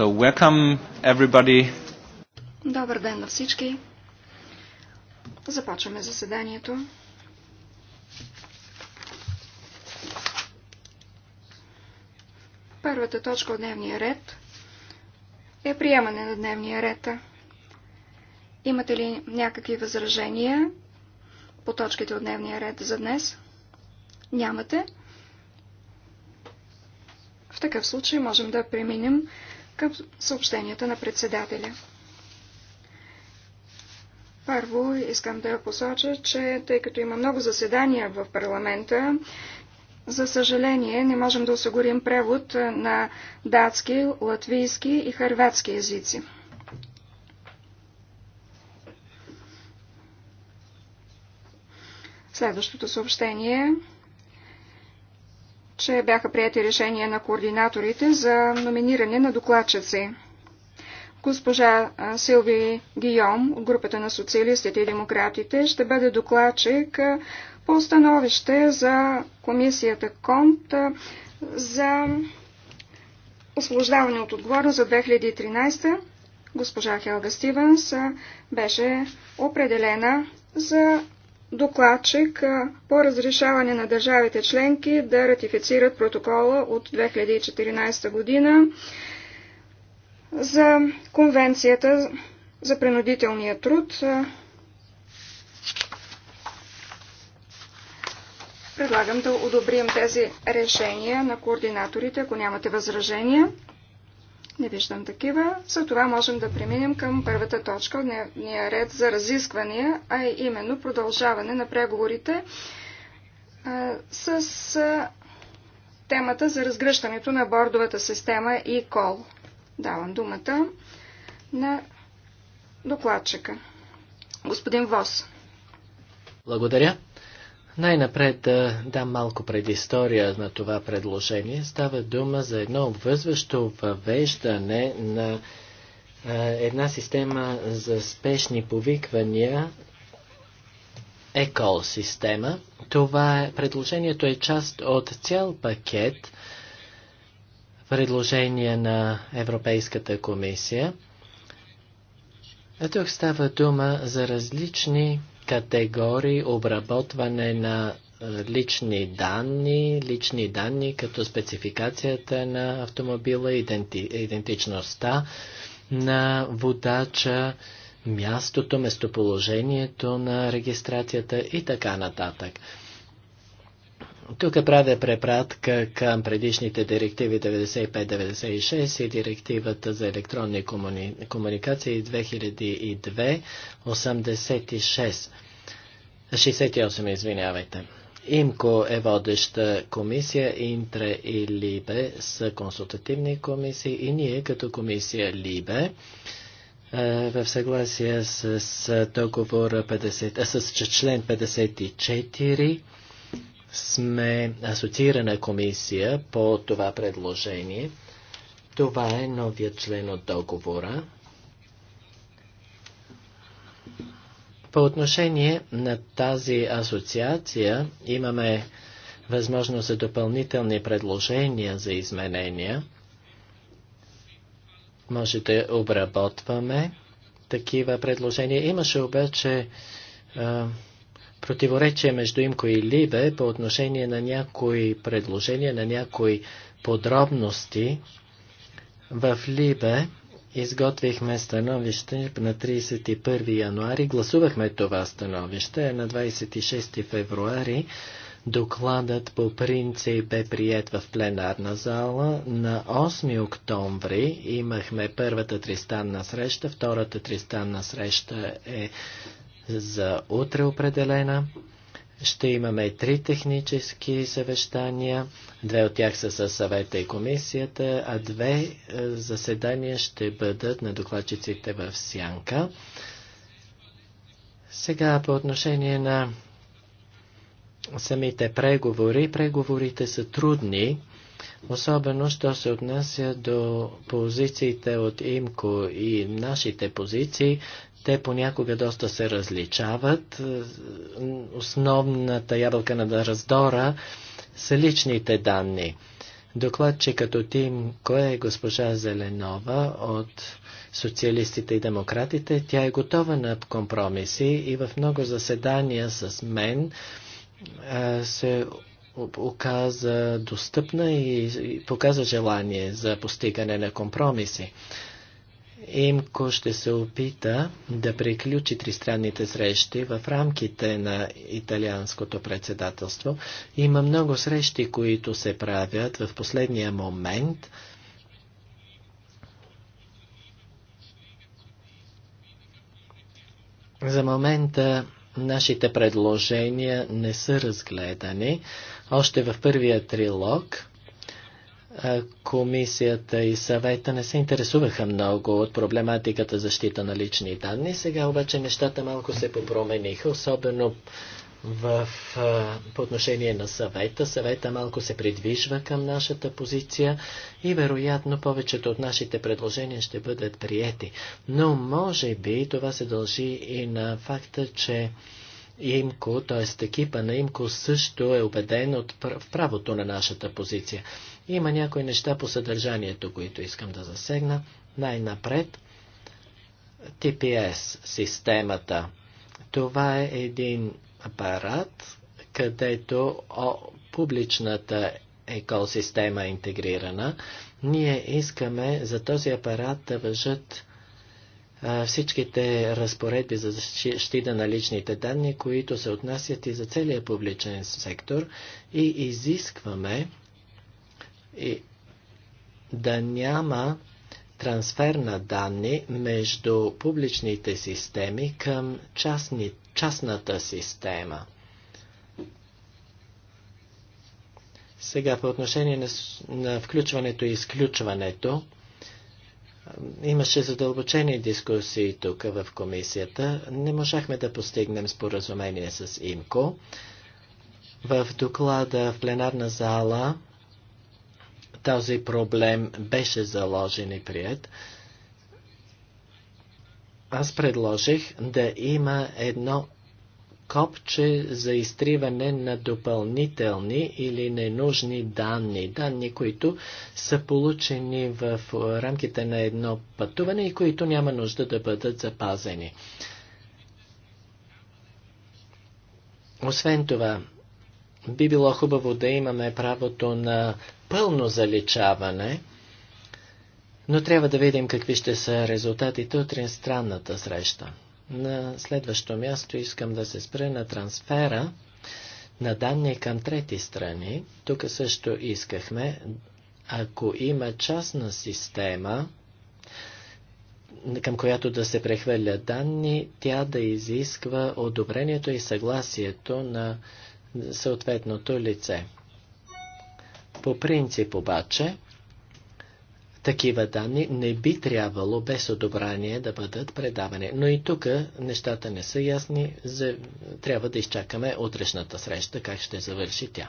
So welcome everybody. Добър ден на всички. Започваме заседанието. Първата точка от дневния ред е приемане на дневния ред. Имате ли някакви възражения по точките от дневния ред за днес? Нямате. В такъв случай можем да преминем към съобщенията на председателя. Първо искам да посоча, че тъй като има много заседания в парламента, за съжаление не можем да осигурим превод на датски, латвийски и хърватски езици. Следващото съобщение че бяха прияти решения на координаторите за номиниране на докладчици. Госпожа Силви Гийом от групата на социалистите и демократите ще бъде докладчик по установище за комисията КОНТ за освобождаване от отговорност за 2013. Госпожа Хелга Стивенс беше определена за докладчик по разрешаване на държавите членки да ратифицират протокола от 2014 година за Конвенцията за принудителния труд. Предлагам да одобрим тези решения на координаторите, ако нямате възражения. Не виждам такива. За това можем да преминем към първата точка от дневния ред за разисквания, а е именно продължаване на преговорите а, с а, темата за разгръщането на бордовата система и кол. Давам думата на докладчика. Господин Вос. Благодаря. Най-напред да дам малко предистория на това предложение. Става дума за едно обвързващо въвеждане на една система за спешни повиквания ЕКОЛ система. Това е, предложението е част от цял пакет предложения на Европейската комисия. А тук става дума за различни категории обработване на е, лични данни, лични данни като спецификацията на автомобила, иденти, идентичността на водача, мястото, местоположението на регистрацията и така нататък. Тук е правя препратка към предишните директиви 95-96 и директивата за електронни комуни... комуникации 2002-86. 68, извинявайте. ИМКО е водеща комисия, Интре и Либе са консултативни комисии и ние като комисия Либе е, в съгласие с, договора 50, с член 54 сме асоциирана комисия по това предложение. Това е новия член от договора. По отношение на тази асоциация имаме възможност за допълнителни предложения за изменения. Може да обработваме такива предложения. Имаше обаче противоречие между Имко и Либе по отношение на някои предложения, на някои подробности. В Либе изготвихме становище на 31 януари, гласувахме това становище, на 26 февруари докладът по принцип бе прият в пленарна зала. На 8 октомври имахме първата тристанна среща, втората тристанна среща е за утре определена. Ще имаме три технически съвещания. Две от тях са със съвета и комисията, а две е, заседания ще бъдат на докладчиците в Сянка. Сега по отношение на самите преговори. Преговорите са трудни, особено що се отнася до позициите от ИМКО и нашите позиции. Те понякога доста се различават. Основната ябълка на раздора са личните данни. като Тим, кое е госпожа Зеленова от социалистите и демократите. Тя е готова на компромиси и в много заседания с мен се оказа достъпна и показа желание за постигане на компромиси. Имко ще се опита да приключи тристранните срещи в рамките на италианското председателство. Има много срещи, които се правят в последния момент. За момента нашите предложения не са разгледани. Още в първия трилог комисията и съвета не се интересуваха много от проблематиката защита на лични данни. Сега обаче нещата малко се попромениха, особено в, по отношение на съвета. Съвета малко се придвижва към нашата позиция и вероятно повечето от нашите предложения ще бъдат приети. Но може би това се дължи и на факта, че Имко, т.е. екипа на Имко също е убеден от, в правото на нашата позиция. Има някои неща по съдържанието, които искам да засегна. Най-напред TPS системата. Това е един апарат, където о, публичната екосистема е интегрирана. Ние искаме за този апарат да въжат всичките разпоредби за защита на личните данни, които се отнасят и за целия публичен сектор и изискваме и да няма трансфер на данни между публичните системи към частни, частната система. Сега по отношение на, на включването и изключването, имаше задълбочени дискусии тук в комисията. Не можахме да постигнем споразумение с ИМКО. В доклада в пленарна зала този проблем беше заложен и прият, аз предложих да има едно копче за изтриване на допълнителни или ненужни данни. Данни, които са получени в рамките на едно пътуване и които няма нужда да бъдат запазени. Освен това, би било хубаво да имаме правото на пълно заличаване, но трябва да видим какви ще са резултатите от странната среща. На следващо място искам да се спре на трансфера на данни към трети страни. Тук също искахме, ако има частна система, към която да се прехвърлят данни, тя да изисква одобрението и съгласието на съответното лице. По принцип обаче, такива данни не би трябвало без одобрение да бъдат предавани. Но и тук нещата не са ясни. За... Трябва да изчакаме утрешната среща, как ще завърши тя.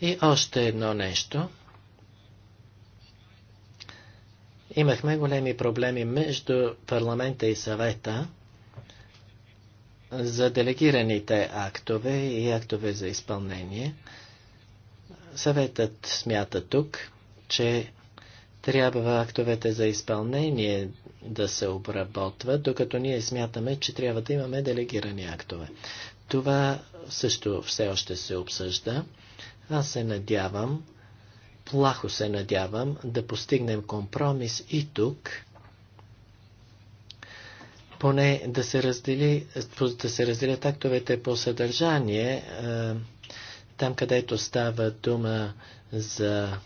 И още едно нещо. Имахме големи проблеми между парламента и съвета за делегираните актове и актове за изпълнение – Съветът смята тук, че трябва актовете за изпълнение да се обработват, докато ние смятаме, че трябва да имаме делегирани актове. Това също все още се обсъжда. Аз се надявам, плахо се надявам да постигнем компромис и тук, поне да се, раздели, да се разделят актовете по съдържание. Е, там, където става дума за,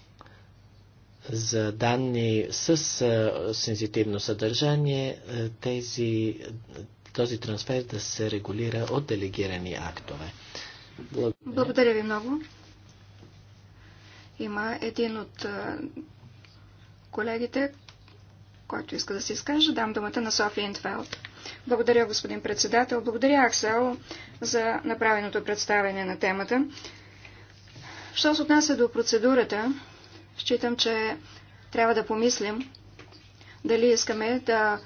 за данни с сензитивно съдържание, тези, този трансфер да се регулира от делегирани актове. Благодаря, Благодаря ви много. Има един от колегите, който иска да се изкаже. Дам думата на София Интфелд. Благодаря, господин председател. Благодаря, Аксел, за направеното представяне на темата. Що се отнася до процедурата, считам, че трябва да помислим дали искаме да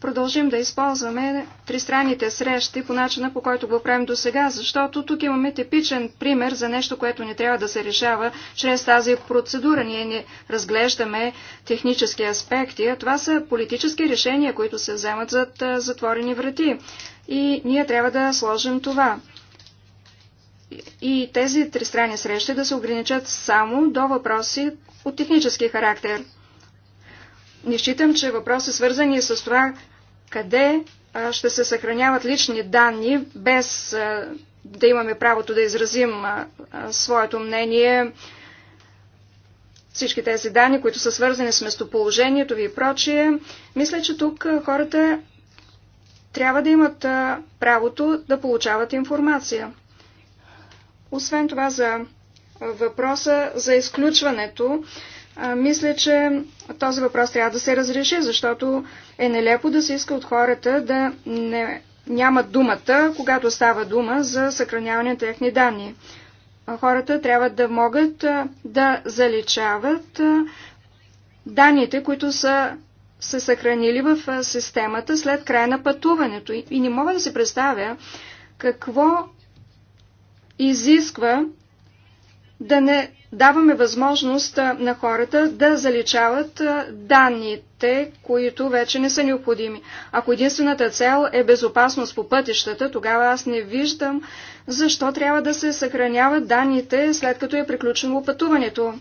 продължим да използваме тристранните срещи по начина, по който го правим до сега, защото тук имаме типичен пример за нещо, което не трябва да се решава чрез тази процедура. Ние не разглеждаме технически аспекти, а това са политически решения, които се вземат зад затворени врати. И ние трябва да сложим това и тези тристранни срещи да се ограничат само до въпроси от технически характер. Не считам, че въпроси свързани с това къде ще се съхраняват лични данни без да имаме правото да изразим своето мнение, всички тези данни, които са свързани с местоположението ви и прочие. Мисля, че тук хората трябва да имат правото да получават информация. Освен това за въпроса за изключването, мисля, че този въпрос трябва да се разреши, защото е нелепо да се иска от хората да не, нямат думата, когато става дума за съхраняване на техни данни. Хората трябва да могат да заличават данните, които са се съхранили в системата след края на пътуването. И не мога да се представя какво изисква да не даваме възможност на хората да заличават данните, които вече не са необходими. Ако единствената цел е безопасност по пътищата, тогава аз не виждам защо трябва да се съхраняват данните след като е приключено пътуването.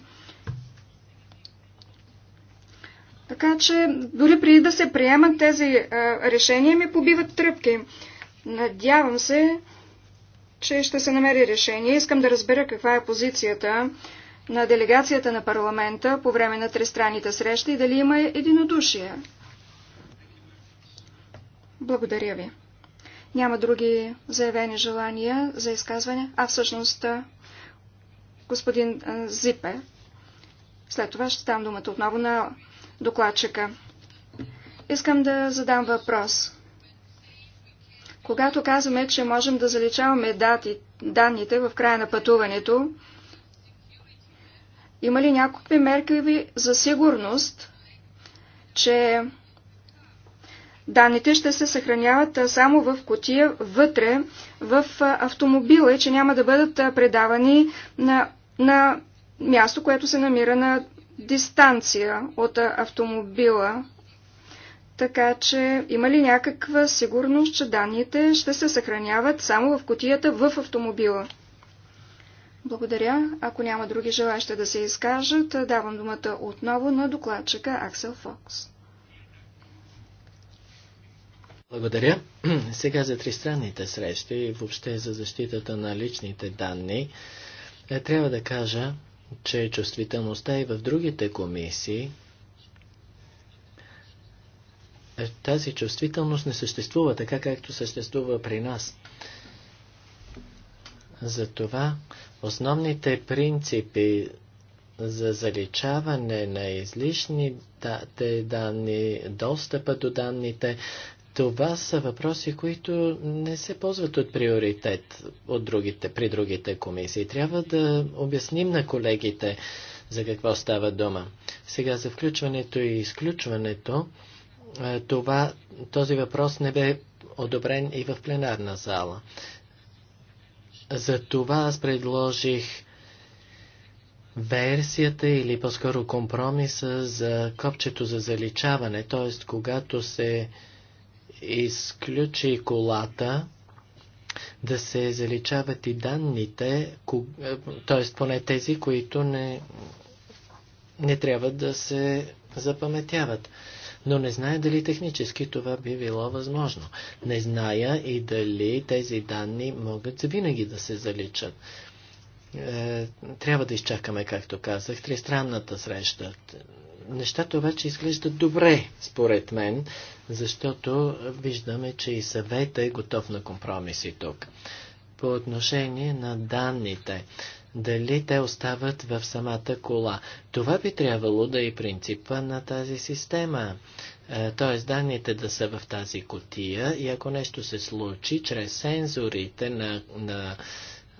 Така че дори преди да се приемат тези а, решения ми побиват тръпки. Надявам се, че ще се намери решение. Искам да разбера каква е позицията на делегацията на парламента по време на тристранните срещи и дали има единодушие. Благодаря ви. Няма други заявени желания за изказване, а всъщност господин Зипе. След това ще дам думата отново на докладчика. Искам да задам въпрос. Когато казваме, че можем да заличаваме дати, данните в края на пътуването, има ли някакви мерки за сигурност, че данните ще се съхраняват само в котия вътре в автомобила и че няма да бъдат предавани на, на място, което се намира на дистанция от автомобила, така че има ли някаква сигурност, че данните ще се съхраняват само в котията в автомобила? Благодаря. Ако няма други желащи да се изкажат, давам думата отново на докладчика Аксел Фокс. Благодаря. Сега за тристранните срещи и въобще за защитата на личните данни. Е, трябва да кажа, че чувствителността и в другите комисии е, тази чувствителност не съществува така, както съществува при нас. Затова основните принципи за заличаване на излишните данни, достъпа до данните, това са въпроси, които не се ползват от приоритет от другите, при другите комисии. Трябва да обясним на колегите за какво става дума. Сега за включването и изключването. Е, това, този въпрос не бе одобрен и в пленарна зала. За това аз предложих версията или по-скоро компромиса за копчето за заличаване, т.е. когато се изключи колата, да се заличават и данните, е, т.е. поне тези, които не, не трябва да се запаметяват но не зная дали технически това би било възможно. Не зная и дали тези данни могат винаги да се заличат. Е, трябва да изчакаме, както казах, тристранната среща. Нещата обаче изглеждат добре, според мен, защото виждаме, че и съвета е готов на компромиси тук. По отношение на данните, дали те остават в самата кола. Това би трябвало да е принципа на тази система. Т.е. данните да са в тази котия и ако нещо се случи, чрез сензорите на, на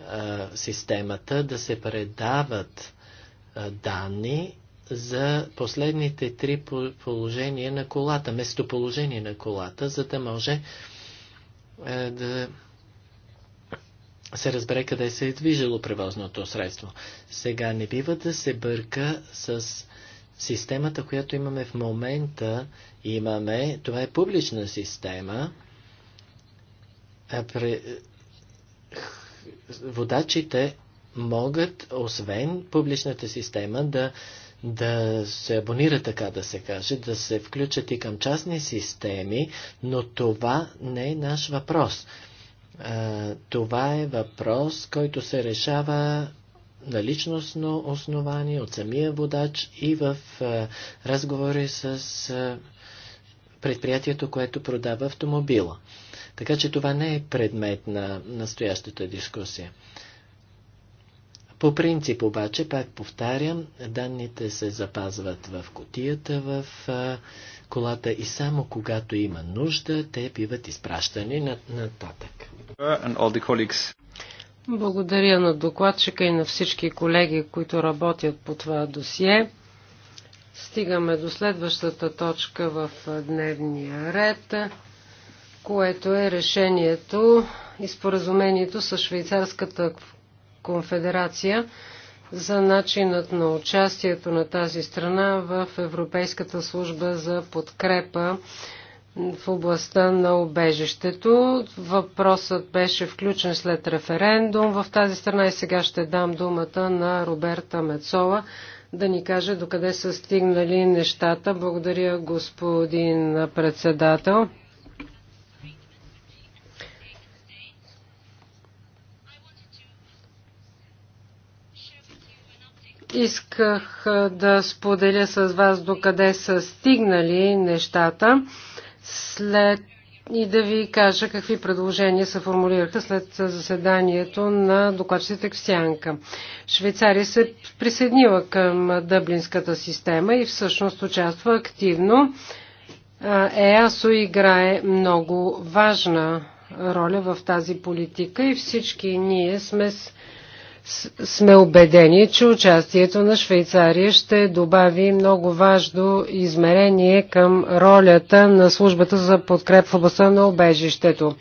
а, е, системата да се предават а, е, данни за последните три положения на колата, местоположение на колата, за да може а, е, да се разбере къде се е движило превозното средство. Сега не бива да се бърка с системата, която имаме в момента. Имаме, това е публична система. А при... Водачите могат, освен публичната система, да, да се абонира, така да се каже, да се включат и към частни системи, но това не е наш въпрос. Това е въпрос, който се решава на личностно основание от самия водач и в разговори с предприятието, което продава автомобила. Така че това не е предмет на настоящата дискусия. По принцип обаче, пак повтарям, данните се запазват в котията в колата и само когато има нужда, те биват изпращани нататък. Благодаря на докладчика и на всички колеги, които работят по това досие. Стигаме до следващата точка в дневния ред, което е решението и споразумението с Швейцарската конфедерация за начинът на участието на тази страна в Европейската служба за подкрепа в областта на обежището. Въпросът беше включен след референдум в тази страна и сега ще дам думата на Роберта Мецова да ни каже докъде са стигнали нещата. Благодаря, господин председател. Исках да споделя с вас докъде са стигнали нещата след и да ви кажа какви предложения се формулираха след заседанието на докладчите в Сянка. Швейцария се присъединила към дъблинската система и всъщност участва активно. ЕАСО играе много важна роля в тази политика и всички ние сме сме убедени, че участието на Швейцария ще добави много важно измерение към ролята на службата за подкреп в областта на обежището.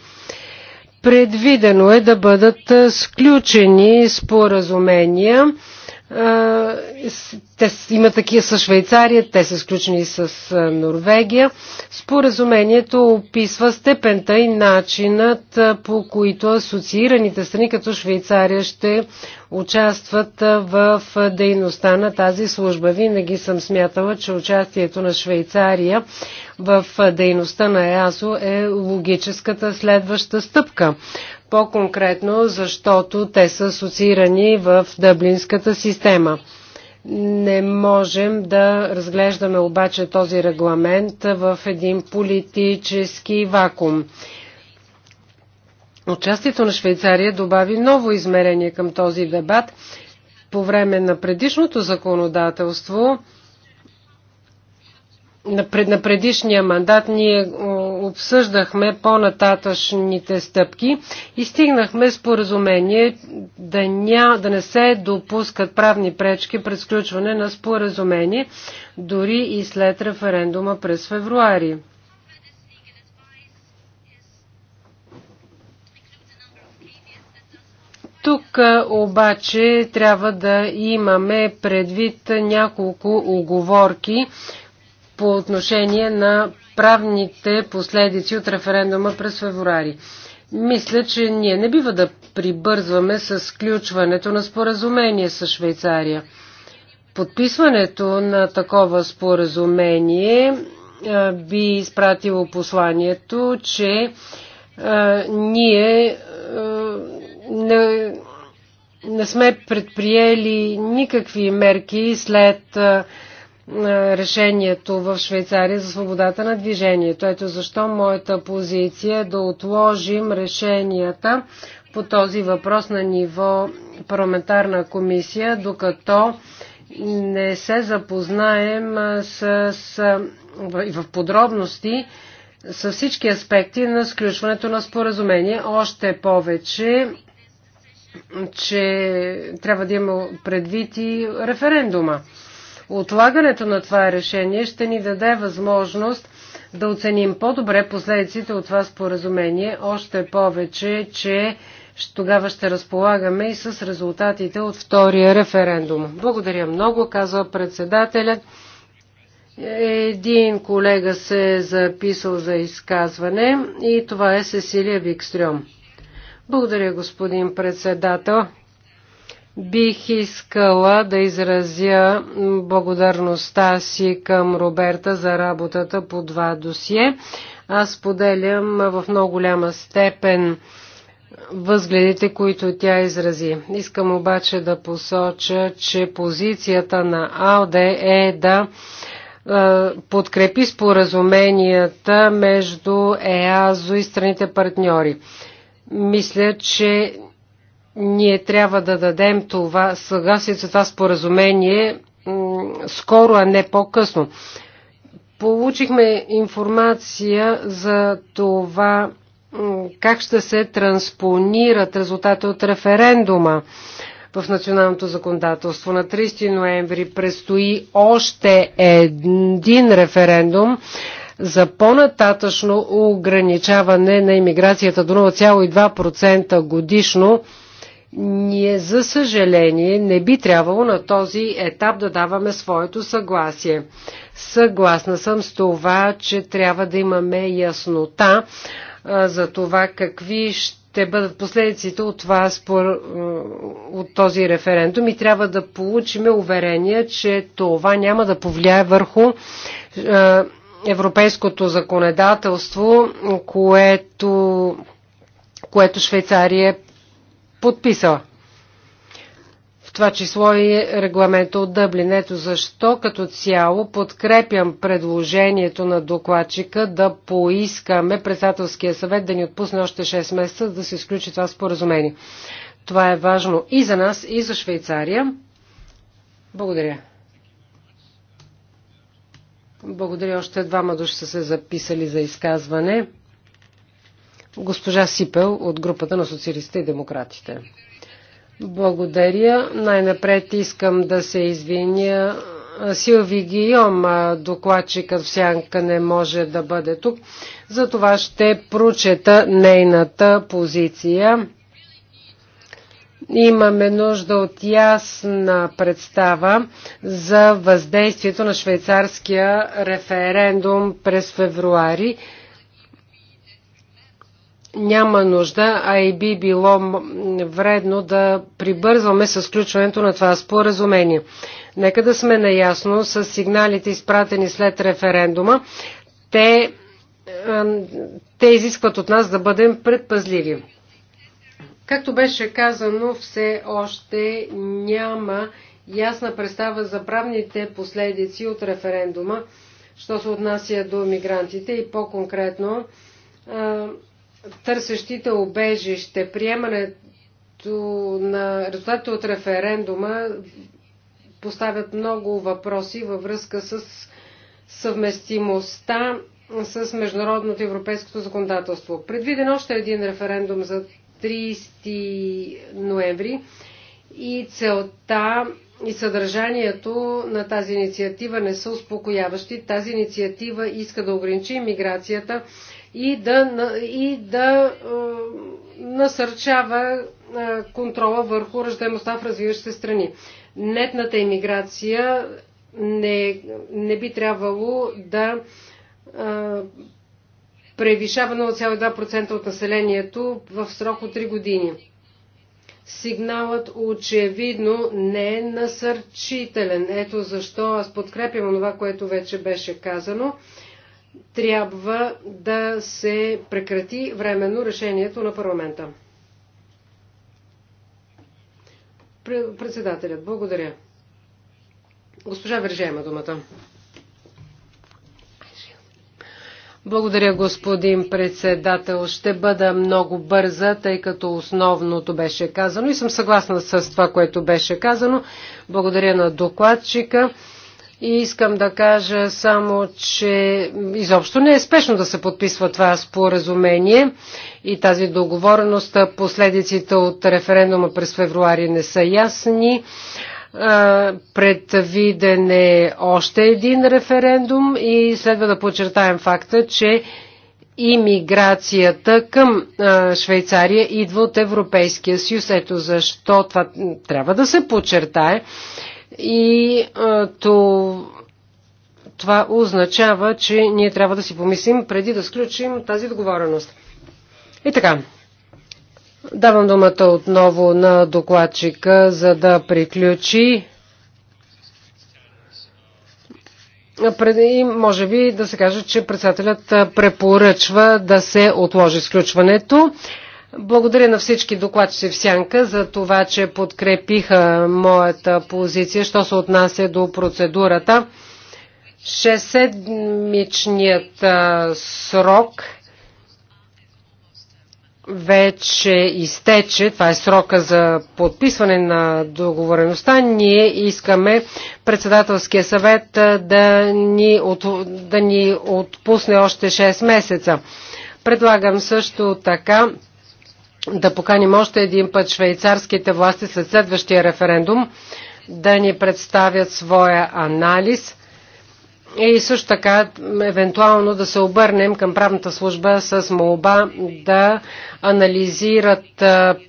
Предвидено е да бъдат сключени споразумения те има такива с Швейцария, те са сключени с Норвегия. Споразумението описва степента и начинът по които асоциираните страни като Швейцария ще участват в дейността на тази служба. Винаги съм смятала, че участието на Швейцария в дейността на ЕАСО е логическата следваща стъпка. По-конкретно, защото те са асоциирани в дъблинската система. Не можем да разглеждаме обаче този регламент в един политически вакуум. Участието на Швейцария добави ново измерение към този дебат. По време на предишното законодателство, на предишния мандат, ние обсъждахме по-нататъчните стъпки и стигнахме споразумение да, ня, да не се допускат правни пречки пред сключване на споразумение, дори и след референдума през февруари. Тук обаче трябва да имаме предвид няколко оговорки, по отношение на правните последици от референдума през февруари. Мисля, че ние не бива да прибързваме с ключването на споразумение с Швейцария. Подписването на такова споразумение е, би изпратило посланието, че а, е, ние а, е, не, не сме предприели никакви мерки след а, е, решението в Швейцария за свободата на движението. Ето защо моята позиция е да отложим решенията по този въпрос на ниво парламентарна комисия, докато не се запознаем е, с, с, в подробности с всички аспекти на сключването на споразумение. Още повече, че трябва да има предвид и референдума. Отлагането на това решение ще ни даде възможност да оценим по-добре последиците от това споразумение, още повече, че тогава ще разполагаме и с резултатите от втория референдум. Благодаря много, казва председателят. Един колега се е записал за изказване и това е Сесилия Викстрюм. Благодаря, господин председател. Бих искала да изразя благодарността си към Роберта за работата по два досие. Аз поделям в много голяма степен възгледите, които тя изрази. Искам обаче да посоча, че позицията на АЛДЕ е да подкрепи споразуменията между ЕАЗО и страните партньори. Мисля, че ние трябва да дадем това съгласие за това споразумение скоро, а не по-късно. Получихме информация за това как ще се транспонират резултати от референдума в националното законодателство. На 30 ноември предстои още един референдум за по-нататъчно ограничаване на иммиграцията до 0,2% годишно ние, за съжаление, не би трябвало на този етап да даваме своето съгласие. Съгласна съм с това, че трябва да имаме яснота а, за това какви ще бъдат последиците от, това, от този референдум и трябва да получим уверение, че това няма да повлияе върху европейското законодателство, което, което Швейцария подписала. В това число и регламента от Дъблин. Ето защо като цяло подкрепям предложението на докладчика да поискаме председателския съвет да ни отпусне още 6 месеца да се изключи това споразумение. Това е важно и за нас, и за Швейцария. Благодаря. Благодаря. Още двама души са се записали за изказване госпожа Сипел от групата на социалистите и демократите. Благодаря. Най-напред искам да се извиня. Силви Гийом, докладчика в сянка, не може да бъде тук. Затова ще прочета нейната позиция. Имаме нужда от ясна представа за въздействието на швейцарския референдум през февруари няма нужда, а и би било вредно да прибързваме с включването на това споразумение. Нека да сме наясно с сигналите, изпратени след референдума. Те, те изискват от нас да бъдем предпазливи. Както беше казано, все още няма ясна представа за правните последици от референдума, що се отнася до мигрантите и по-конкретно търсещите обежище, приемането на резултатите от референдума поставят много въпроси във връзка с съвместимостта с международното европейското законодателство. Предвиден още един референдум за 30 ноември и целта и съдържанието на тази инициатива не са успокояващи. Тази инициатива иска да ограничи миграцията и да, и да е, насърчава е, контрола върху ръждаемостта в развиващите страни. Нетната иммиграция не, не би трябвало да е, превишава 0,2% от населението в срок от 3 години. Сигналът очевидно не е насърчителен. Ето защо аз подкрепям това, което вече беше казано трябва да се прекрати временно решението на парламента. Председателят, благодаря. Госпожа Вержа има думата. Благодаря, господин председател. Ще бъда много бърза, тъй като основното беше казано и съм съгласна с това, което беше казано. Благодаря на докладчика. И искам да кажа само, че изобщо не е спешно да се подписва това споразумение и тази договореност. Последиците от референдума през февруари не са ясни. Предвиден е още един референдум и следва да подчертаем факта, че имиграцията към Швейцария идва от Европейския съюз. Ето защо това трябва да се подчертае и то, това означава, че ние трябва да си помислим преди да сключим тази договореност. И така, давам думата отново на докладчика, за да приключи. И може би да се каже, че председателят препоръчва да се отложи сключването. Благодаря на всички докладчици в Сянка за това, че подкрепиха моята позиция, що се отнася до процедурата. Шестседмичният срок вече изтече, това е срока за подписване на договореността, ние искаме председателския съвет да ни, от, да ни отпусне още 6 месеца. Предлагам също така да поканим още един път швейцарските власти след следващия референдум да ни представят своя анализ и също така евентуално да се обърнем към правната служба с молба да анализират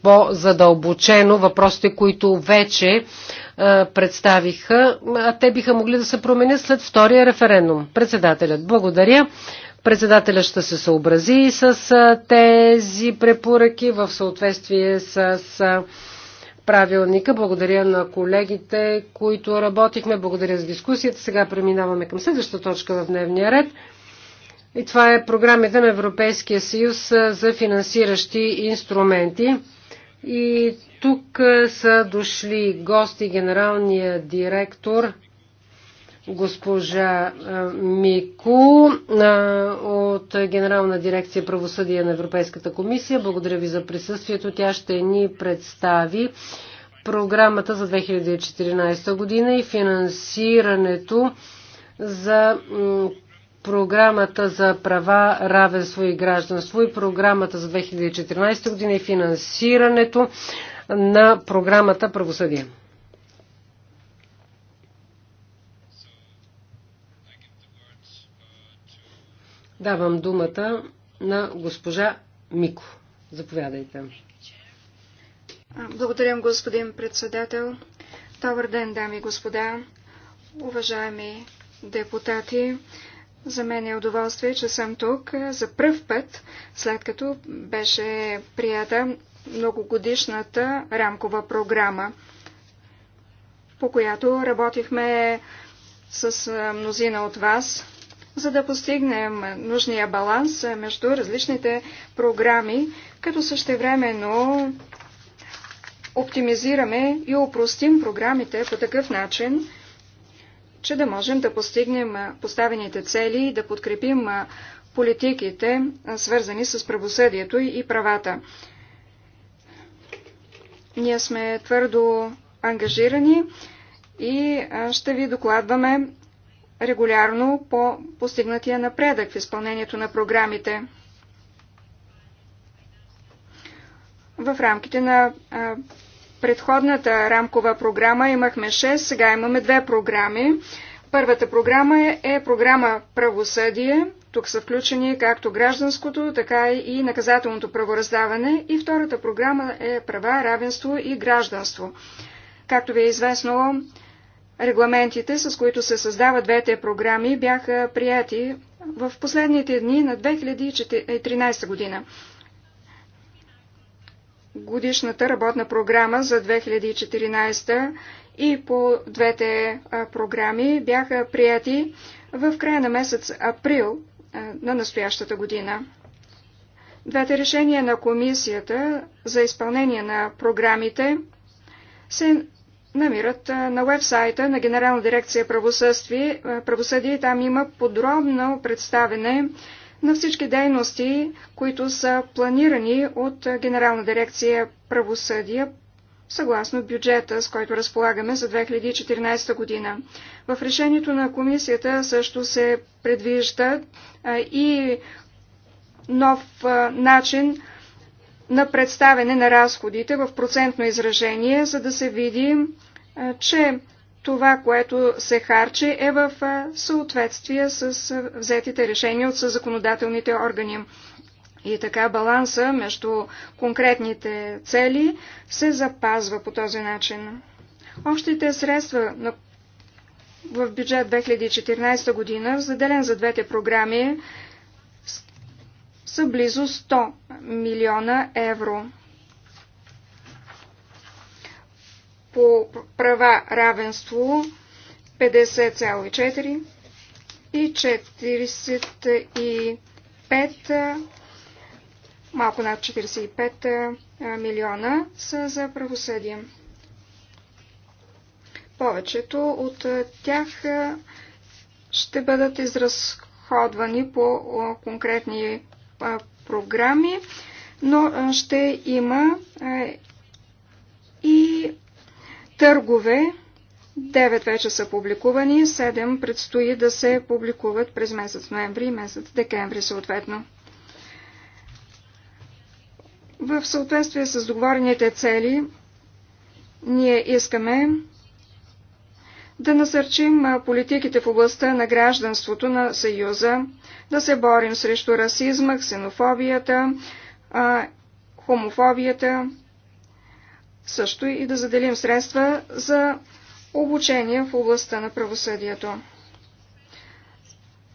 по-задълбочено въпросите, които вече представиха, а те биха могли да се променят след втория референдум. Председателят, благодаря. Председателя ще се съобрази с тези препоръки в съответствие с правилника. Благодаря на колегите, които работихме. Благодаря за дискусията. Сега преминаваме към следващата точка в дневния ред. И това е програмите на Европейския съюз за финансиращи инструменти. И тук са дошли гости генералния директор госпожа Мико от Генерална дирекция правосъдие на Европейската комисия. Благодаря ви за присъствието. Тя ще ни представи програмата за 2014 година и финансирането за програмата за права, равенство и гражданство и програмата за 2014 година и финансирането на програмата правосъдие. Давам думата на госпожа Мико. Заповядайте. Благодаря, господин председател. Добър ден, дами и господа, уважаеми депутати. За мен е удоволствие, че съм тук за пръв път, след като беше прията многогодишната рамкова програма, по която работихме с мнозина от вас за да постигнем нужния баланс между различните програми, като същевременно оптимизираме и упростим програмите по такъв начин, че да можем да постигнем поставените цели и да подкрепим политиките, свързани с правосъдието и правата. Ние сме твърдо ангажирани и ще ви докладваме регулярно по постигнатия напредък в изпълнението на програмите. В рамките на предходната рамкова програма имахме 6, сега имаме две програми. Първата програма е, е програма Правосъдие. Тук са включени както гражданското, така и наказателното правораздаване. И втората програма е Права, равенство и гражданство. Както ви е известно, Регламентите, с които се създават двете програми, бяха прияти в последните дни на 2013 година. Годишната работна програма за 2014 и по двете програми бяха прияти в края на месец април на настоящата година. Двете решения на комисията за изпълнение на програмите се намират на вебсайта на Генерална дирекция правосъдие. правосъдие. Там има подробно представене на всички дейности, които са планирани от Генерална дирекция правосъдие съгласно бюджета, с който разполагаме за 2014 година. В решението на комисията също се предвижда и нов начин на представене на разходите в процентно изражение, за да се види, че това, което се харчи, е в съответствие с взетите решения от законодателните органи. И така баланса между конкретните цели се запазва по този начин. Общите средства на в бюджет 2014 година, заделен за двете програми, са близо 100 милиона евро. По права равенство 50,4 и 45, малко над 45 милиона са за правосъдие. Повечето от тях ще бъдат изразходвани по конкретни програми, но ще има и търгове. 9 вече са публикувани, 7 предстои да се публикуват през месец ноември и месец декември съответно. В съответствие с договорените цели, ние искаме да насърчим политиките в областта на гражданството на Съюза, да се борим срещу расизма, ксенофобията, хомофобията, също и да заделим средства за обучение в областта на правосъдието.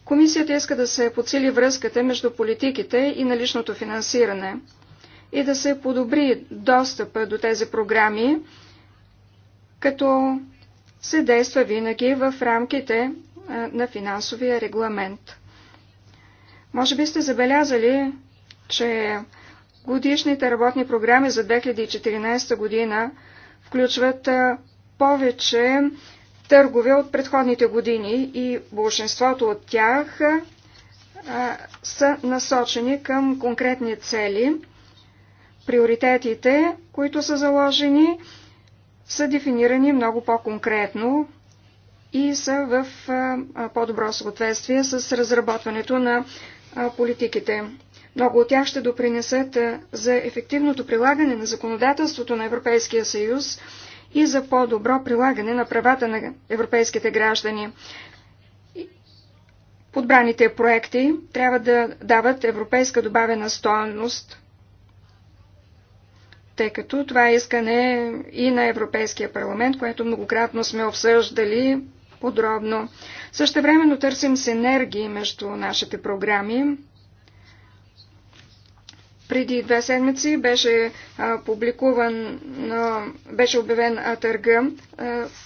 Комисията иска да се подсили връзката между политиките и наличното финансиране и да се подобри достъпа до тези програми, като се действа винаги в рамките на финансовия регламент. Може би сте забелязали, че годишните работни програми за 2014 година включват повече търгове от предходните години и большинството от тях са насочени към конкретни цели. Приоритетите, които са заложени, са дефинирани много по-конкретно и са в по-добро съответствие с разработването на политиките. Много от тях ще допринесат за ефективното прилагане на законодателството на Европейския съюз и за по-добро прилагане на правата на европейските граждани. Подбраните проекти трябва да дават европейска добавена стоеност тъй като това е искане и на Европейския парламент, което многократно сме обсъждали подробно. Също времено търсим синергии между нашите програми. Преди две седмици беше а, публикуван, а, беше обявен търга,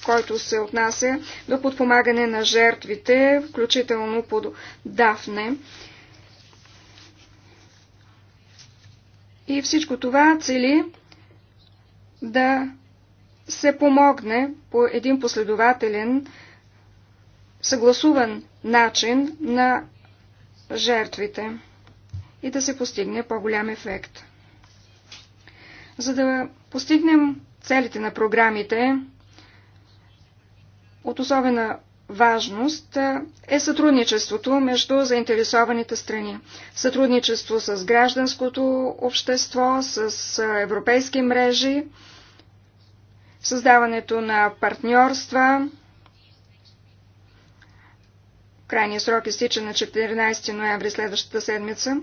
който се отнася до подпомагане на жертвите, включително под Дафне. И всичко това цели да се помогне по един последователен, съгласуван начин на жертвите и да се постигне по-голям ефект. За да постигнем целите на програмите, от особена важност е сътрудничеството между заинтересованите страни. Сътрудничество с гражданското общество, с европейски мрежи, създаването на партньорства. Крайният срок изтича на 14 ноември следващата седмица.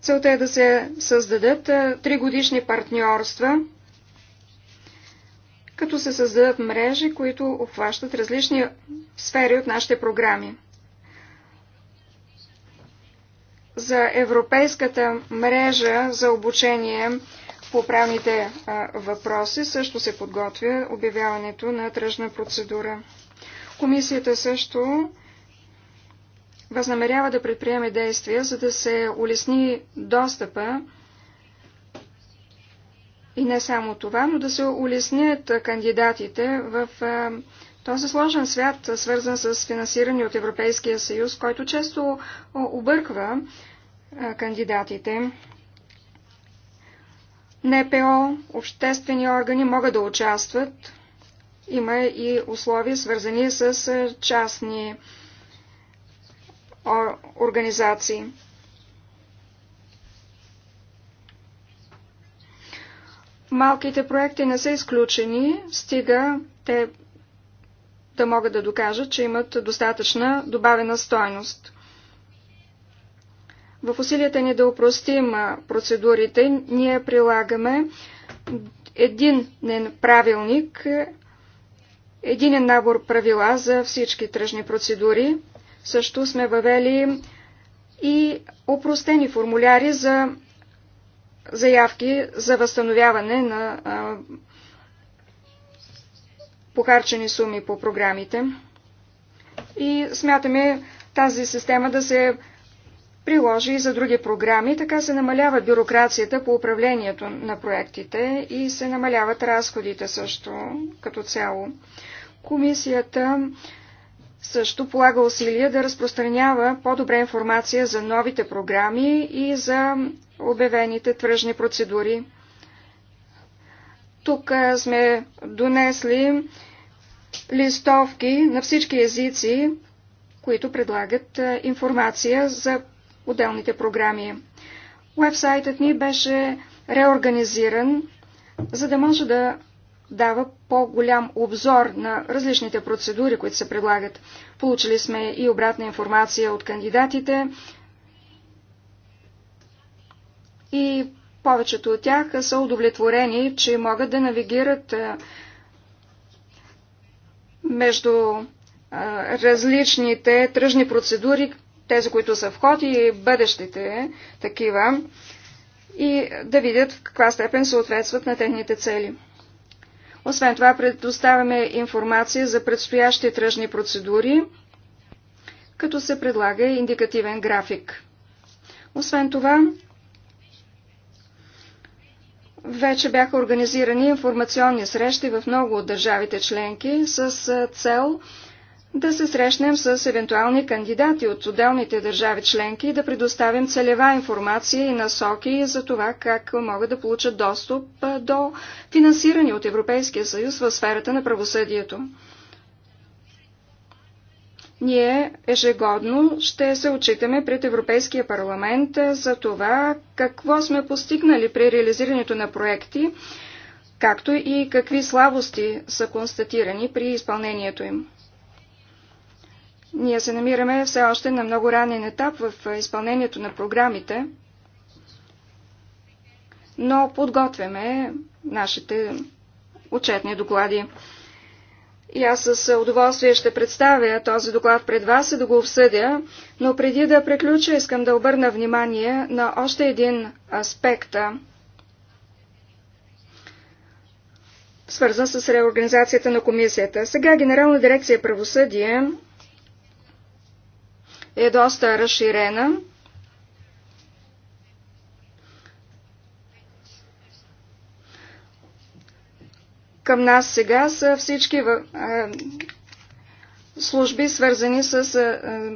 Целта е да се създадат три годишни партньорства, като се създадат мрежи, които обхващат различни сфери от нашите програми. За Европейската мрежа за обучение по правните въпроси също се подготвя обявяването на тръжна процедура. Комисията също възнамерява да предприеме действия, за да се улесни достъпа и не само това, но да се улеснят кандидатите в този сложен свят, свързан с финансиране от Европейския съюз, който често обърква кандидатите. НПО, обществени органи могат да участват. Има и условия, свързани с частни организации. Малките проекти не са изключени, стига те да могат да докажат, че имат достатъчна добавена стойност. В усилията ни да упростим процедурите, ние прилагаме един правилник, един набор правила за всички тръжни процедури. Също сме въвели и упростени формуляри за заявки за възстановяване на похарчени суми по програмите. И смятаме тази система да се приложи и за други програми. Така се намалява бюрокрацията по управлението на проектите и се намаляват разходите също като цяло. Комисията също полага усилия да разпространява по-добре информация за новите програми и за обявените тръжни процедури. Тук сме донесли листовки на всички езици, които предлагат информация за отделните програми. Уебсайтът ни беше реорганизиран, за да може да дава по-голям обзор на различните процедури, които се предлагат. Получили сме и обратна информация от кандидатите и повечето от тях са удовлетворени, че могат да навигират между различните тръжни процедури, тези, които са в ход и бъдещите такива, и да видят в каква степен съответстват на техните цели. Освен това, предоставяме информация за предстоящи тръжни процедури, като се предлага индикативен график. Освен това, вече бяха организирани информационни срещи в много от държавите членки с цел да се срещнем с евентуални кандидати от отделните държави членки и да предоставим целева информация и насоки за това как могат да получат достъп до финансиране от Европейския съюз в сферата на правосъдието. Ние ежегодно ще се отчитаме пред Европейския парламент за това какво сме постигнали при реализирането на проекти, както и какви слабости са констатирани при изпълнението им. Ние се намираме все още на много ранен етап в изпълнението на програмите, но подготвяме нашите отчетни доклади. И аз с удоволствие ще представя този доклад пред вас и да го обсъдя, но преди да приключа искам да обърна внимание на още един аспект, свързан с реорганизацията на комисията. Сега Генерална дирекция правосъдие е доста разширена. Към нас сега са всички служби, свързани с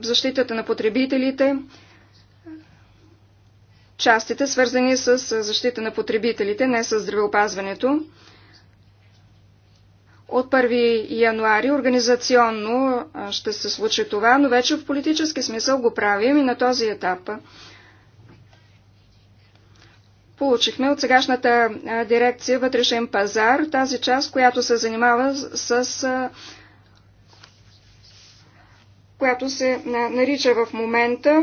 защитата на потребителите, частите, свързани с защита на потребителите, не с здравеопазването. От 1 януари организационно ще се случи това, но вече в политически смисъл го правим и на този етап. Получихме от сегашната дирекция вътрешен пазар тази част, която се занимава с която се нарича в момента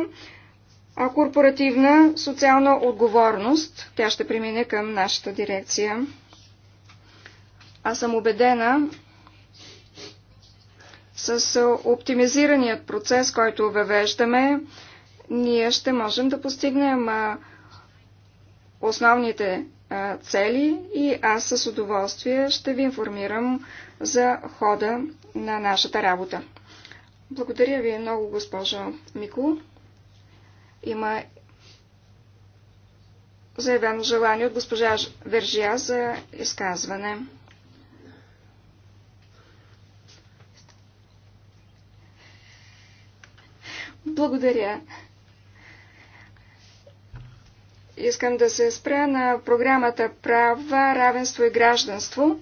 корпоративна социална отговорност. Тя ще премине към нашата дирекция. Аз съм убедена с оптимизираният процес, който въвеждаме, ние ще можем да постигнем основните цели и аз с удоволствие ще ви информирам за хода на нашата работа. Благодаря ви много, госпожо Мико. Има заявено желание от госпожа Вержия за изказване. Благодаря. Искам да се спря на програмата Права, равенство и гражданство.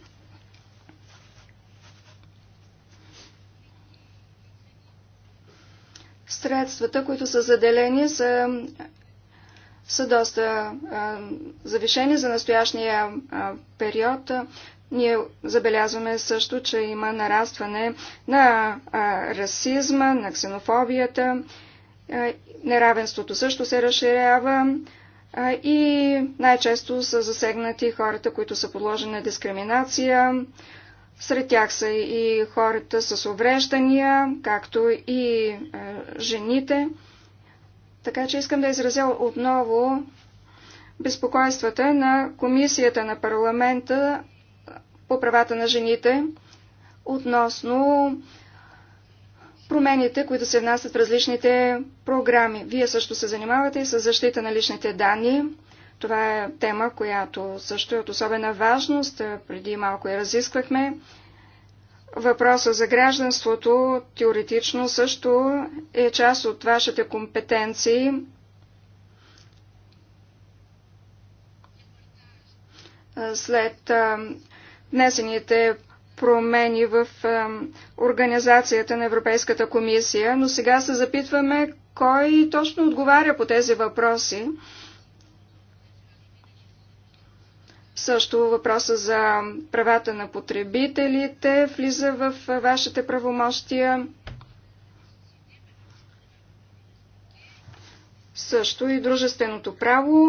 Средствата, които са заделени, са, са доста а, завишени за настоящия а, период. Ние забелязваме също, че има нарастване на расизма, на ксенофобията, неравенството също се разширява и най-често са засегнати хората, които са подложени на дискриминация. Сред тях са и хората с увреждания, както и жените. Така че искам да изразя отново безпокойствата на Комисията на парламента по правата на жените относно промените, които се внасят в различните програми. Вие също се занимавате и с защита на личните данни. Това е тема, която също е от особена важност. Преди малко я разисквахме. Въпроса за гражданството теоретично също е част от вашите компетенции. След внесените промени в организацията на Европейската комисия, но сега се запитваме кой точно отговаря по тези въпроси. Също въпроса за правата на потребителите влиза в вашите правомощия. Също и дружественото право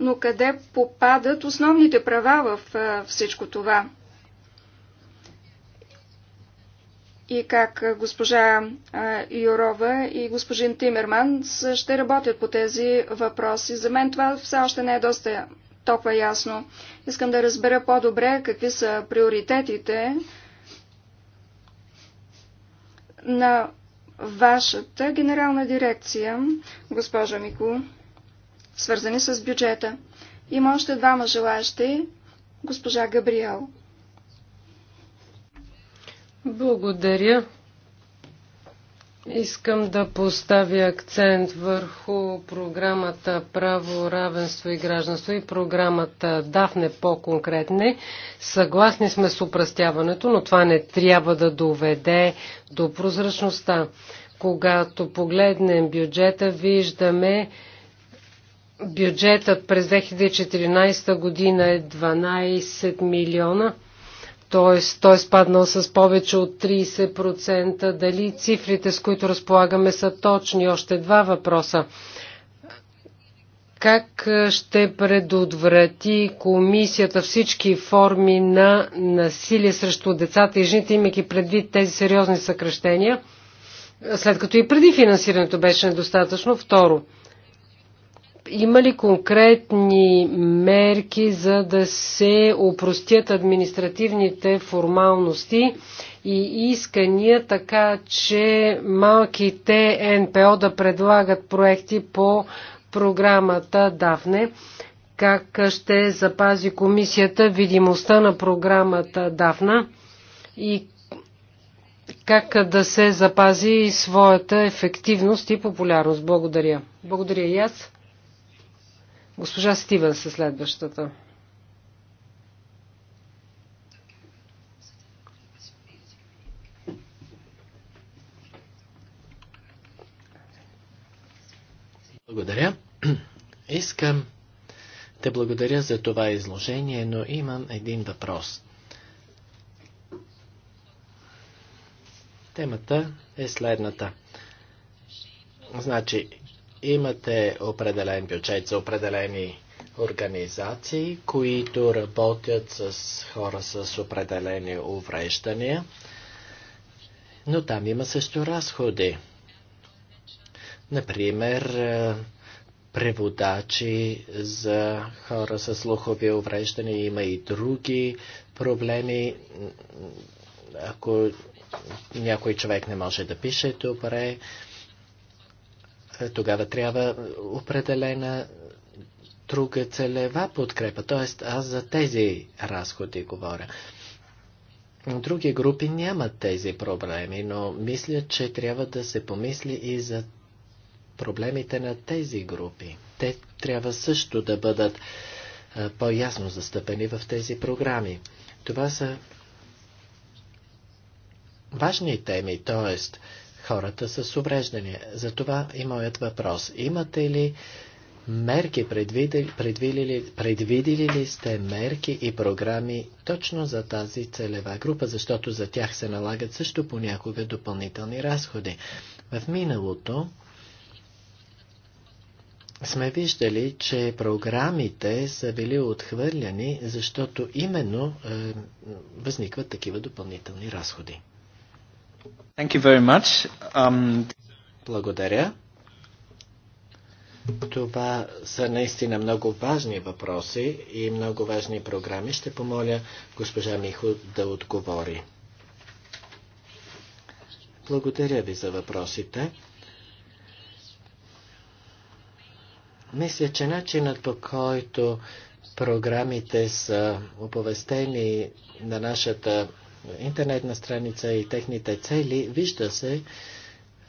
но къде попадат основните права в всичко това? И как госпожа Юрова и госпожин Тимерман ще работят по тези въпроси? За мен това все още не е доста толкова ясно. Искам да разбера по-добре какви са приоритетите на вашата генерална дирекция, госпожа Мико свързани с бюджета. Има още двама желаящи. Госпожа Габриел. Благодаря. Искам да поставя акцент върху програмата Право, равенство и гражданство и програмата Дафне по-конкретне. Съгласни сме с упръстяването, но това не трябва да доведе до прозрачността. Когато погледнем бюджета, виждаме, Бюджетът през 2014 година е 12 милиона, т.е. той е спаднал с повече от 30%. Дали цифрите, с които разполагаме, са точни? Още два въпроса. Как ще предотврати комисията всички форми на насилие срещу децата и жените, имайки предвид тези сериозни съкръщения, след като и преди финансирането беше недостатъчно? Второ, има ли конкретни мерки за да се опростят административните формалности и искания, така че малките НПО да предлагат проекти по програмата Дафне? Как ще запази комисията видимостта на програмата Дафна и как да се запази своята ефективност и популярност? Благодаря. Благодаря и аз. Госпожа Стивен се следващата. Благодаря. Искам да благодаря за това изложение, но имам един въпрос. Темата е следната. Значи, имате определен бюджет за определени организации, които работят с хора с определени увреждания, но там има също разходи. Например, е, преводачи за хора с слухови увреждания, има и други проблеми. Ако някой човек не може да пише добре, тогава трябва определена друга целева подкрепа. Т.е. аз за тези разходи говоря. Други групи нямат тези проблеми, но мисля, че трябва да се помисли и за проблемите на тези групи. Те трябва също да бъдат по-ясно застъпени в тези програми. Това са важни теми, т.е хората с увреждания. Затова и моят въпрос. Имате ли мерки, предвидили, предвидили, предвидили ли сте мерки и програми точно за тази целева група, защото за тях се налагат също понякога допълнителни разходи. В миналото сме виждали, че програмите са били отхвърляни, защото именно е, възникват такива допълнителни разходи. Thank you very much. Um... Благодаря. Това са наистина много важни въпроси и много важни програми. Ще помоля госпожа Михо да отговори. Благодаря ви за въпросите. Мисля, че начинът по който програмите са оповестени на нашата интернетна страница и техните цели, вижда се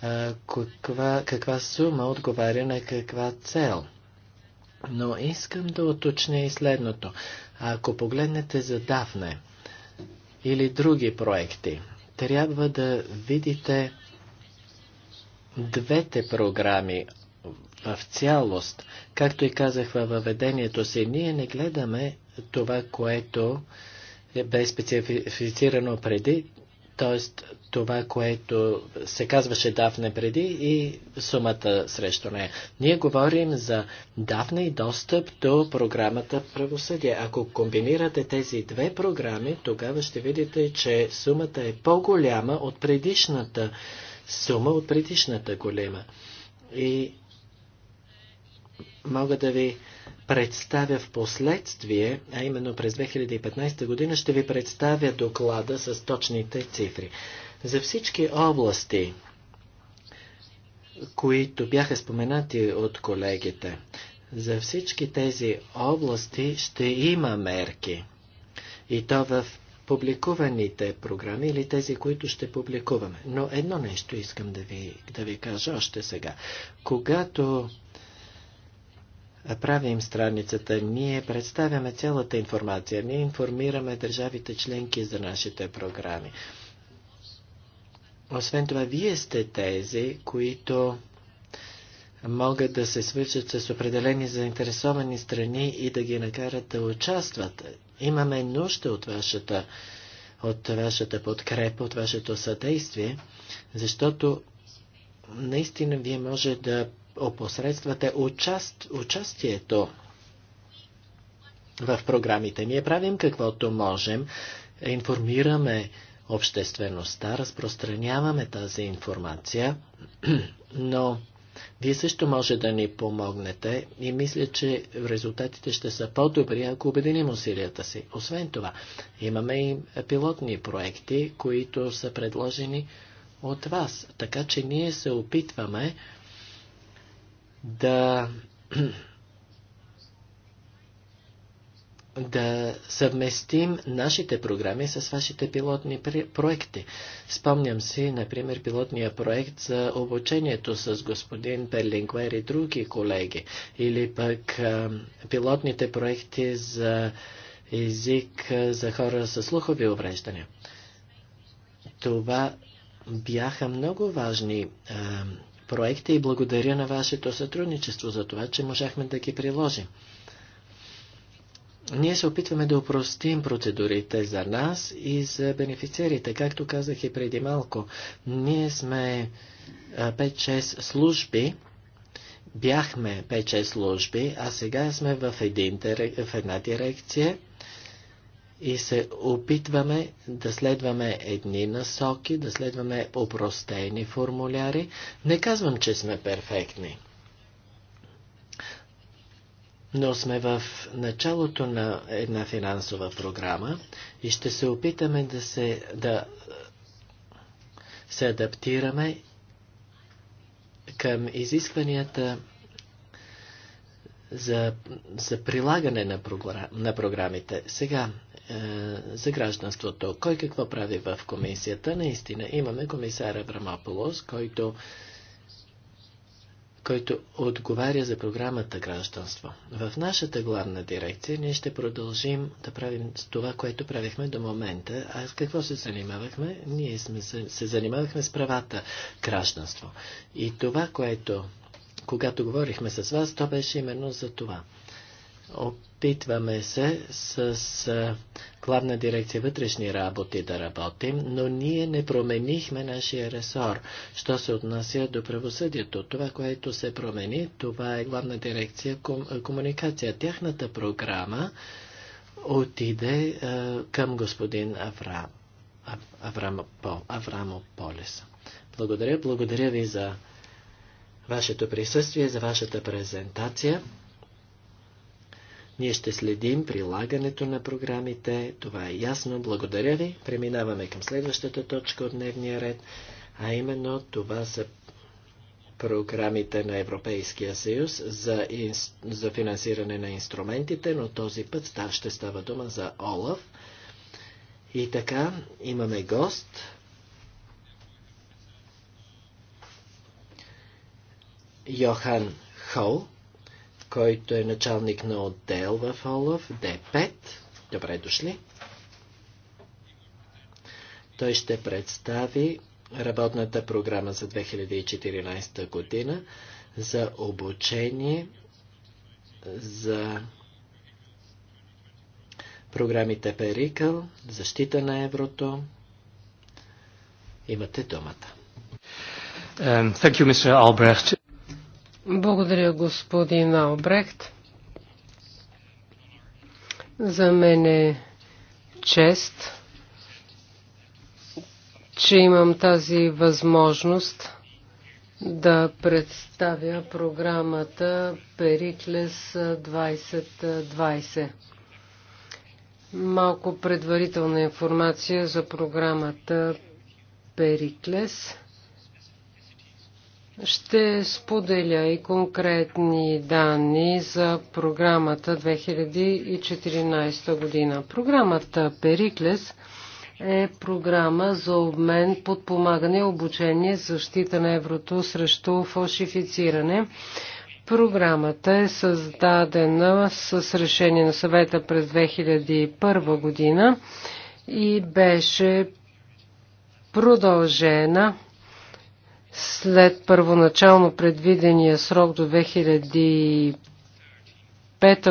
а, каква, каква сума отговаря на каква цел. Но искам да уточня и следното. Ако погледнете за Дафне или други проекти, трябва да видите двете програми в цялост. Както и казах във въведението си, ние не гледаме това, което е, бе специфицирано преди, т.е. това, което се казваше Дафне преди и сумата срещу нея. Ние говорим за Дафне и достъп до програмата Правосъдие. Ако комбинирате тези две програми, тогава ще видите, че сумата е по-голяма от предишната сума, от предишната голема. И мога да ви представя в последствие, а именно през 2015 година, ще ви представя доклада с точните цифри. За всички области, които бяха споменати от колегите, за всички тези области ще има мерки. И то в публикуваните програми или тези, които ще публикуваме. Но едно нещо искам да ви, да ви кажа още сега. Когато правим страницата, ние представяме цялата информация, ние информираме държавите членки за нашите програми. Освен това, вие сте тези, които могат да се свържат с определени заинтересовани страни и да ги накарат да участват. Имаме нужда от вашата, от вашата подкрепа, от вашето съдействие, защото наистина вие може да опосредствате участ, участието в програмите. Ние правим каквото можем, информираме обществеността, разпространяваме тази информация, но вие също може да ни помогнете и мисля, че резултатите ще са по-добри, ако обединим усилията си. Освен това, имаме и пилотни проекти, които са предложени от вас, така че ние се опитваме да да съвместим нашите програми с вашите пилотни проекти. Спомням си, например, пилотния проект за обучението с господин Перлингвер и други колеги, или пък пилотните проекти за език за хора с слухови увреждания. Това бяха много важни а, проекти и благодаря на вашето сътрудничество за това, че можахме да ги приложим. Ние се опитваме да упростим процедурите за нас и за бенефициерите. Както казах и преди малко, ние сме 5-6 служби, бяхме 5-6 служби, а сега сме в, един, в една дирекция и се опитваме да следваме едни насоки, да следваме опростени формуляри. Не казвам, че сме перфектни, но сме в началото на една финансова програма и ще се опитаме да се, да се адаптираме към изискванията за, за прилагане на, програ... на програмите. Сега, е, за гражданството. Кой какво прави в комисията? Наистина имаме комисар Абрамополос, който, който отговаря за програмата гражданство. В нашата главна дирекция ние ще продължим да правим това, което правихме до момента. А с какво се занимавахме? Ние сме, се занимавахме с правата гражданство. И това, което когато говорихме с вас, то беше именно за това. Опитваме се с главна дирекция вътрешни работи да работим, но ние не променихме нашия ресор. Що се отнася до правосъдието, това, което се промени, това е главна дирекция ком, комуникация. Тяхната програма отиде е, към господин Авра, Аврамо Полис. Благодаря, благодаря ви за вашето присъствие, за вашата презентация. Ние ще следим прилагането на програмите, това е ясно. Благодаря ви. Преминаваме към следващата точка от дневния ред, а именно това са програмите на Европейския съюз за, инс... за финансиране на инструментите, но този път став, ще става дума за ОЛАФ. И така, имаме гост. Йохан Хол който е началник на отдел в ОЛАФ, Д5. Добре дошли. Той ще представи работната програма за 2014 година за обучение за програмите Перикъл, защита на еврото. Имате думата. Um, thank you, Mr. Albrecht. Благодаря, господин Албрехт. За мен е чест, че имам тази възможност да представя програмата Периклес 2020. Малко предварителна информация за програмата Периклес. Ще споделя и конкретни данни за програмата 2014 година. Програмата Периклес е програма за обмен, подпомагане, обучение, защита на еврото срещу фалшифициране. Програмата е създадена с решение на съвета през 2001 година и беше продължена след първоначално предвидения срок до 2005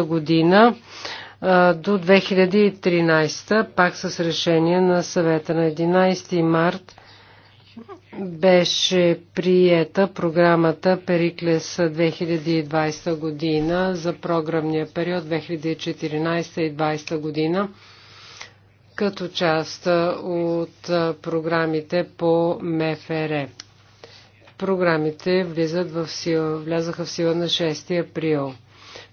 година до 2013, пак с решение на съвета на 11 март беше приета програмата Периклес 2020 година за програмния период 2014 и 2020 година като част от програмите по МФР. Програмите влизат в сила, влязаха в сила на 6 април.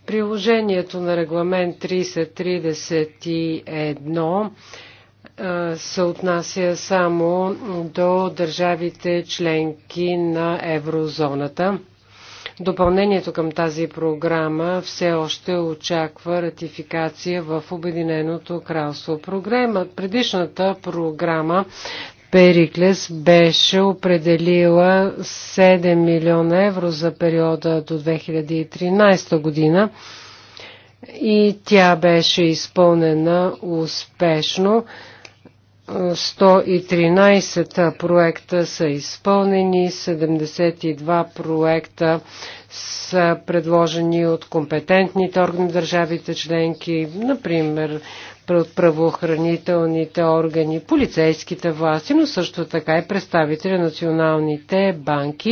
Приложението на регламент 3031 се отнася само до държавите членки на еврозоната. Допълнението към тази програма все още очаква ратификация в Обединеното кралство. Програма, предишната програма Периклес беше определила 7 милиона евро за периода до 2013 година и тя беше изпълнена успешно. 113 проекта са изпълнени, 72 проекта са предложени от компетентните органи държавите членки, например правоохранителните органи, полицейските власти, но също така и представители на националните банки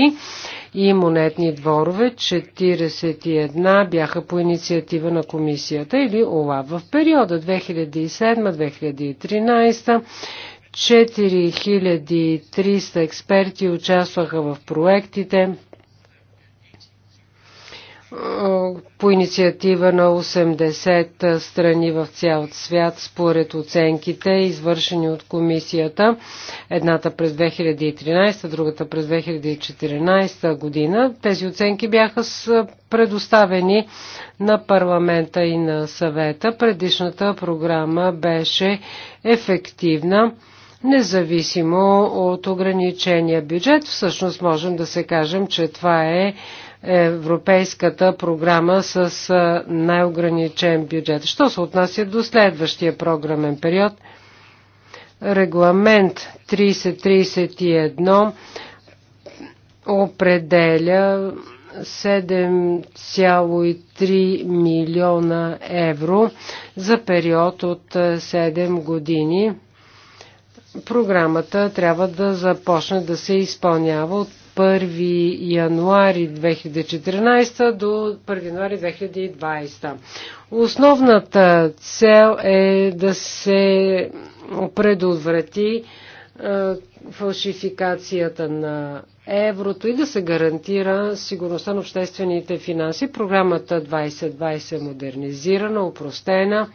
и монетни дворове. 41 бяха по инициатива на комисията или ОЛА в периода 2007-2013. 4300 експерти участваха в проектите, по инициатива на 80 страни в цял свят, според оценките, извършени от комисията, едната през 2013, другата през 2014 година. Тези оценки бяха предоставени на парламента и на съвета. Предишната програма беше ефективна независимо от ограничения бюджет. Всъщност можем да се кажем, че това е европейската програма с най-ограничен бюджет. Що се отнася до следващия програмен период? Регламент 3031 определя 7,3 милиона евро за период от 7 години. Програмата трябва да започне да се изпълнява от 1 януари 2014 до 1 януари 2020. Основната цел е да се предотврати фалшификацията на еврото и да се гарантира сигурността на обществените финанси. Програмата 2020 е модернизирана, упростена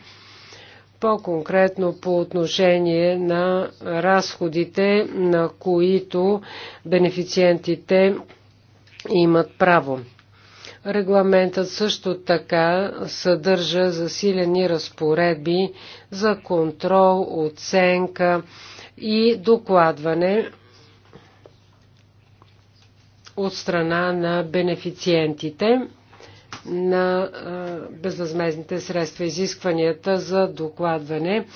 по-конкретно по отношение на разходите, на които бенефициентите имат право. Регламентът също така съдържа засилени разпоредби за контрол, оценка и докладване от страна на бенефициентите на безвъзмезните средства. Изискванията за докладване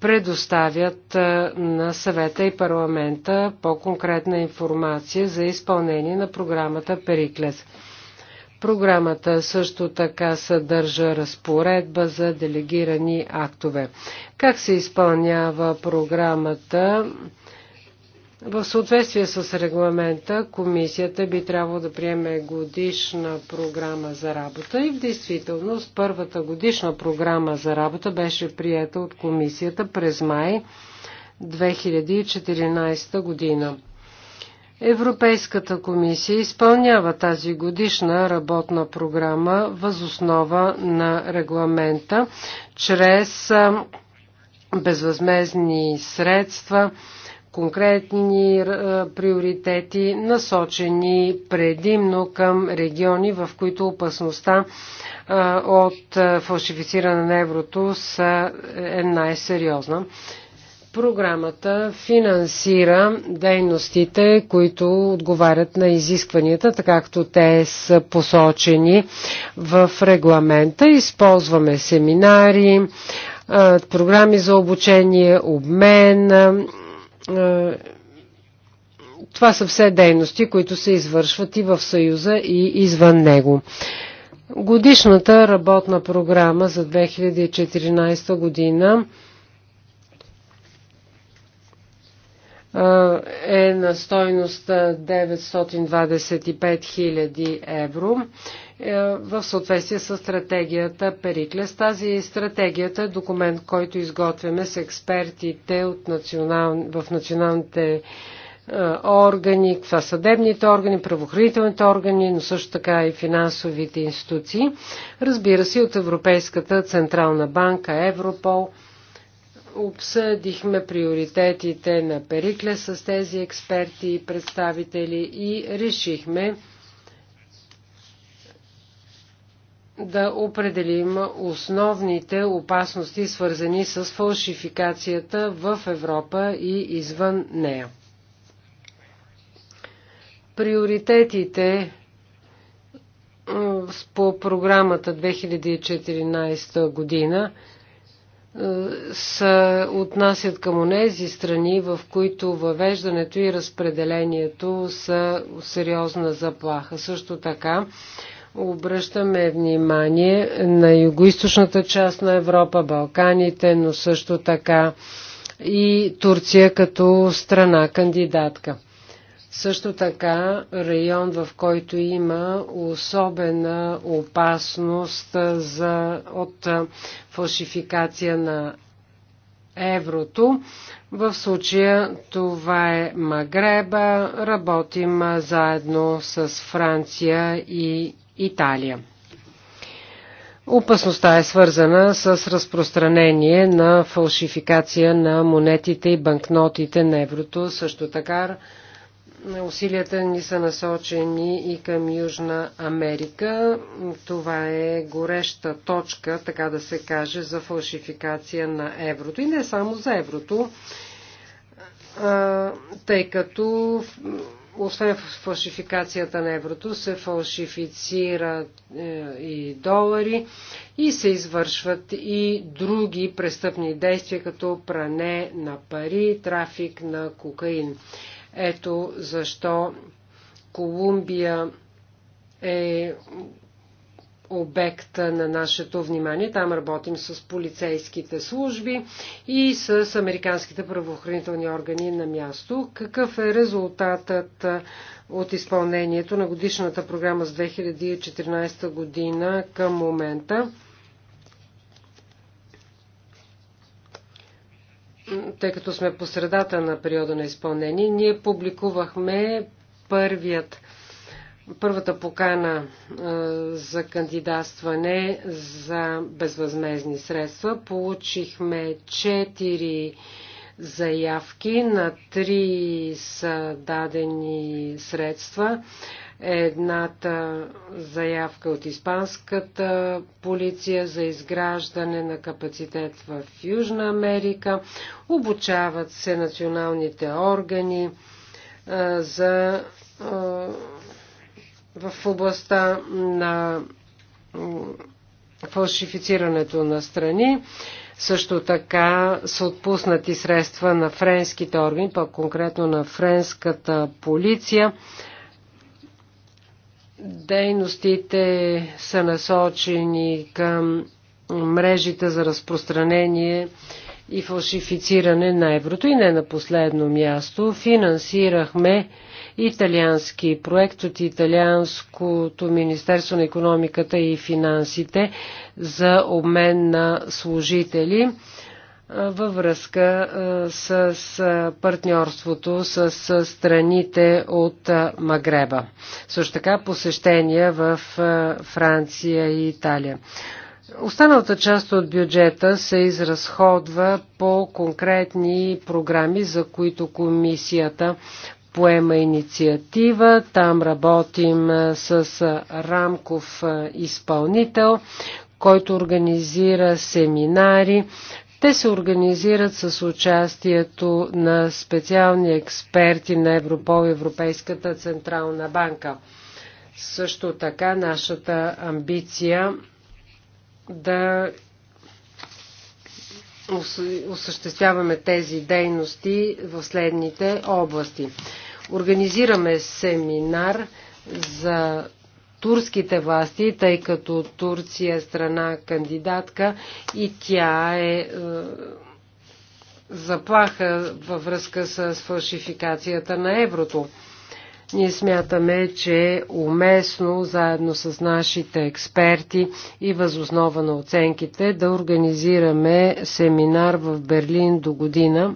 предоставят на съвета и парламента по-конкретна информация за изпълнение на програмата Периклес. Програмата също така съдържа разпоредба за делегирани актове. Как се изпълнява програмата? В съответствие с регламента, комисията би трябвало да приеме годишна програма за работа и в действителност първата годишна програма за работа беше приета от комисията през май 2014 година. Европейската комисия изпълнява тази годишна работна програма възоснова на регламента чрез безвъзмезни средства – конкретни е, приоритети, насочени предимно към региони, в които опасността е, от е, фалшифициране на еврото са, е най-сериозна. Програмата финансира дейностите, които отговарят на изискванията, така както те са посочени в регламента. Използваме семинари, програми за обучение, обмен, е, това са все дейности, които се извършват и в Съюза, и извън него. Годишната работна програма за 2014 година е, е на стойност 925 е, 000 евро е, в съответствие с стратегията Периклес. Тази стратегията е документ, който изготвяме с експертите от национал... в националните е, органи, това съдебните органи, правоохранителните органи, но също така и финансовите институции. Разбира се, от Европейската Централна банка, Европол. Обсъдихме приоритетите на Перикле с тези експерти и представители и решихме да определим основните опасности, свързани с фалшификацията в Европа и извън нея. Приоритетите по програмата 2014 година се отнасят към онези страни, в които въвеждането и разпределението са сериозна заплаха. Също така Обръщаме внимание на югоисточната част на Европа, Балканите, но също така и Турция като страна кандидатка. Също така район, в който има особена опасност за, от фалшификация на еврото. В случая това е Магреба. Работим заедно с Франция и Италия. Опасността е свързана с разпространение на фалшификация на монетите и банкнотите на еврото. Също така усилията ни са насочени и към Южна Америка. Това е гореща точка, така да се каже, за фалшификация на еврото. И не само за еврото, тъй като освен фалшификацията на еврото, се фалшифицират е, и долари и се извършват и други престъпни действия, като пране на пари, трафик на кокаин. Ето защо Колумбия е обект на нашето внимание. Там работим с полицейските служби и с американските правоохранителни органи на място. Какъв е резултатът от изпълнението на годишната програма с 2014 година към момента? Тъй като сме по средата на периода на изпълнение, ние публикувахме първият първата покана за кандидатстване за безвъзмезни средства. Получихме 4 заявки, на 3 са дадени средства. Едната заявка е от испанската полиция за изграждане на капацитет в Южна Америка. Обучават се националните органи за в областта на фалшифицирането на страни. Също така са отпуснати средства на френските органи, по-конкретно на френската полиция. Дейностите са насочени към мрежите за разпространение и фалшифициране на еврото. И не на последно място финансирахме италиански проект от Италианското Министерство на економиката и финансите за обмен на служители във връзка с партньорството с страните от Магреба. Също така посещения в Франция и Италия. Останалата част от бюджета се изразходва по конкретни програми, за които комисията поема инициатива. Там работим с рамков изпълнител, който организира семинари. Те се организират с участието на специални експерти на Европол и Европейската централна банка. Също така нашата амбиция да осъществяваме тези дейности в следните области. Организираме семинар за турските власти, тъй като Турция е страна кандидатка и тя е, е заплаха във връзка с фалшификацията на еврото. Ние смятаме, че е уместно, заедно с нашите експерти и възоснова на оценките, да организираме семинар в Берлин до година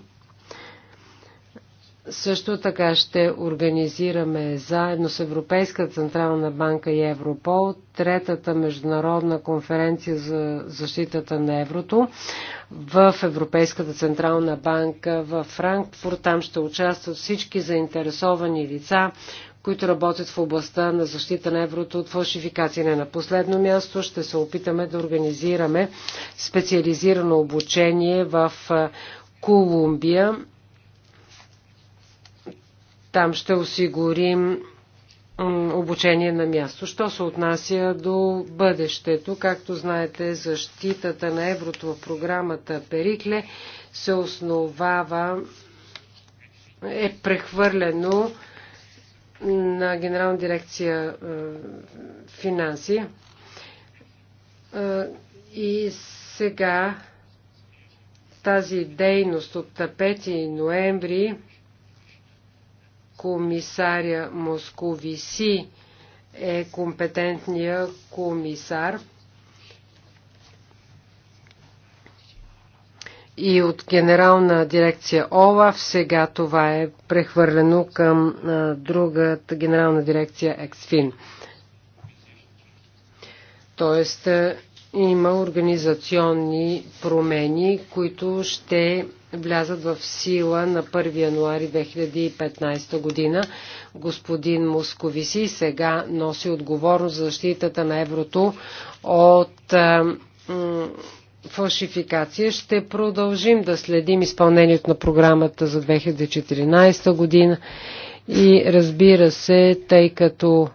също така ще организираме заедно с Европейската Централна банка и Европол третата международна конференция за защитата на еврото в Европейската Централна банка в Франкфурт. Там ще участват всички заинтересовани лица, които работят в областта на защита на еврото от фалшификация. Не на последно място ще се опитаме да организираме специализирано обучение в Колумбия там ще осигурим обучение на място. Що се отнася до бъдещето, както знаете, защитата на еврото в програмата Перикле се основава, е прехвърлено на Генерална дирекция е, финанси. Е, и сега тази дейност от 5 ноември комисаря Московиси е компетентния комисар и от генерална дирекция ОЛАВ Сега това е прехвърлено към другата генерална дирекция ЕКСФИН. Тоест има организационни промени, които ще влязат в сила на 1 януари 2015 година. Господин Московиси сега носи отговорност за защитата на еврото от фалшификация. Ще продължим да следим изпълнението на програмата за 2014 година и разбира се, тъй като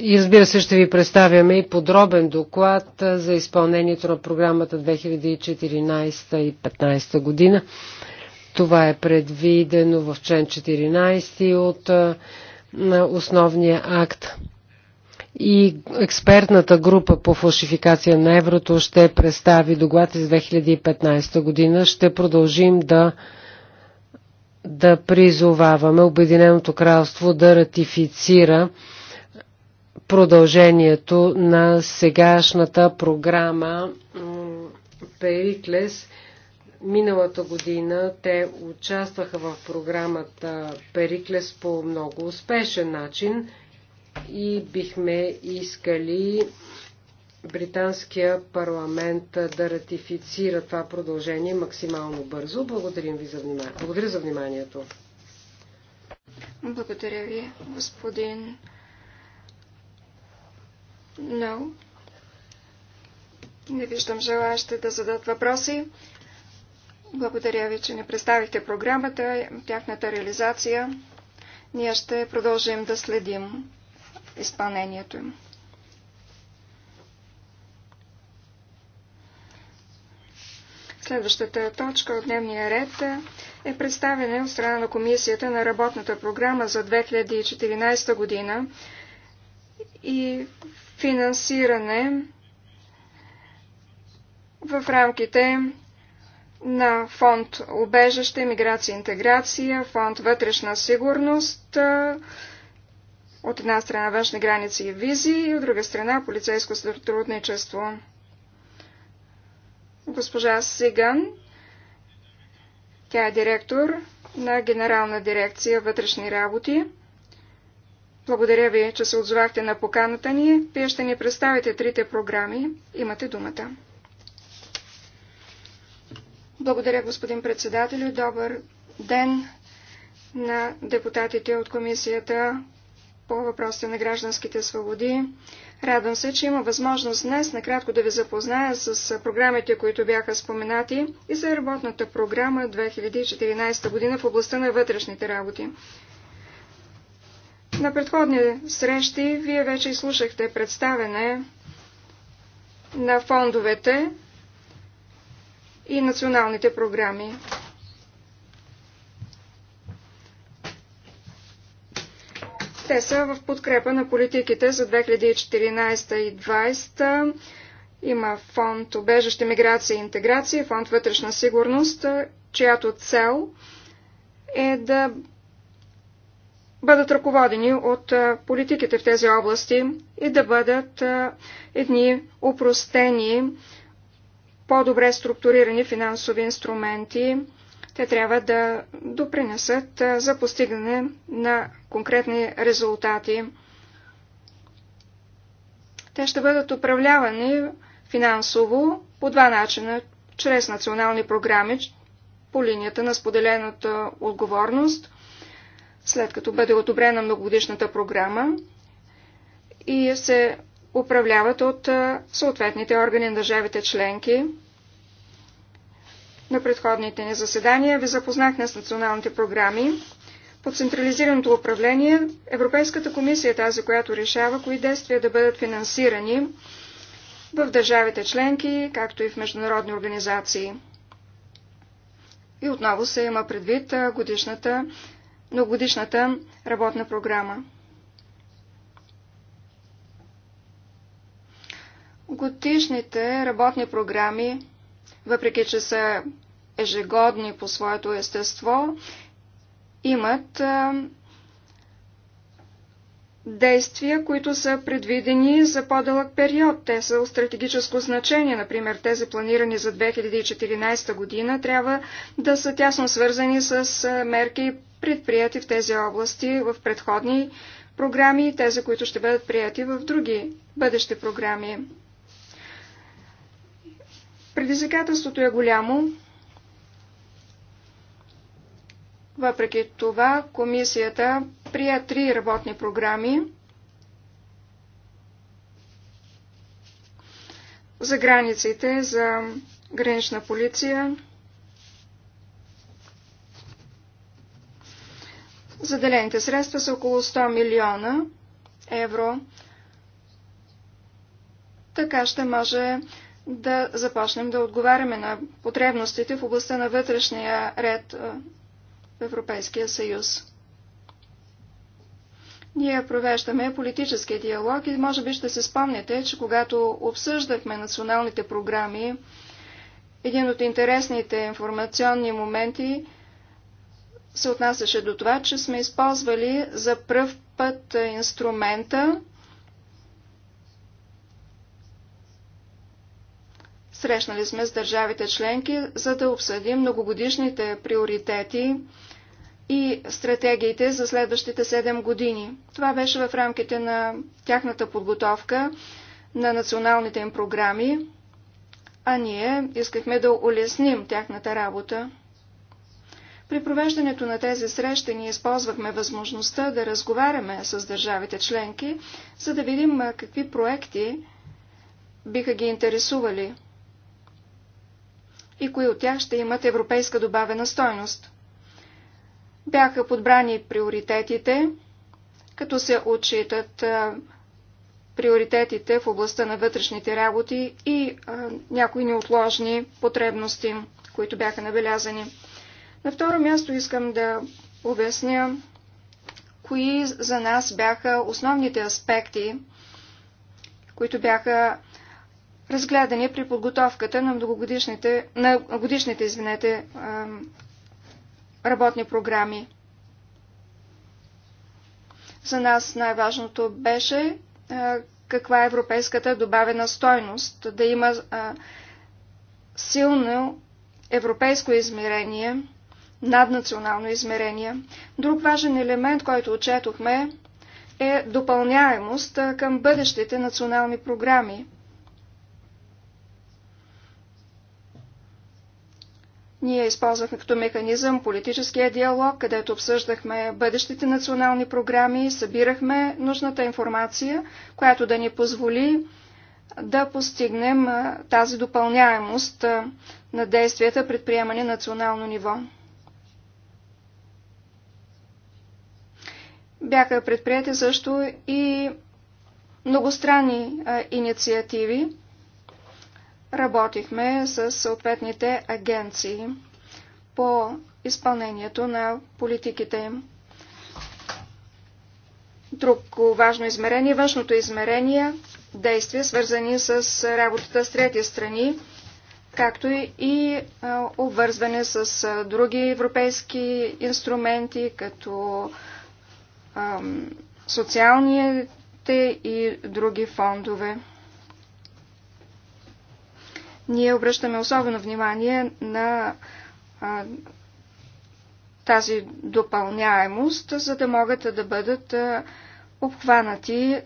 Избира се, ще ви представяме и подробен доклад за изпълнението на програмата 2014 и 2015 година. Това е предвидено в член 14 от основния акт. И експертната група по фалшификация на еврото ще представи доклад за 2015 година. Ще продължим да да призоваваме Обединеното кралство да ратифицира продължението на сегашната програма Периклес. Миналата година те участваха в програмата Периклес по много успешен начин и бихме искали британския парламент да ратифицира това продължение максимално бързо. Благодарим ви за вниманието. Благодаря за вниманието. Благодаря ви, господин No. Не виждам желаящи да зададат въпроси. Благодаря ви, че не представихте програмата, тяхната реализация. Ние ще продължим да следим изпълнението им. Следващата точка от дневния ред е представене от страна на комисията на работната програма за 2014 година и финансиране в рамките на фонд Обежаще, миграция и интеграция, фонд Вътрешна сигурност, от една страна външни граници и визи, и от друга страна полицейско сътрудничество. Госпожа Сиган, тя е директор на Генерална дирекция вътрешни работи. Благодаря ви, че се отзовахте на поканата ни. Вие ще ни представите трите програми. Имате думата. Благодаря, господин председател. Добър ден на депутатите от Комисията по въпросите на гражданските свободи. Радвам се, че има възможност днес накратко да ви запозная с програмите, които бяха споменати и за работната програма 2014 година в областта на вътрешните работи. На предходни срещи вие вече изслушахте представене на фондовете и националните програми. Те са в подкрепа на политиките за 2014 и 2020. Има фонд Обежище, миграция и интеграция, фонд Вътрешна сигурност, чиято цел е да бъдат ръководени от политиките в тези области и да бъдат едни упростени, по-добре структурирани финансови инструменти. Те трябва да допринесат за постигане на конкретни резултати. Те ще бъдат управлявани финансово по два начина чрез национални програми по линията на споделената отговорност след като бъде одобрена многогодишната програма и се управляват от съответните органи на държавите членки. На предходните ни заседания ви запознахме с националните програми. По централизираното управление Европейската комисия е тази, която решава кои действия да бъдат финансирани в държавите членки, както и в международни организации. И отново се има предвид годишната многогодишната работна програма. Годишните работни програми, въпреки че са ежегодни по своето естество, имат действия, които са предвидени за по-дълъг период. Те са от стратегическо значение. Например, тези планирани за 2014 година трябва да са тясно свързани с мерки предприяти в тези области в предходни програми и тези, които ще бъдат прияти в други бъдещи програми. Предизвикателството е голямо. Въпреки това, комисията прия три работни програми за границите, за гранична полиция, Заделените средства са около 100 милиона евро. Така ще може да започнем да отговаряме на потребностите в областта на вътрешния ред в Европейския съюз. Ние провеждаме политически диалог и може би ще се спомняте, че когато обсъждахме националните програми, един от интересните информационни моменти се отнасяше до това, че сме използвали за пръв път инструмента Срещнали сме с държавите членки, за да обсъдим многогодишните приоритети и стратегиите за следващите 7 години. Това беше в рамките на тяхната подготовка на националните им програми, а ние искахме да улесним тяхната работа. При провеждането на тези срещи ние използвахме възможността да разговаряме с държавите членки, за да видим какви проекти биха ги интересували и кои от тях ще имат европейска добавена стойност. Бяха подбрани приоритетите, като се отчитат приоритетите в областта на вътрешните работи и а, някои неотложни потребности, които бяха набелязани. На второ място искам да обясня кои за нас бяха основните аспекти, които бяха разгледани при подготовката на, многогодишните, на годишните извинете, работни програми. За нас най-важното беше каква е европейската добавена стойност, да има силно европейско измерение – наднационално измерение. Друг важен елемент, който отчетохме, е допълняемост към бъдещите национални програми. Ние използвахме като механизъм политическия диалог, където обсъждахме бъдещите национални програми, събирахме нужната информация, която да ни позволи да постигнем тази допълняемост на действията, предприемане национално ниво. Бяха предприяти също и многостранни а, инициативи. Работихме с съответните агенции по изпълнението на политиките им. Друго важно измерение, е външното измерение, действия, свързани с работата с трети страни, както и обвързване с други европейски инструменти, като социалните и други фондове. Ние обръщаме особено внимание на а, тази допълняемост, за да могат да бъдат а, обхванати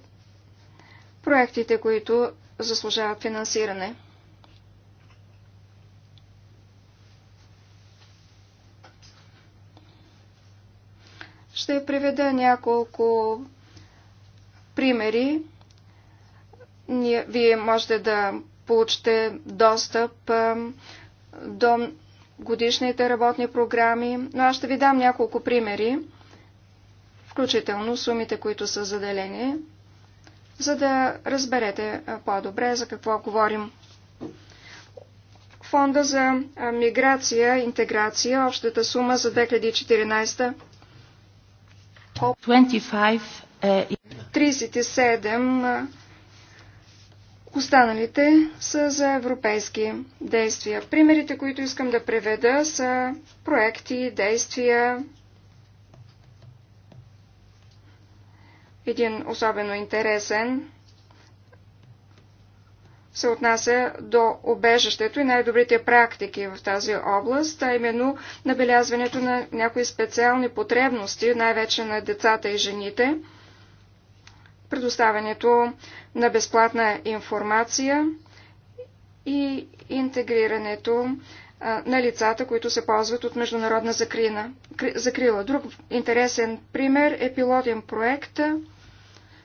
проектите, които заслужават финансиране. Ще приведа няколко примери. Вие можете да получите достъп до годишните работни програми, но аз ще ви дам няколко примери, включително сумите, които са заделени, за да разберете по-добре за какво говорим. Фонда за миграция, интеграция, общата сума за 2014 37 uh, е, Останалите са за европейски действия. Примерите, които искам да преведа, са проекти, действия. Един особено интересен се отнася до обежището и най-добрите практики в тази област, а именно набелязването на някои специални потребности, най-вече на децата и жените, предоставянето на безплатна информация и интегрирането на лицата, които се ползват от международна закрина, закрила. Друг интересен пример е пилотен проект,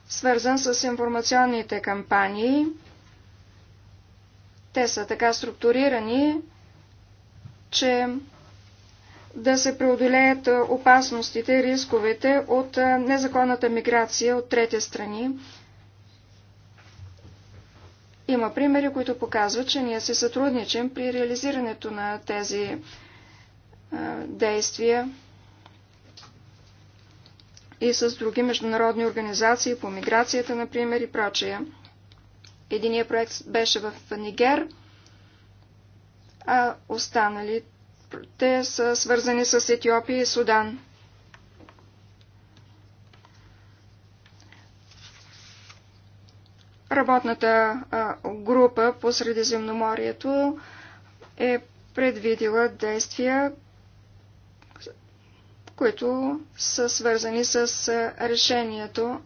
свързан с информационните кампании – те са така структурирани, че да се преодолеят опасностите и рисковете от незаконната миграция от трети страни. Има примери, които показват, че ние се сътрудничим при реализирането на тези а, действия и с други международни организации по миграцията, например, и прочее. Единият проект беше в Нигер, а останалите са свързани с Етиопия и Судан. Работната група по Средиземноморието е предвидила действия, които са свързани с решението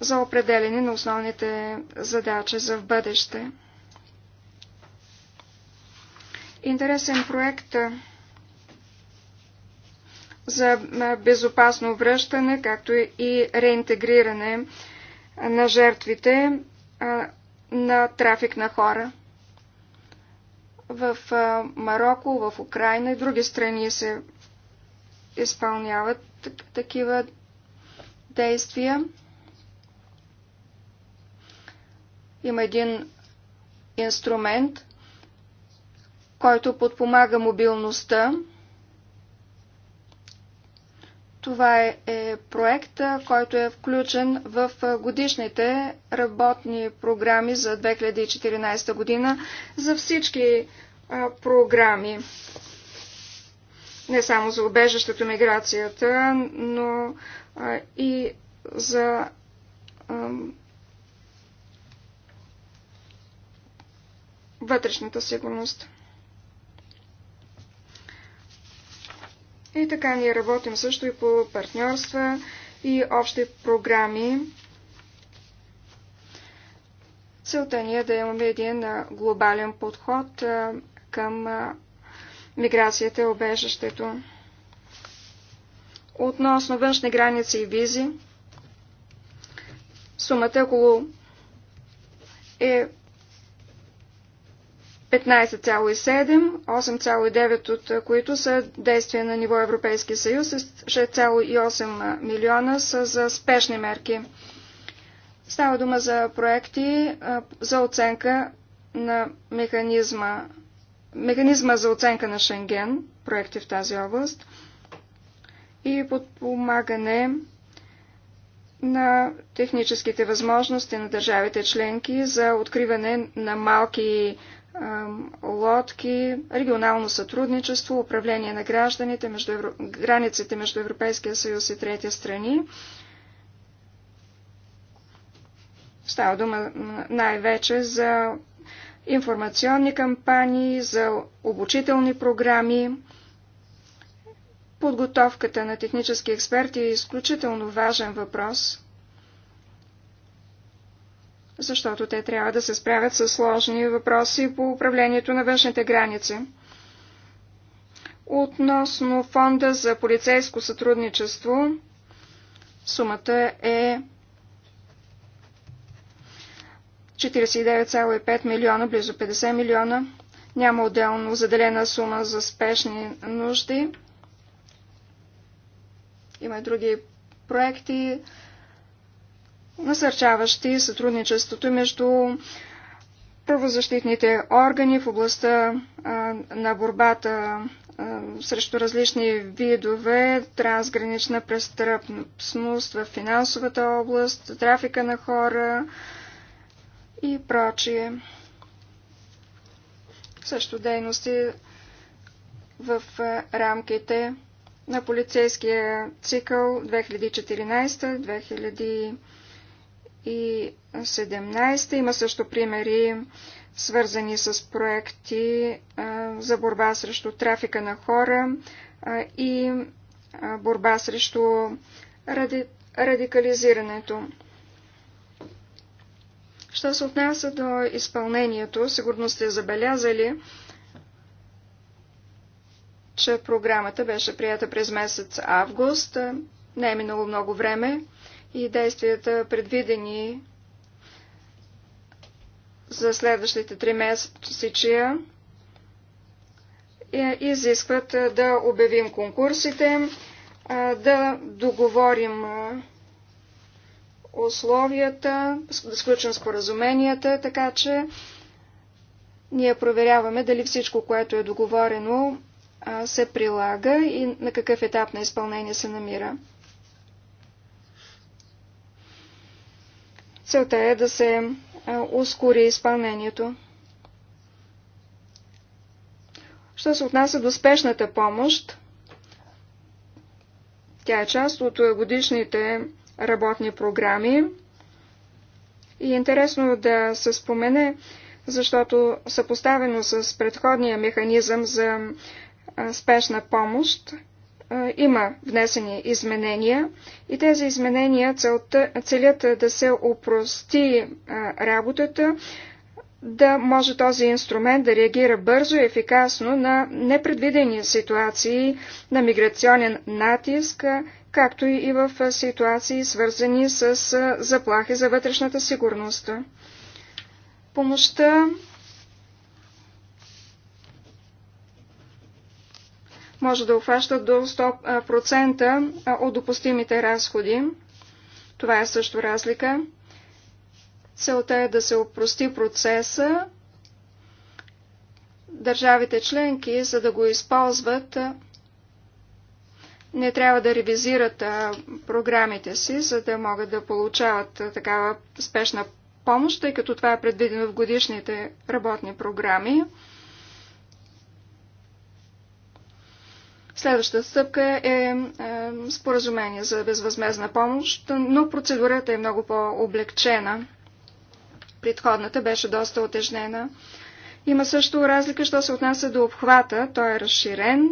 за определене на основните задачи за в бъдеще. Интересен проект за безопасно връщане, както и реинтегриране на жертвите на трафик на хора. В Марокко, в Украина и други страни се изпълняват такива действия. Има един инструмент, който подпомага мобилността. Това е, е проект, който е включен в годишните работни програми за 2014 година за всички програми. Не само за убежището, миграцията, но и за вътрешната сигурност. И така ние работим също и по партньорства и общи програми. Целта ни е да имаме един глобален подход към миграцията и обежището. Относно външни граници и визи, сумата е около е 15,7, 8,9 от които са действия на ниво Европейски съюз, 6,8 милиона са за спешни мерки. Става дума за проекти за оценка на механизма, механизма за оценка на Шенген, проекти в тази област и подпомагане на техническите възможности на държавите членки за откриване на малки лодки, регионално сътрудничество, управление на гражданите, между евро... границите между Европейския съюз и трети страни. Става дума най-вече за информационни кампании, за обучителни програми. Подготовката на технически експерти е изключително важен въпрос – защото те трябва да се справят с сложни въпроси по управлението на външните граници. Относно фонда за полицейско сътрудничество, сумата е 49,5 милиона, близо 50 милиона. Няма отделно заделена сума за спешни нужди. Има и други проекти насърчаващи сътрудничеството между правозащитните органи в областта а, на борбата а, срещу различни видове, трансгранична престъпност в финансовата област, трафика на хора и прочие. Също дейности в рамките на полицейския цикъл 2014-2020 и 17 има също примери, свързани с проекти за борба срещу трафика на хора и борба срещу ради... радикализирането. Що се отнася до изпълнението, сигурно сте забелязали, че програмата беше прията през месец август. Не е минало много време и действията предвидени за следващите три месечия е, изискват е, да обявим конкурсите, е, да договорим условията, да сключим споразуменията, така че ние проверяваме дали всичко, което е договорено, се прилага и на какъв етап на изпълнение се намира. Целта е да се ускори изпълнението. Що се отнася до спешната помощ, тя е част от годишните работни програми. И е интересно да се спомене, защото съпоставено с предходния механизъм за спешна помощ, има внесени изменения и тези изменения целта, целят да се опрости работата, да може този инструмент да реагира бързо и ефикасно на непредвидени ситуации, на миграционен натиск, както и в ситуации свързани с заплахи за вътрешната сигурност. Помощта може да обхваща до 100% от допустимите разходи. Това е също разлика. Целта е да се опрости процеса. Държавите членки, за да го използват, не трябва да ревизират програмите си, за да могат да получават такава спешна помощ, тъй като това е предвидено в годишните работни програми. Следващата стъпка е, е споразумение за безвъзмезна помощ, но процедурата е много по-облегчена. Предходната беше доста отежнена. Има също разлика, що се отнася до обхвата. Той е разширен.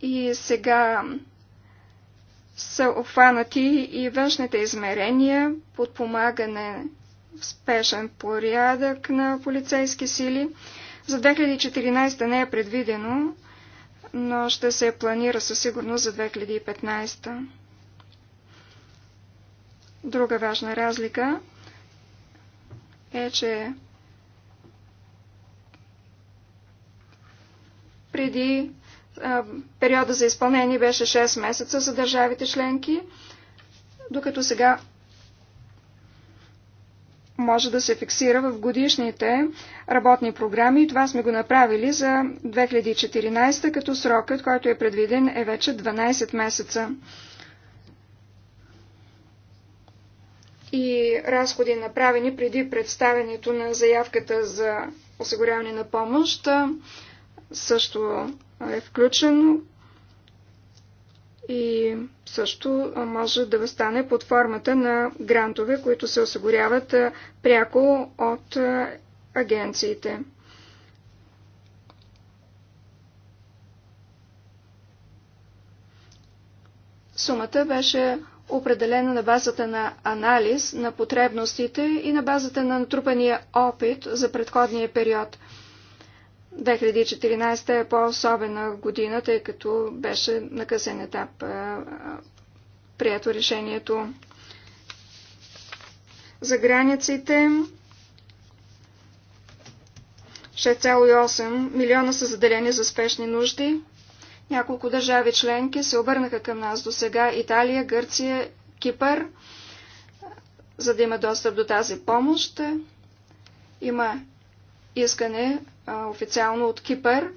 И сега са обхванати и външните измерения, подпомагане в спешен порядък на полицейски сили. За 2014 не е предвидено, но ще се планира със сигурност за 2015. Друга важна разлика е, че преди а, периода за изпълнение беше 6 месеца за държавите членки, докато сега може да се фиксира в годишните работни програми. Това сме го направили за 2014, като срокът, който е предвиден, е вече 12 месеца. И разходи направени преди представянето на заявката за осигуряване на помощ също е включено и също може да възстане под формата на грантове, които се осигуряват пряко от агенциите. Сумата беше определена на базата на анализ на потребностите и на базата на натрупания опит за предходния период – 2014 е по-особена година, тъй като беше на късен етап прието решението за границите. 6,8 милиона са заделени за спешни нужди. Няколко държави членки се обърнаха към нас до сега. Италия, Гърция, Кипър, за да има достъп до тази помощ. Има искане а, официално от Кипър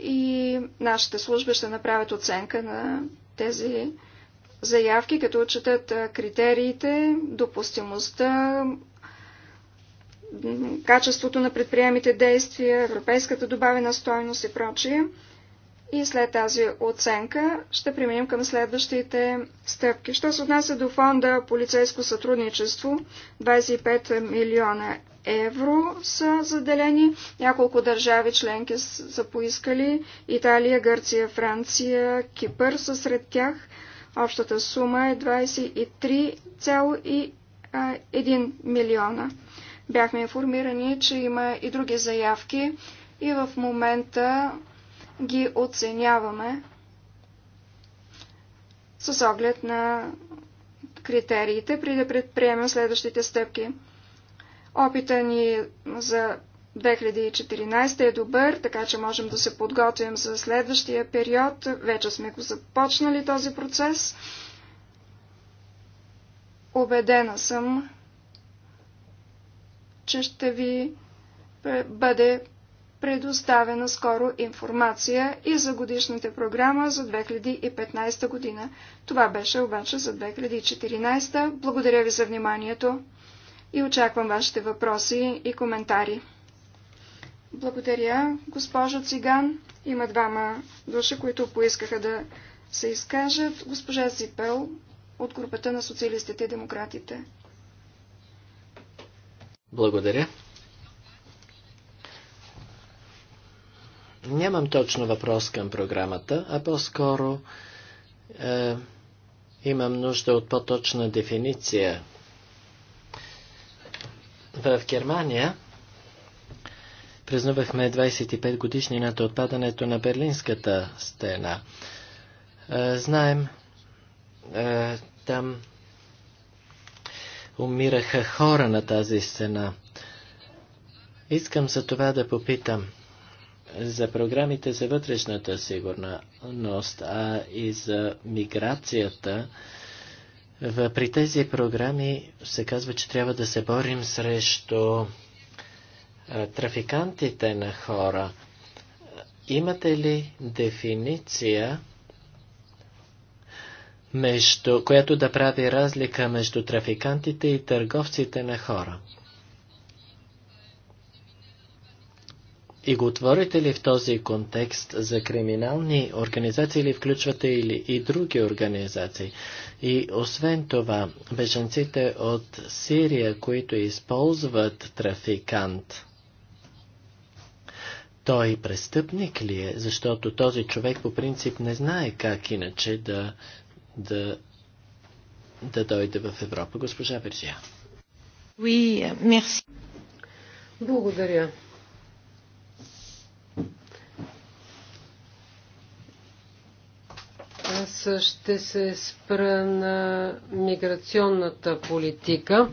и нашите служби ще направят оценка на тези заявки, като отчитат критериите, допустимостта, качеството на предприемите действия, европейската добавена стойност и прочие. И след тази оценка ще преминем към следващите стъпки. Що се отнася до фонда полицейско сътрудничество, 25 милиона евро са заделени. Няколко държави членки са поискали. Италия, Гърция, Франция, Кипър са сред тях. Общата сума е 23,1 милиона. Бяхме информирани, че има и други заявки и в момента ги оценяваме с оглед на критериите, преди да предприемем следващите стъпки. Опита ни за 2014 е добър, така че можем да се подготвим за следващия период. Вече сме го започнали този процес. Обедена съм, че ще ви бъде предоставена скоро информация и за годишната програма за 2015 година. Това беше обаче за 2014. Благодаря ви за вниманието и очаквам вашите въпроси и коментари. Благодаря, госпожо Циган. Има двама души, които поискаха да се изкажат. Госпожа Зипел от групата на социалистите и демократите. Благодаря. Нямам точно въпрос към програмата, а по-скоро е, имам нужда от по-точна дефиниция в Германия празнувахме 25 годишнината от падането на Берлинската стена. Е, знаем, е, там умираха хора на тази стена. Искам за това да попитам за програмите за вътрешната сигурност, а и за миграцията при тези програми се казва, че трябва да се борим срещу трафикантите на хора. Имате ли дефиниция, между, която да прави разлика между трафикантите и търговците на хора? И го отворите ли в този контекст за криминални организации или включвате или и други организации? И освен това, беженците от Сирия, които използват трафикант, той престъпник ли е? Защото този човек по принцип не знае как иначе да, да, да дойде в Европа. Госпожа Бержия. Oui, merci. Благодаря. Аз ще се спра на миграционната политика.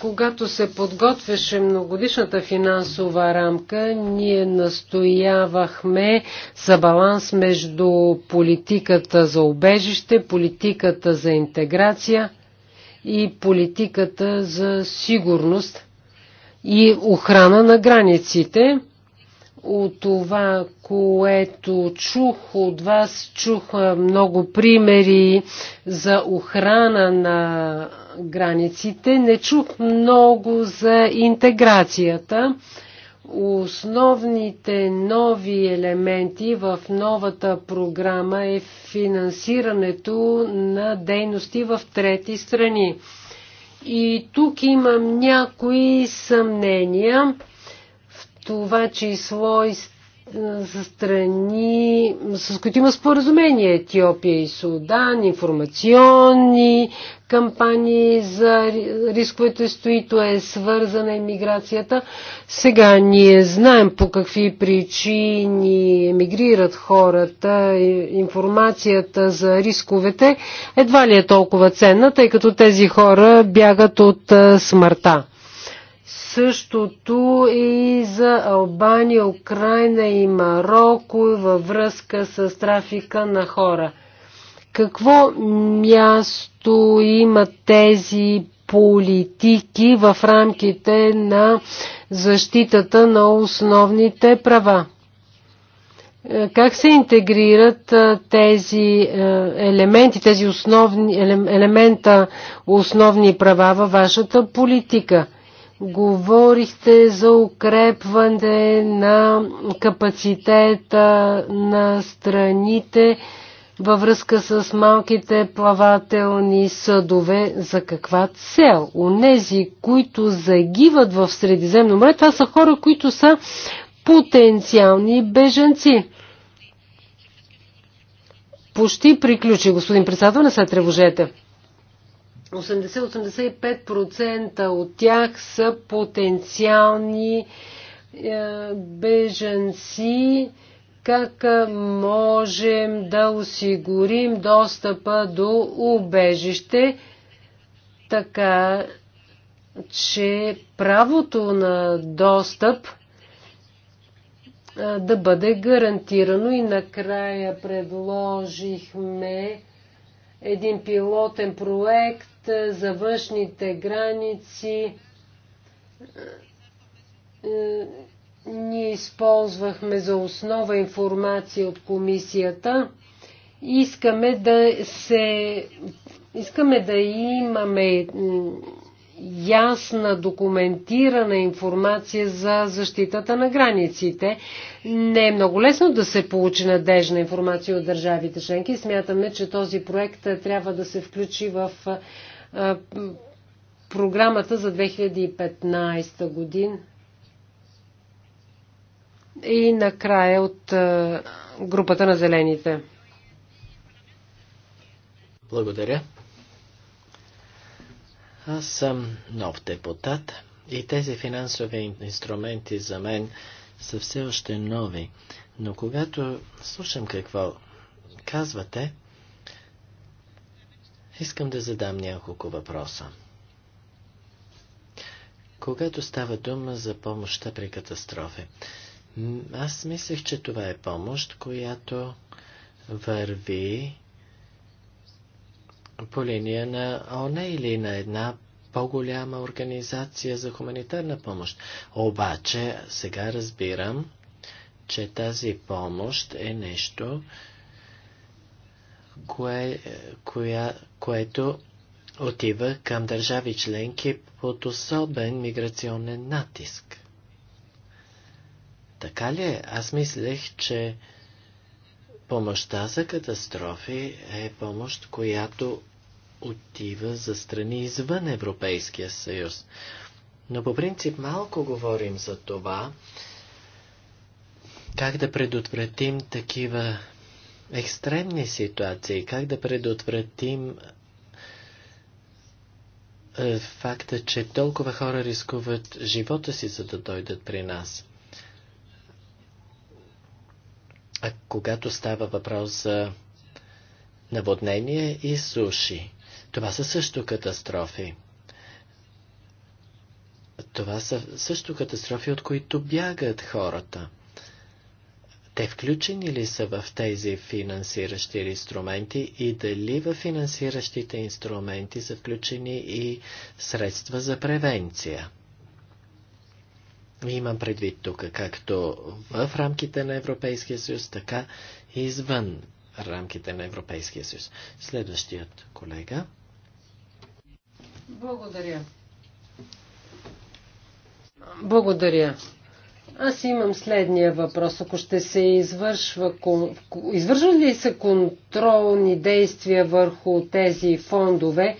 Когато се подготвяше многодишната финансова рамка, ние настоявахме за баланс между политиката за обежище, политиката за интеграция и политиката за сигурност и охрана на границите от това, което чух от вас, чух много примери за охрана на границите. Не чух много за интеграцията. Основните нови елементи в новата програма е финансирането на дейности в трети страни. И тук имам някои съмнения това число и за страни, с които има споразумение Етиопия и Судан, информационни кампании за рисковете, с които е свързана емиграцията. Сега ние знаем по какви причини емигрират хората, информацията за рисковете едва ли е толкова ценна, тъй като тези хора бягат от смъртта. Същото и за Албания, Украина и Марокко във връзка с трафика на хора. Какво място имат тези политики в рамките на защитата на основните права? Е, как се интегрират е, тези е, елементи, тези основни, елемента основни права във вашата политика? Говорихте за укрепване на капацитета на страните във връзка с малките плавателни съдове. За каква цел? Унези, които загиват в Средиземно море, това са хора, които са потенциални беженци. Почти приключи, господин председател, не се тревожете. 80-85% от тях са потенциални е, беженци. Как е, можем да осигурим достъпа до убежище, така че правото на достъп е, да бъде гарантирано и накрая предложихме един пилотен проект за външните граници. Е, ние използвахме за основа информация от комисията. Искаме да се. Искаме да имаме ясна, документирана информация за защитата на границите. Не е много лесно да се получи надежна информация от държавите членки. Смятаме, че този проект е, трябва да се включи в е, програмата за 2015 година и накрая от групата на зелените. Благодаря. Аз съм нов депутат и тези финансови инструменти за мен са все още нови. Но когато слушам какво казвате, Искам да задам няколко въпроса. Когато става дума за помощта при катастрофи, аз мислех, че това е помощ, която върви по линия на ОНЕ или на една по-голяма организация за хуманитарна помощ. Обаче сега разбирам, че тази помощ е нещо, кое, коя, което отива към държави членки под особен миграционен натиск. Така ли е? Аз мислех, че помощта за катастрофи е помощ, която отива за страни извън Европейския съюз. Но по принцип малко говорим за това, как да предотвратим такива екстремни ситуации, как да предотвратим е, факта, че толкова хора рискуват живота си, за да дойдат при нас. А когато става въпрос за наводнение и суши, това са също катастрофи. Това са също катастрофи, от които бягат хората. Те включени ли са в тези финансиращи инструменти и дали в финансиращите инструменти са включени и средства за превенция? Имам предвид тук, както в рамките на Европейския съюз, така и извън рамките на Европейския съюз. Следващият колега. Благодаря. Благодаря. Аз имам следния въпрос. Ако ще се извършва, извършва ли се контролни действия върху тези фондове,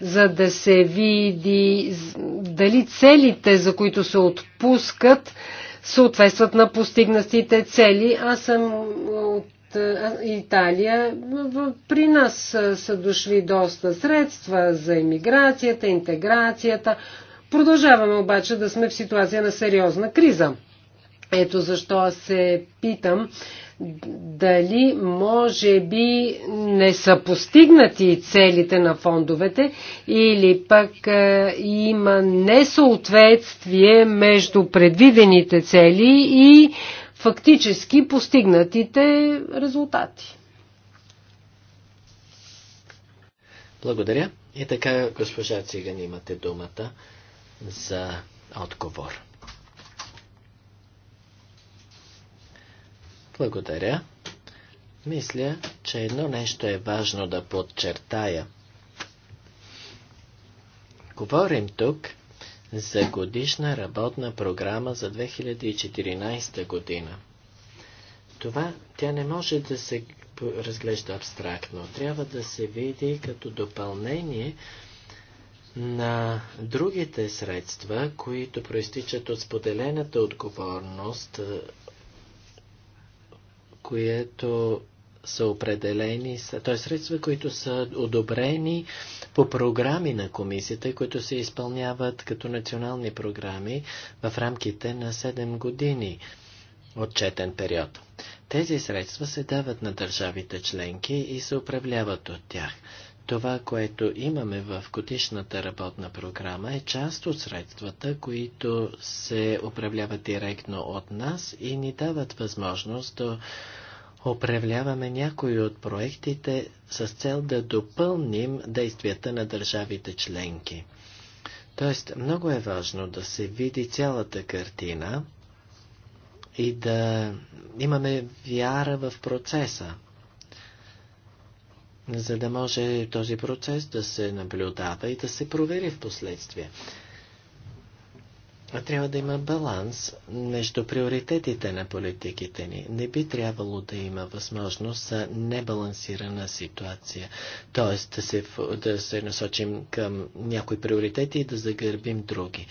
за да се види дали целите, за които се отпускат, съответстват на постигнатите цели. Аз съм от Италия. При нас са дошли доста средства за иммиграцията, интеграцията. Продължаваме обаче да сме в ситуация на сериозна криза. Ето защо се питам дали може би не са постигнати целите на фондовете или пък е, има несъответствие между предвидените цели и фактически постигнатите резултати. Благодаря. И така, госпожа Циган, имате думата за отговор. Благодаря. Мисля, че едно нещо е важно да подчертая. Говорим тук за годишна работна програма за 2014 година. Това тя не може да се разглежда абстрактно. Трябва да се види като допълнение на другите средства, които проистичат от споделената отговорност което са определени, т.е. средства, които са одобрени по програми на комисията, които се изпълняват като национални програми в рамките на 7 години отчетен период. Тези средства се дават на държавите членки и се управляват от тях това, което имаме в годишната работна програма е част от средствата, които се управляват директно от нас и ни дават възможност да управляваме някои от проектите с цел да допълним действията на държавите членки. Тоест, много е важно да се види цялата картина и да имаме вяра в процеса за да може този процес да се наблюдава и да се провери в последствие. Трябва да има баланс между приоритетите на политиките ни. Не би трябвало да има възможност за небалансирана ситуация, т.е. Да се, да се насочим към някои приоритети и да загърбим други.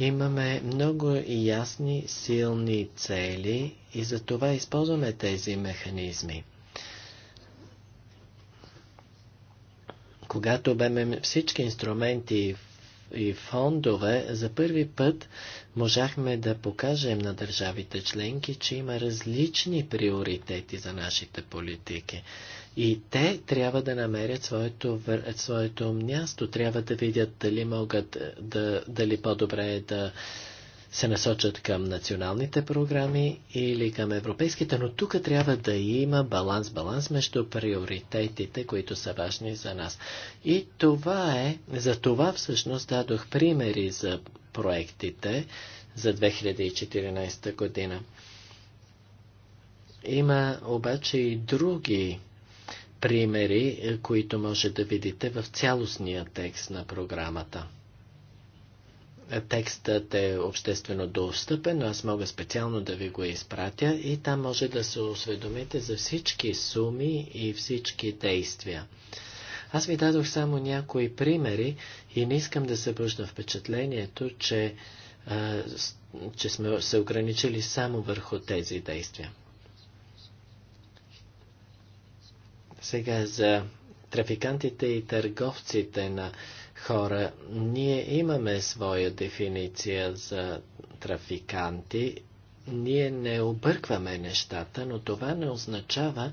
Имаме много ясни, силни цели и за това използваме тези механизми. Когато бемем всички инструменти и фондове, за първи път можахме да покажем на държавите членки, че има различни приоритети за нашите политики. И те трябва да намерят своето, своето място, трябва да видят дали могат да, дали по-добре е да се насочат към националните програми или към европейските, но тук трябва да има баланс, баланс между приоритетите, които са важни за нас. И това е, за това всъщност дадох примери за проектите за 2014 година. Има обаче и други примери, които може да видите в цялостния текст на програмата. Текстът е обществено достъпен, но аз мога специално да ви го изпратя и там може да се осведомите за всички суми и всички действия. Аз ви дадох само някои примери и не искам да събужда впечатлението, че, а, че сме се ограничили само върху тези действия. Сега за трафикантите и търговците на хора. Ние имаме своя дефиниция за трафиканти. Ние не объркваме нещата, но това не означава,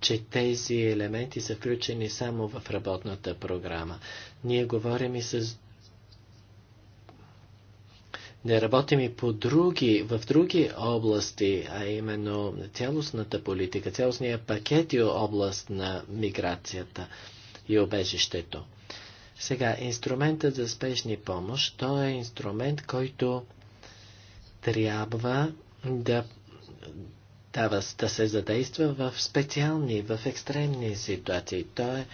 че тези елементи са включени само в работната програма. Ние говорим и с не работим и по други, в други области, а именно цялостната политика, цялостния пакет и област на миграцията и обежището. Сега, инструментът за спешни помощ, то е инструмент, който трябва да, дава, да се задейства в специални, в екстремни ситуации. То е,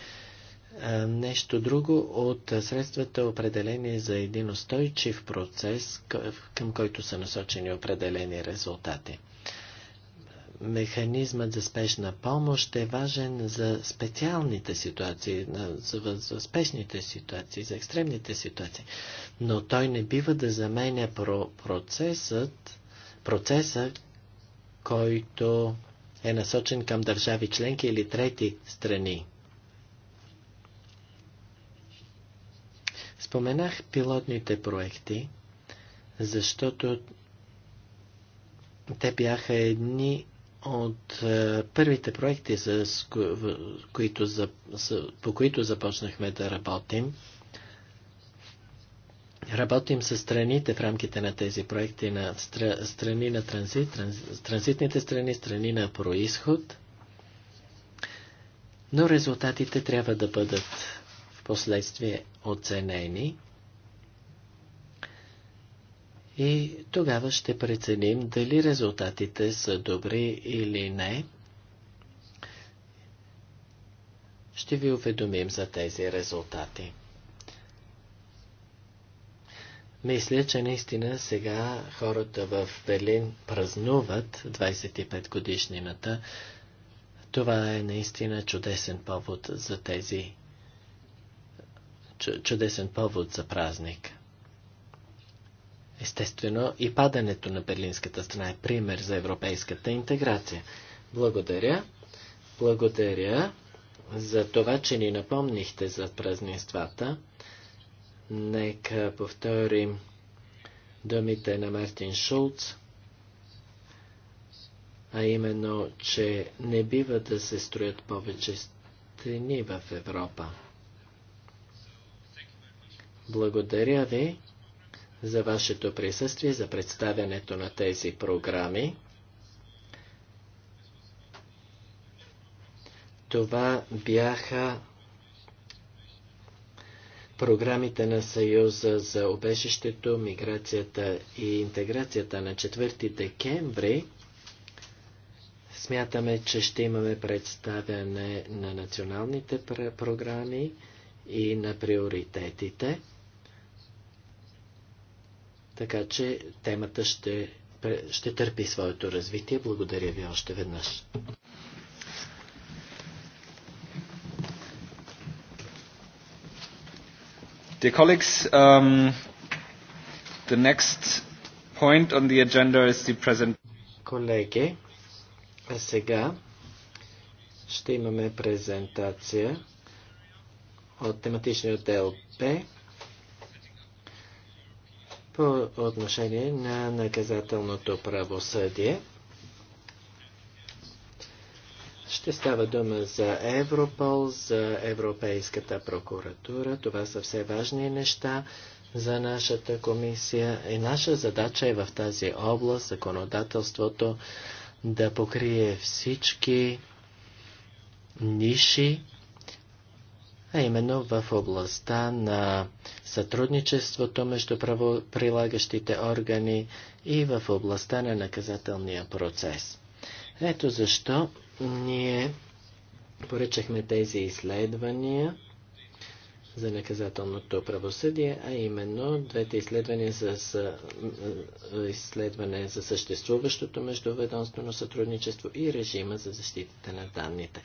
е нещо друго от средствата определени за един устойчив процес, към който са насочени определени резултати механизмът за спешна помощ е важен за специалните ситуации, за, за спешните ситуации, за екстремните ситуации, но той не бива да заменя про процесът, процеса, който е насочен към държави членки или трети страни. Споменах пилотните проекти, защото те бяха едни от е, първите проекти, с които, по които започнахме да работим, Работим с страните в рамките на тези проекти на стра, страни на транзит, транз, транзитните страни, страни на происход, но резултатите трябва да бъдат в последствие оценени и тогава ще преценим дали резултатите са добри или не. Ще ви уведомим за тези резултати. Мисля, че наистина сега хората в Берлин празнуват 25 годишнината. Това е наистина чудесен повод за тези чудесен повод за празник. Естествено, и падането на Берлинската страна е пример за европейската интеграция. Благодаря. Благодаря за това, че ни напомнихте за празненствата. Нека повторим думите на Мартин Шулц, а именно, че не бива да се строят повече стени в Европа. Благодаря ви за вашето присъствие, за представянето на тези програми. Това бяха програмите на Съюза за обежището, миграцията и интеграцията на 4 декември. Смятаме, че ще имаме представяне на националните програми и на приоритетите. Така че темата ще, ще търпи своето развитие. Благодаря ви още веднъж. Dear colleagues, um, the next point on the agenda is the present. Колеги, а сега ще имаме презентация от тематичния отдел Б по отношение на наказателното правосъдие. Ще става дума за Европол, за Европейската прокуратура. Това са все важни неща за нашата комисия. И наша задача е в тази област, законодателството, да покрие всички ниши а именно в областта на сътрудничеството между правоприлагащите органи и в областта на наказателния процес. Ето защо ние поръчахме тези изследвания за наказателното правосъдие, а именно двете изследвания за, изследване за съществуващото междуведомствено сътрудничество и режима за защитата на данните.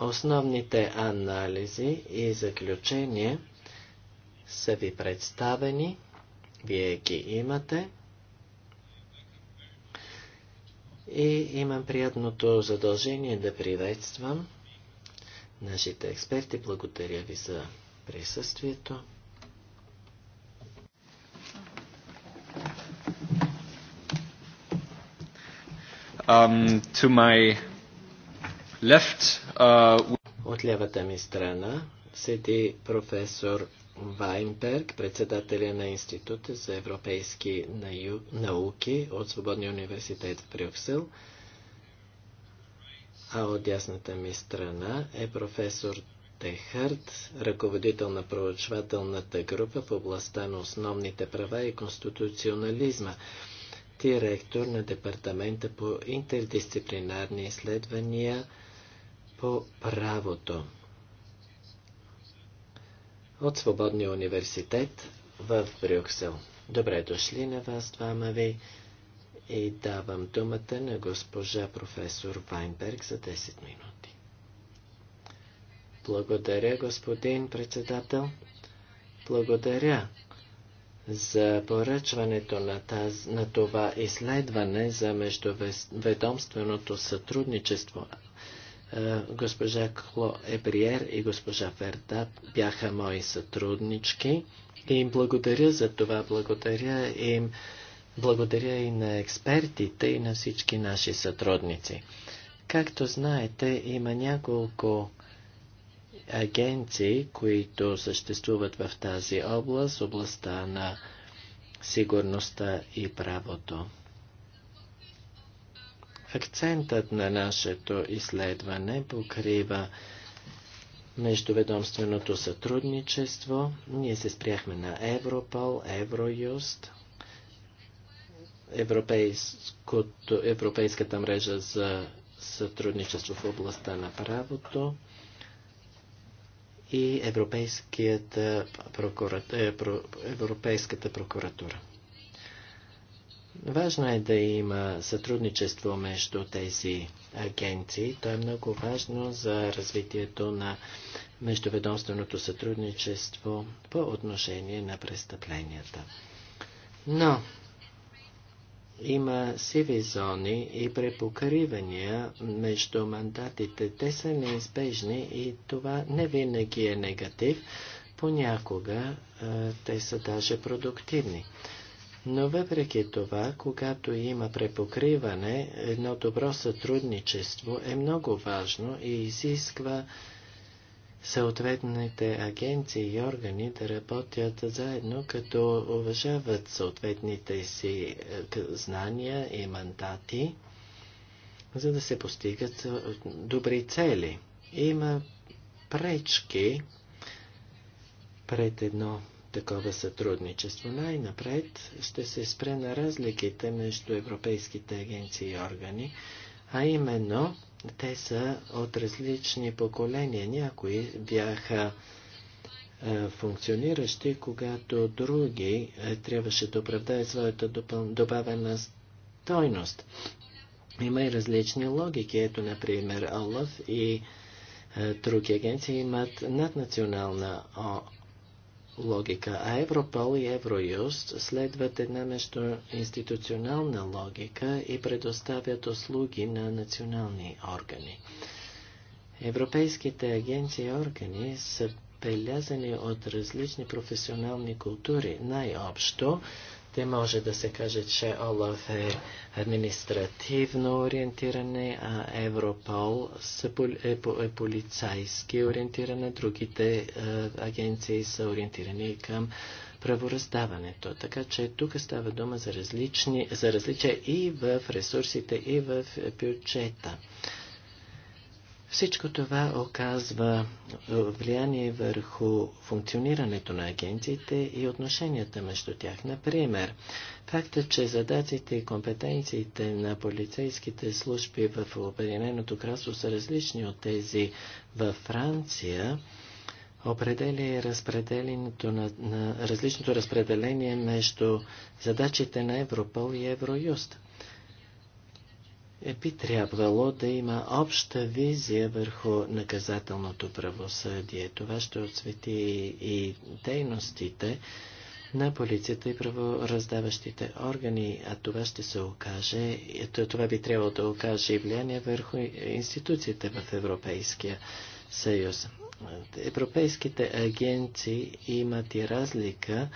Основните анализи и заключения са ви представени, вие ги имате. И имам приятното задължение да приветствам нашите експерти. Благодаря ви за присъствието. Um, to my left, uh... От лявата ми страна седи професор Вайнберг, председателя на Института за европейски науки от Свободния университет в Брюксел. А от дясната ми страна е професор Техарт, ръководител на проучвателната група в областта на основните права и конституционализма, директор на Департамента по интердисциплинарни изследвания – по правото от Свободния университет в Брюксел. Добре дошли на вас, двама ви, и давам думата на госпожа професор Вайнберг за 10 минути. Благодаря, господин председател. Благодаря за поръчването на, таз, на това изследване за междуведомственото сътрудничество. Е, госпожа Кло Ебриер и госпожа Верда бяха мои сътруднички и им благодаря за това. Благодаря им. Благодаря и на експертите и на всички наши сътрудници. Както знаете, има няколко агенции, които съществуват в тази област, областта на сигурността и правото. Акцентът на нашето изследване покрива междуведомственото сътрудничество. Ние се спряхме на Европол, Евроюст, Европейската мрежа за сътрудничество в областта на правото и е, Европейската прокуратура. Важно е да има сътрудничество между тези агенции. То е много важно за развитието на междуведомственото сътрудничество по отношение на престъпленията. Но има сиви зони и препокривания между мандатите. Те са неизбежни и това не винаги е негатив. Понякога те са даже продуктивни. Но въпреки това, когато има препокриване, едно добро сътрудничество е много важно и изисква съответните агенции и органи да работят заедно, като уважават съответните си е, знания и мандати, за да се постигат е, добри цели. Има пречки пред едно такова сътрудничество. Най-напред ще се спре на разликите между европейските агенции и органи, а именно те са от различни поколения. Някои бяха е, функциониращи, когато други е, трябваше да оправдаят своята добавена стойност. Има и различни логики. Ето, например, Олаф и е, други агенции имат наднационална логика, а Европол и Евроюст следват една междуинституционална логика и предоставят услуги на национални органи. Европейските агенции и органи са белязани от различни професионални култури. Най-общо те може да се каже, че ОЛАФ е административно ориентиране, а Европол е, е полицайски ориентиране, другите е, агенции са ориентирани към правораздаването. Така че тук става дума за, различни, за различия и в ресурсите, и в бюджета. Всичко това оказва е, влияние върху функционирането на агенциите и отношенията между тях. Например, факта, че задаците и компетенциите на полицейските служби в Обединеното кралство са различни от тези във Франция, определя разпределението на, на различното разпределение между задачите на Европол и Евроюст е би трябвало да има обща визия върху наказателното правосъдие. Това ще отсвети и дейностите на полицията и правораздаващите органи, а това ще се окаже, това би трябвало да окаже и влияние върху институциите в Европейския съюз. Европейските агенции имат и разлика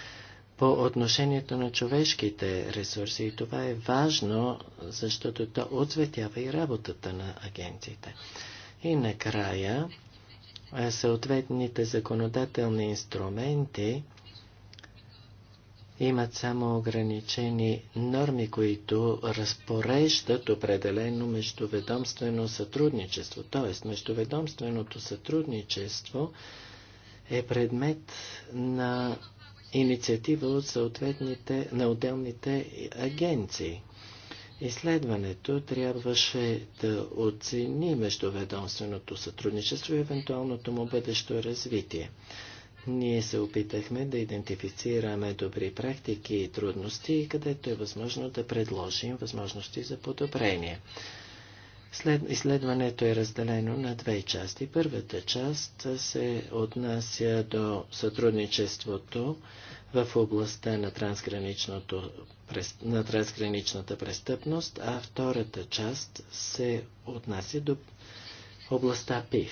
по отношението на човешките ресурси. И това е важно, защото то отцветява и работата на агенциите. И накрая, е, съответните законодателни инструменти имат само ограничени норми, които разпореждат определено междуведомствено сътрудничество. Тоест, междуведомственото сътрудничество е предмет на инициатива от съответните на отделните агенции. Изследването трябваше да оцени междуведомственото сътрудничество и евентуалното му бъдещо развитие. Ние се опитахме да идентифицираме добри практики и трудности, където е възможно да предложим възможности за подобрение. След, изследването е разделено на две части. Първата част се отнася до сътрудничеството в областта на, на трансграничната престъпност, а втората част се отнася до областта ПИВ.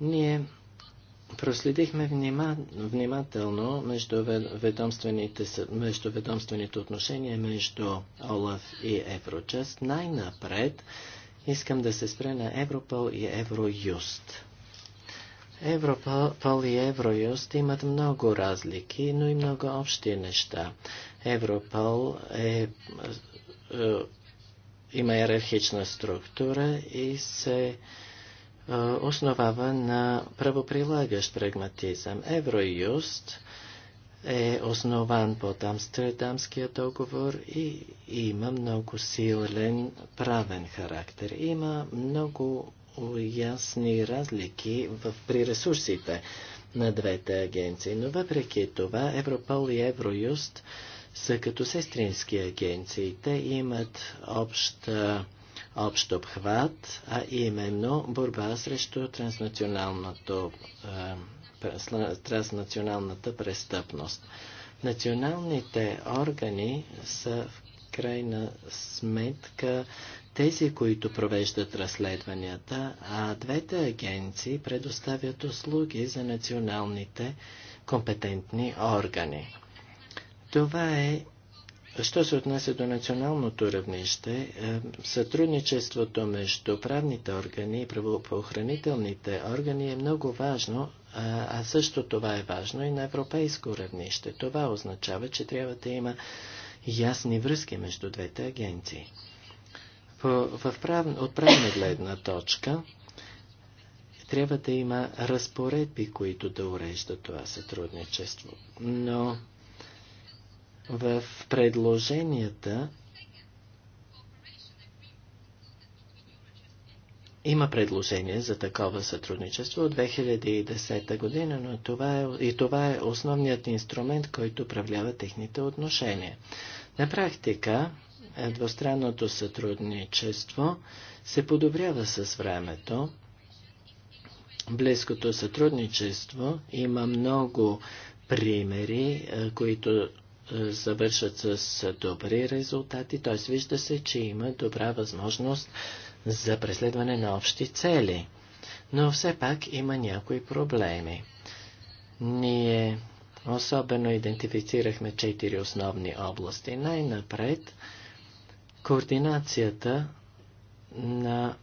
Ние Проследихме внима, внимателно междуведомствените, ведомствените отношения между ОЛАФ и Еврочест. Най-напред искам да се спре на Европол и Евроюст. Европол и Евроюст имат много разлики, но и много общи неща. Европол е, е, е има иерархична структура и се е, основава на правоприлагащ прагматизъм. Евроюст е основан под Амстердамския договор и има много силен правен характер. Има много ясни разлики в, при ресурсите на двете агенции. Но въпреки това Европол и Евроюст са като сестрински агенции. Те имат обща общ обхват, а именно борба срещу транснационалното, е, транснационалната престъпност. Националните органи са в крайна сметка тези, които провеждат разследванията, а двете агенции предоставят услуги за националните компетентни органи. Това е Що се отнася до националното равнище, е, сътрудничеството между правните органи и правоохранителните органи е много важно, а също това е важно и на европейско равнище. Това означава, че трябва да има ясни връзки между двете агенции. В прав... От правна гледна точка трябва да има разпоредби, които да уреждат това сътрудничество. Но в предложенията Има предложение за такова сътрудничество от 2010 година, но това е, и това е основният инструмент, който управлява техните отношения. На практика, е, двустранното сътрудничество се подобрява с времето. Близкото сътрудничество има много примери, е, които завършат с добри резултати, т.е. вижда се, че има добра възможност за преследване на общи цели. Но все пак има някои проблеми. Ние особено идентифицирахме четири основни области. Най-напред координацията на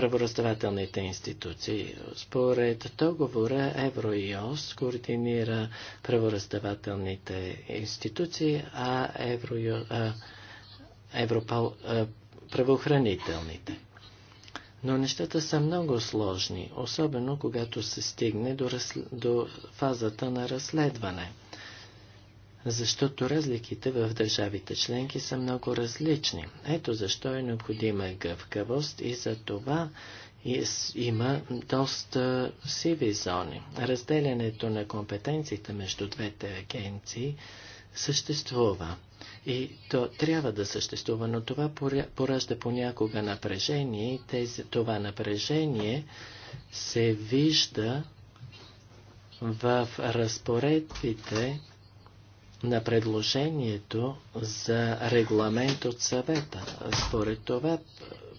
правораздавателните институции. Според договора Евроиос координира правораздавателните институции, а, Евро, а Европол а, правоохранителните. Но нещата са много сложни, особено когато се стигне до, разл... до фазата на разследване – защото разликите в държавите членки са много различни. Ето защо е необходима гъвкавост и за това има доста сиви зони. Разделянето на компетенциите между двете агенции съществува. И то трябва да съществува, но това поражда понякога напрежение и тези, това напрежение се вижда в разпоредбите на предложението за регламент от съвета. Според това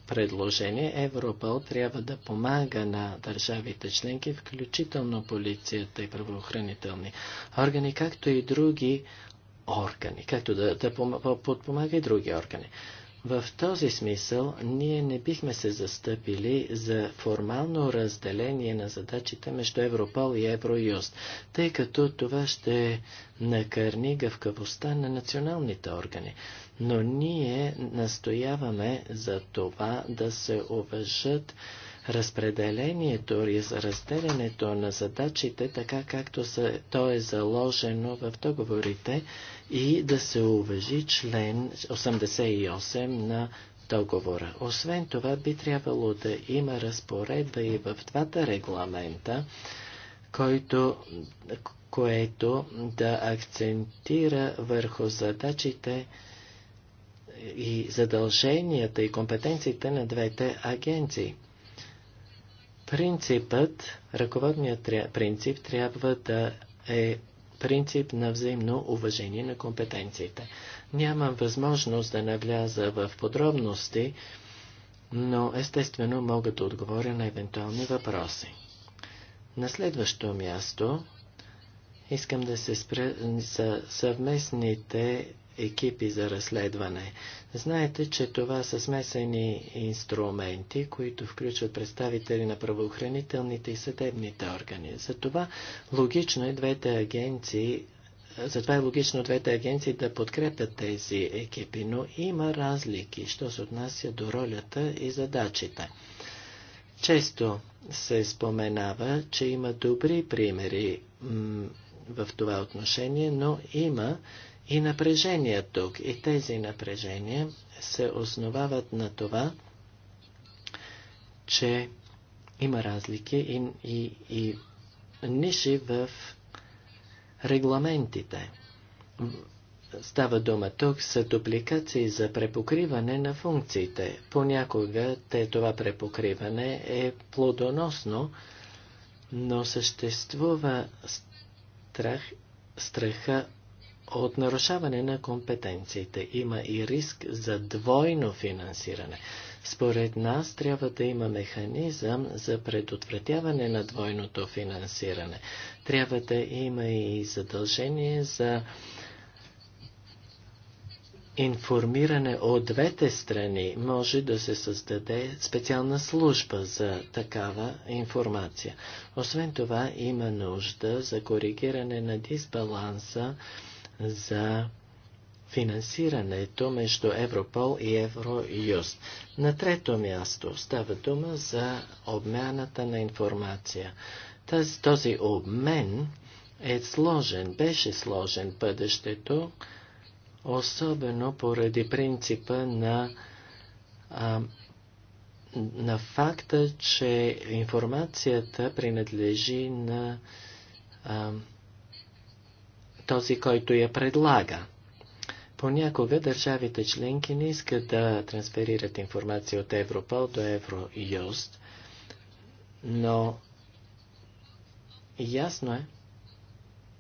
предложение Европол трябва да помага на държавите членки, включително полицията и правоохранителни органи, както и други органи, както да, да подпомага и други органи. В този смисъл ние не бихме се застъпили за формално разделение на задачите между Европол и Евроюст, тъй като това ще накърни гъвкавостта на националните органи. Но ние настояваме за това да се уважат разпределението и разделянето на задачите, така както са, то е заложено в договорите и да се уважи член 88 на договора. Освен това би трябвало да има разпоредба и в двата регламента, който, което да акцентира върху задачите и задълженията и компетенциите на двете агенции. Принципът, ръководният принцип трябва да е принцип на взаимно уважение на компетенциите. Нямам възможност да навляза в подробности, но естествено мога да отговоря на евентуални въпроси. На следващо място искам да се спра за съвместните екипи за разследване. Знаете, че това са смесени инструменти, които включват представители на правоохранителните и съдебните органи. Затова логично е двете агенции затова е логично двете агенции да подкрепят тези екипи, но има разлики, що се отнася до ролята и задачите. Често се споменава, че има добри примери в това отношение, но има и напрежения тук. И тези напрежения се основават на това, че има разлики и, и, и ниши в регламентите. Става дума тук са дупликации за препокриване на функциите. Понякога те, това препокриване е плодоносно, но съществува страх, страха от нарушаване на компетенциите. Има и риск за двойно финансиране. Според нас трябва да има механизъм за предотвратяване на двойното финансиране. Трябва да има и задължение за информиране от двете страни може да се създаде специална служба за такава информация. Освен това има нужда за коригиране на дисбаланса за финансирането между Европол и Евроюст. На трето място става дума за обмяната на информация. Тази, този обмен е сложен, беше сложен бъдещето, особено поради принципа на, а, на факта, че информацията принадлежи на а, този, който я предлага. Понякога държавите членки не искат да трансферират информация от Европол до Евроюст, но ясно е,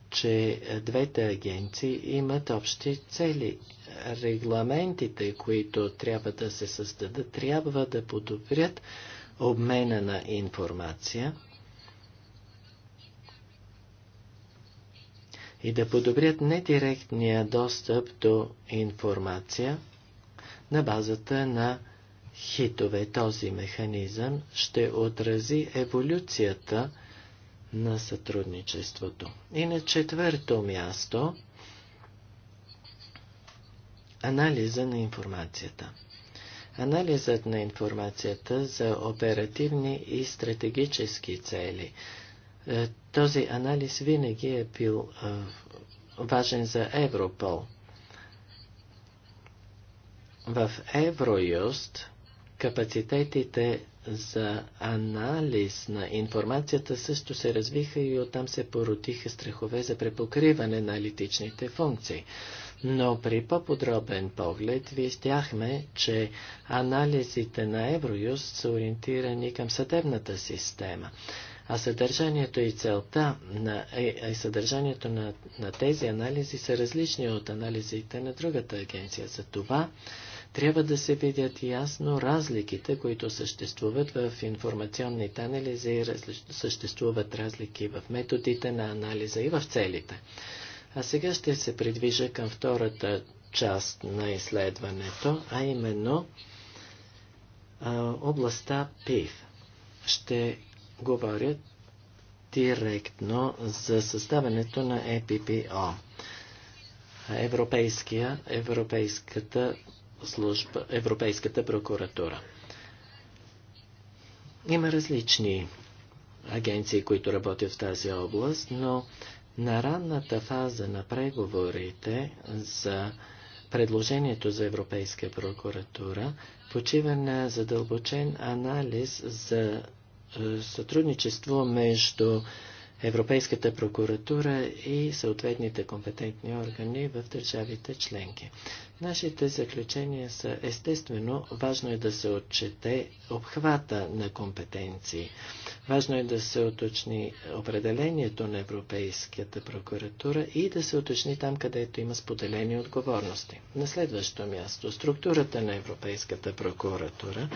че двете агенции имат общи цели. Регламентите, които трябва да се създадат, трябва да подобрят обмена на информация – и да подобрят недиректния достъп до информация на базата на хитове. Този механизъм ще отрази еволюцията на сътрудничеството. И на четвърто място анализа на информацията. Анализът на информацията за оперативни и стратегически цели – е, този анализ винаги е бил е, важен за Европол. В Евроюст капацитетите за анализ на информацията също се развиха и оттам се породиха страхове за препокриване на аналитичните функции. Но при по-подробен поглед виждяхме, че анализите на Евроюст са ориентирани към съдебната система а съдържанието и целта на, и е, е съдържанието на, на тези анализи са различни от анализите на другата агенция. За това трябва да се видят ясно разликите, които съществуват в информационните анализи, разли... съществуват разлики в методите на анализа и в целите. А сега ще се придвижа към втората част на изследването, а именно а, областта ПИВ. Ще говорят директно за съставянето на ЕППО. Европейския, Европейската служба, Европейската прокуратура. Има различни агенции, които работят в тази област, но на ранната фаза на преговорите за предложението за Европейска прокуратура почива на задълбочен анализ за сътрудничество между Европейската прокуратура и съответните компетентни органи в държавите членки. Нашите заключения са естествено, важно е да се отчете обхвата на компетенции. Важно е да се уточни определението на Европейската прокуратура и да се уточни там, където има споделени отговорности. На следващо място, структурата на Европейската прокуратура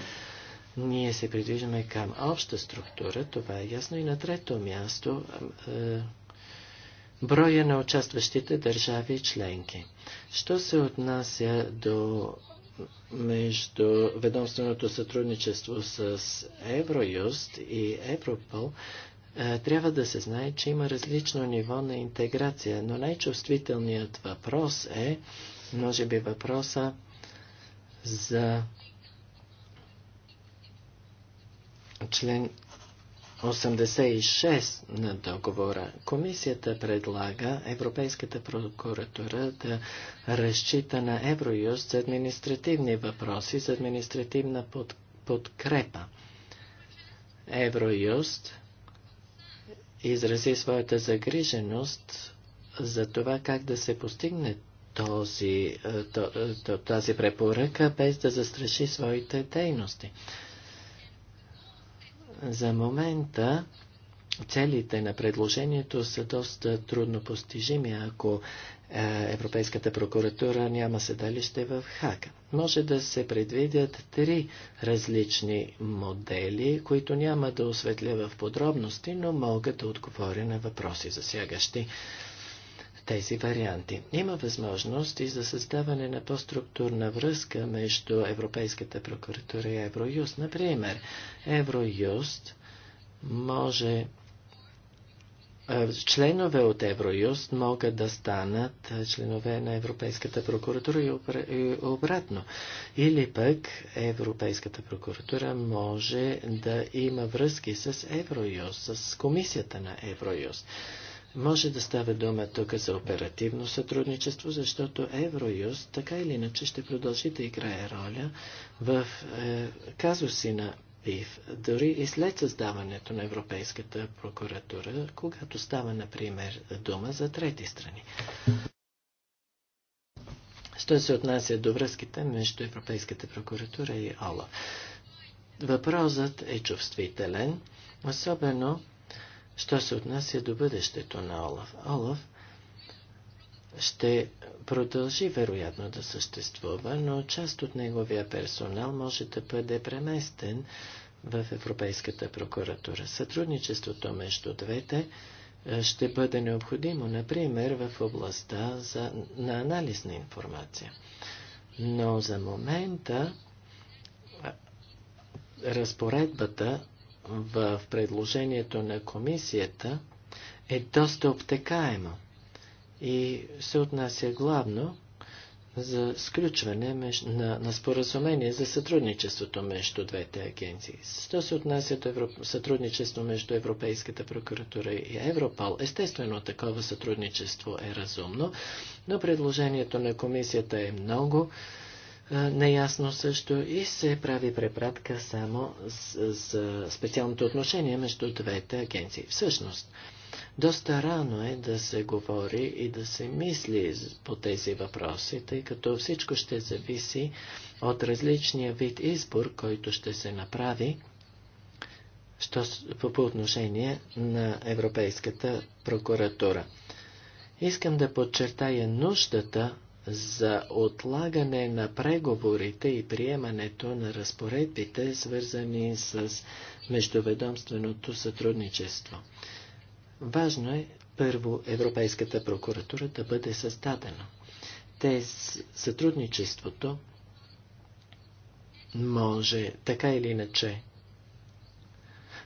ние се придвижваме към обща структура, това е ясно. И на трето място е, броя на участващите държави и членки. Що се отнася до между ведомственото сътрудничество с Евроюст и Европол, е, трябва да се знае, че има различно ниво на интеграция, но най-чувствителният въпрос е, може би въпроса за член 86 на договора. Комисията предлага Европейската прокуратура да разчита на Евроюст за административни въпроси, за административна под, подкрепа. Евроюст изрази своята загриженост за това как да се постигне този, е, е, тази препоръка, без да застраши своите дейности. За момента целите на предложението са доста трудно постижими, ако е, Европейската прокуратура няма седалище в Хага. Може да се предвидят три различни модели, които няма да осветля в подробности, но могат да отговоря на въпроси, засягащи тези варианти. Има възможност и за създаване на по-структурна връзка между Европейската прокуратура и Евроюст. Например, Евроюст може членове от Евроюст могат да станат членове на Европейската прокуратура и обратно. Или пък Европейската прокуратура може да има връзки с Евроюст, с комисията на Евроюст. Може да става дума тук за оперативно сътрудничество, защото Евроюст така или иначе ще продължи да играе роля в е, казуси на ПИФ, дори и след създаването на Европейската прокуратура, когато става, например, дума за трети страни. Що се отнася до връзките между Европейската прокуратура и ОЛА? Въпросът е чувствителен, особено Що се отнася до бъдещето на Олаф? Олаф ще продължи вероятно да съществува, но част от неговия персонал може да бъде преместен в Европейската прокуратура. Сътрудничеството между двете е, ще бъде необходимо, например, в областта за, на анализ на информация. Но за момента е, разпоредбата в предложението на комисията е доста обтекаема и се отнася главно за сключване на, на споразумение за сътрудничеството между двете агенции. Що се отнася до Европ... сътрудничество между Европейската прокуратура и Европол? Естествено, такова сътрудничество е разумно, но предложението на комисията е много неясно също и се прави препратка само за специалното отношение между двете агенции. Всъщност, доста рано е да се говори и да се мисли по тези въпроси, тъй като всичко ще зависи от различния вид избор, който ще се направи що, по, по отношение на Европейската прокуратура. Искам да подчертая нуждата за отлагане на преговорите и приемането на разпоредбите, свързани с междуведомственото сътрудничество. Важно е първо Европейската прокуратура да бъде създадена. Те сътрудничеството може така или иначе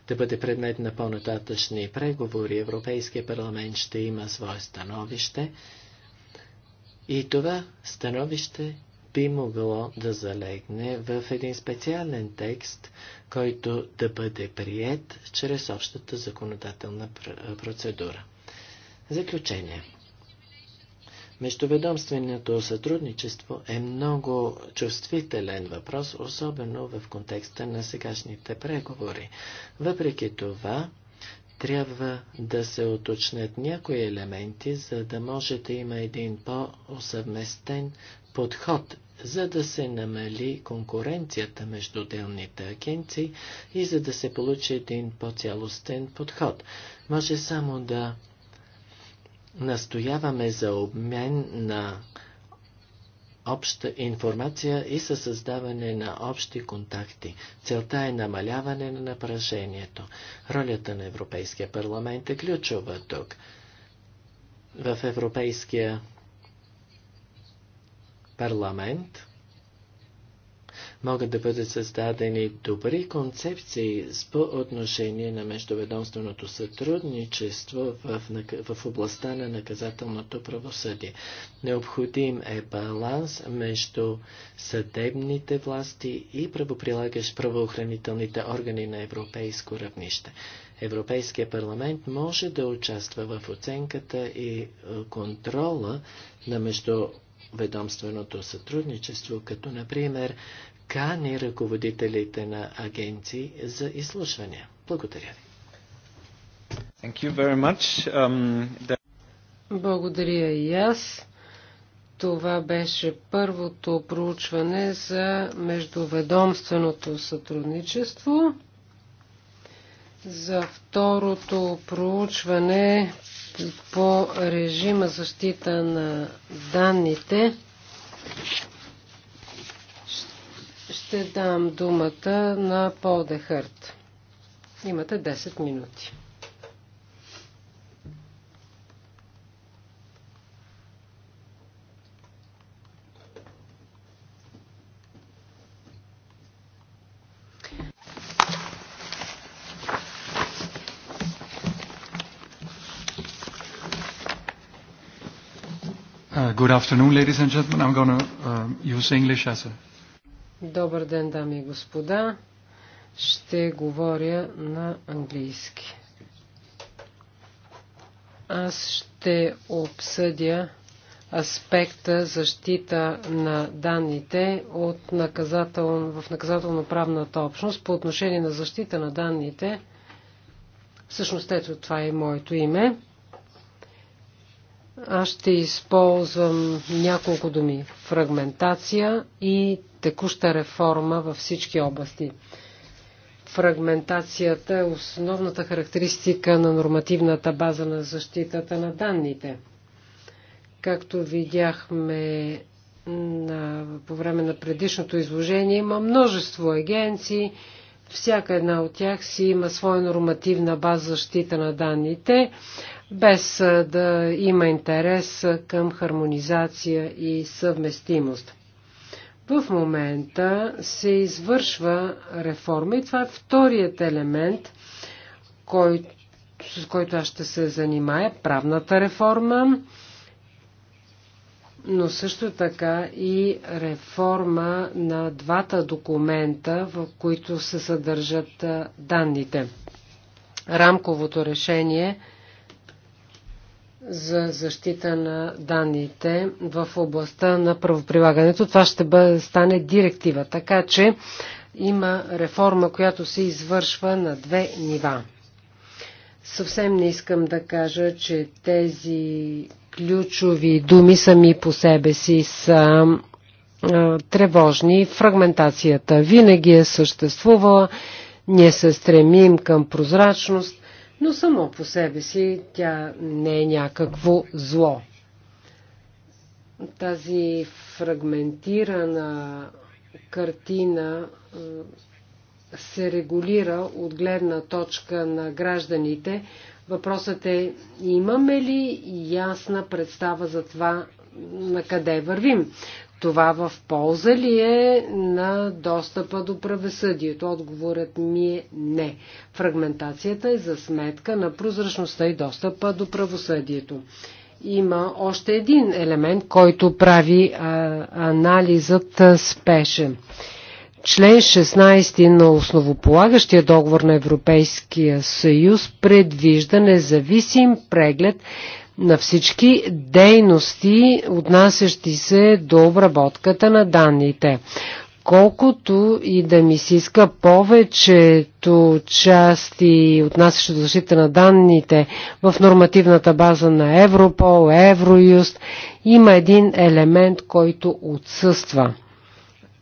да бъде предмет на по-нататъчни преговори. Европейския парламент ще има свое становище и това становище би могло да залегне в един специален текст, който да бъде прият чрез общата законодателна процедура. Заключение. Междуведомственото сътрудничество е много чувствителен въпрос, особено в контекста на сегашните преговори. Въпреки това, трябва да се уточнят някои елементи, за да може да има един по осъвместен подход, за да се намали конкуренцията между отделните агенции и за да се получи един по-цялостен подход. Може само да настояваме за обмен на обща информация и със създаване на общи контакти. Целта е намаляване на напрежението. Ролята на Европейския парламент е ключова тук. В Европейския парламент могат да бъдат създадени добри концепции с по отношение на междуведомственото сътрудничество в, в областта на наказателното правосъдие. Необходим е баланс между съдебните власти и правоприлагащ правоохранителните органи на европейско равнище. Европейския парламент може да участва в оценката и е, контрола на междуведомственото сътрудничество, като например кани ръководителите на агенции за изслушвания. Благодаря ви. Thank you very much. Um, the... Благодаря и аз. Това беше първото проучване за междуведомственото сътрудничество. За второто проучване по режима защита на данните ще дам думата на Пол Дехърт. Имате 10 минути. Good afternoon, ladies and gentlemen. I'm going to uh, use English as a Добър ден, дами и господа. Ще говоря на английски. Аз ще обсъдя аспекта защита на данните от наказател... в наказателно-правната общност по отношение на защита на данните. Всъщност, ето това е моето име. Аз ще използвам няколко думи. Фрагментация и текуща реформа във всички области. Фрагментацията е основната характеристика на нормативната база на защитата на данните. Както видяхме на, по време на предишното изложение, има множество агенции, всяка една от тях си има своя нормативна база защита на данните, без да има интерес към хармонизация и съвместимост. В момента се извършва реформа и това е вторият елемент, кой, с който аз ще се занимая, правната реформа но също така и реформа на двата документа, в които се съдържат данните. Рамковото решение за защита на данните в областта на правоприлагането. Това ще бъде, стане директива, така че има реформа, която се извършва на две нива. Съвсем не искам да кажа, че тези ключови думи сами по себе си са тревожни. Фрагментацията винаги е съществувала. Ние се стремим към прозрачност, но само по себе си тя не е някакво зло. Тази фрагментирана картина се регулира от гледна точка на гражданите, Въпросът е, имаме ли ясна представа за това на къде вървим? Това в полза ли е на достъпа до правосъдието? Отговорът ми е не. Фрагментацията е за сметка на прозрачността и достъпа до правосъдието. Има още един елемент, който прави а, анализът спешен. Член 16 на основополагащия договор на Европейския съюз предвижда независим преглед на всички дейности, отнасящи се до обработката на данните. Колкото и да ми се иска повечето части, отнасящи до защита на данните в нормативната база на Европол, Евроюст, има един елемент, който отсъства –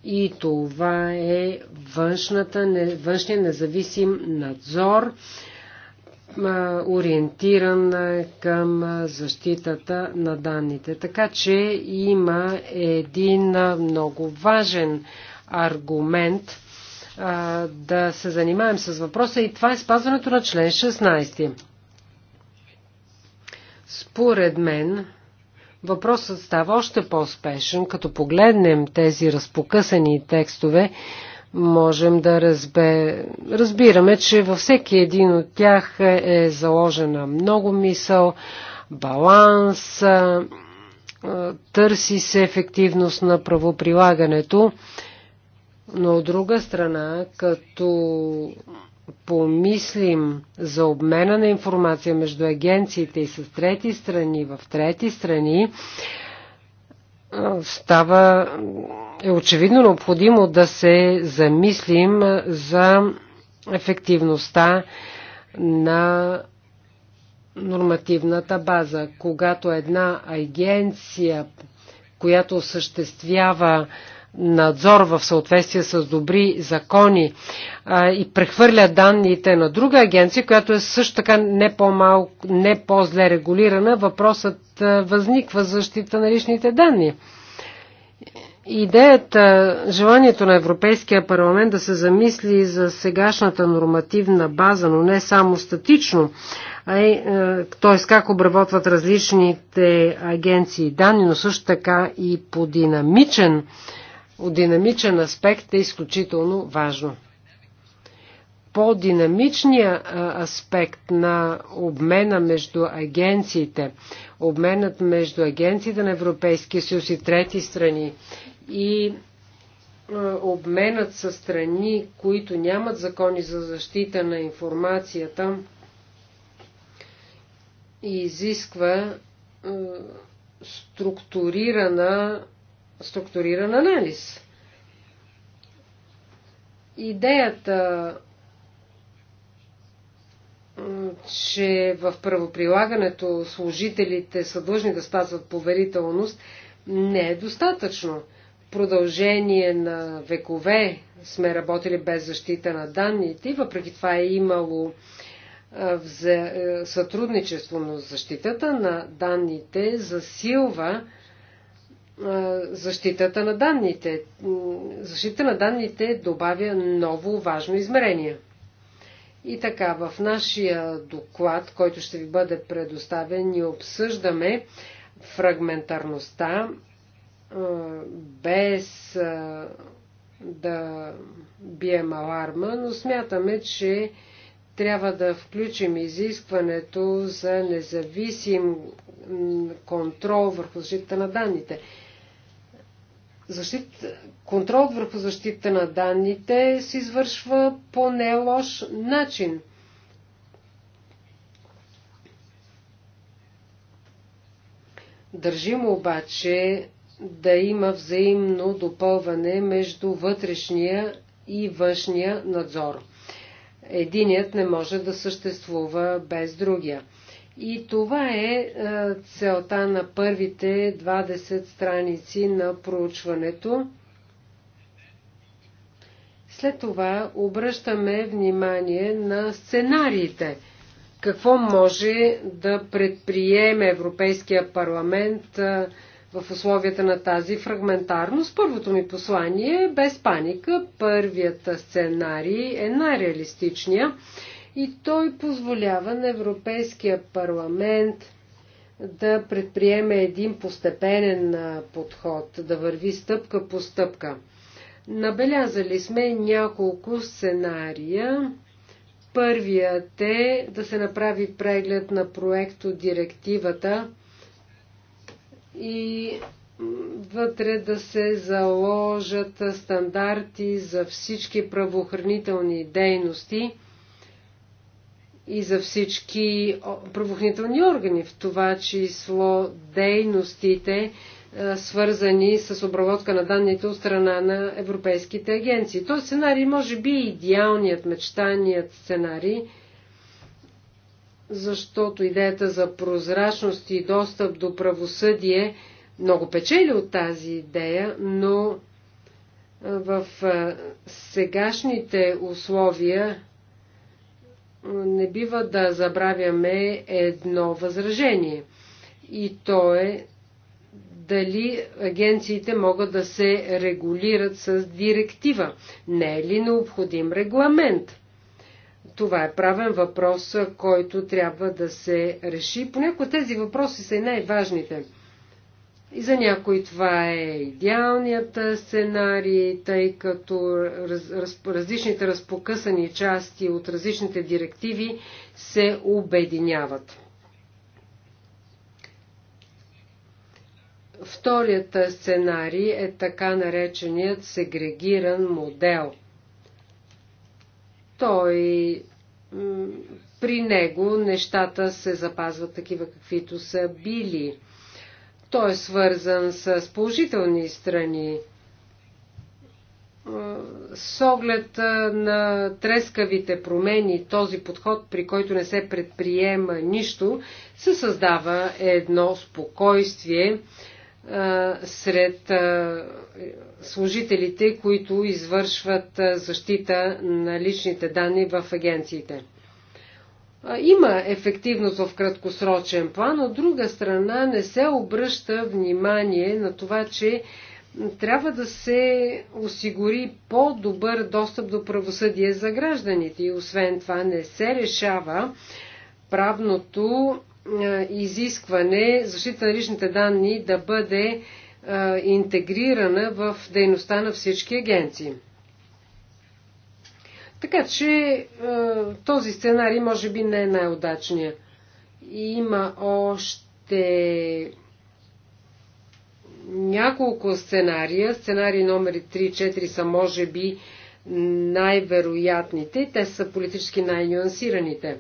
и това е външната, не, външния независим надзор, ориентиран към защитата на данните. Така че има един много важен аргумент а, да се занимаем с въпроса и това е спазването на член 16. Според мен, Въпросът става още по-спешен. Като погледнем тези разпокъсани текстове, можем да разбе... разбираме, че във всеки един от тях е заложена много мисъл, баланс, търси се ефективност на правоприлагането, но от друга страна, като помислим за обмена на информация между агенциите и с трети страни, в трети страни, става, е очевидно необходимо да се замислим за ефективността на нормативната база. Когато една агенция, която осъществява надзор в съответствие с добри закони а, и прехвърля данните на друга агенция, която е също така не, по-малко, не по-зле регулирана, въпросът а, възниква защита на личните данни. Идеята, желанието на Европейския парламент да се замисли за сегашната нормативна база, но не само статично, т.е. как обработват различните агенции данни, но също така и по динамичен от динамичен аспект е изключително важно. по динамичният аспект на обмена между агенциите, обменът между агенциите на Европейския съюз и трети страни и обменът с страни, които нямат закони за защита на информацията, изисква структурирана структуриран анализ. Идеята, че в правоприлагането служителите са длъжни да спазват поверителност, не е достатъчно. Продължение на векове сме работили без защита на данните и въпреки това е имало е, сътрудничество, но защитата на данните засилва защитата на данните. Защита на данните добавя ново важно измерение. И така, в нашия доклад, който ще ви бъде предоставен, ни обсъждаме фрагментарността без да бием аларма, но смятаме, че трябва да включим изискването за независим контрол върху защита на данните защит, контрол върху защита на данните се извършва по не лош начин. Държим обаче да има взаимно допълване между вътрешния и външния надзор. Единият не може да съществува без другия. И това е, е целта на първите 20 страници на проучването. След това обръщаме внимание на сценариите. Какво може да предприеме Европейския парламент е, в условията на тази фрагментарност? Първото ми послание е без паника. Първият сценарий е най-реалистичният и той позволява на Европейския парламент да предприеме един постепенен подход, да върви стъпка по стъпка. Набелязали сме няколко сценария. Първият е да се направи преглед на проекто директивата и вътре да се заложат стандарти за всички правоохранителни дейности и за всички правоохранителни органи, в това число дейностите, е, свързани с обработка на данните от страна на европейските агенции. Този сценарий може би е идеалният, мечтаният сценарий, защото идеята за прозрачност и достъп до правосъдие много печели от тази идея, но е, в е, сегашните условия не бива да забравяме едно възражение. И то е дали агенциите могат да се регулират с директива. Не е ли необходим регламент? Това е правен въпрос, който трябва да се реши. Понякога тези въпроси са и най-важните. И за някои това е идеалният сценарий, тъй като раз, раз, различните разпокъсани части от различните директиви се обединяват. Вторият сценарий е така нареченият сегрегиран модел. Той при него нещата се запазват такива каквито са били той е свързан с положителни страни. Е, с оглед е, на трескавите промени, този подход, при който не се предприема нищо, се създава едно спокойствие е, сред служителите, които извършват защита на личните данни в агенциите има ефективност в краткосрочен план, от друга страна не се обръща внимание на това, че трябва да се осигури по-добър достъп до правосъдие за гражданите и освен това не се решава правното изискване защита на личните данни да бъде интегрирана в дейността на всички агенции. Така че е, този сценарий може би не е най-удачният. Има още няколко сценария. Сценарии номер 3 и 4 са може би най-вероятните. Те са политически най-нюансираните.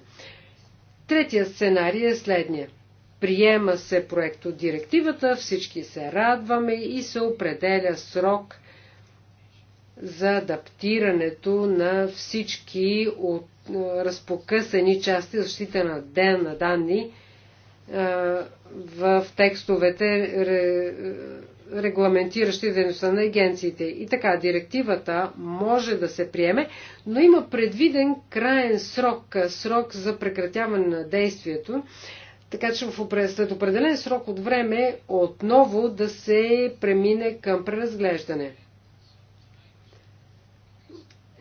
Третия сценарий е следния. Приема се проект от директивата, всички се радваме и се определя срок за адаптирането на всички от разпокъсани части защита на ден на данни в текстовете регламентиращи дейността на агенциите. И така, директивата може да се приеме, но има предвиден краен срок, срок за прекратяване на действието, така че след определен срок от време отново да се премине към преразглеждане.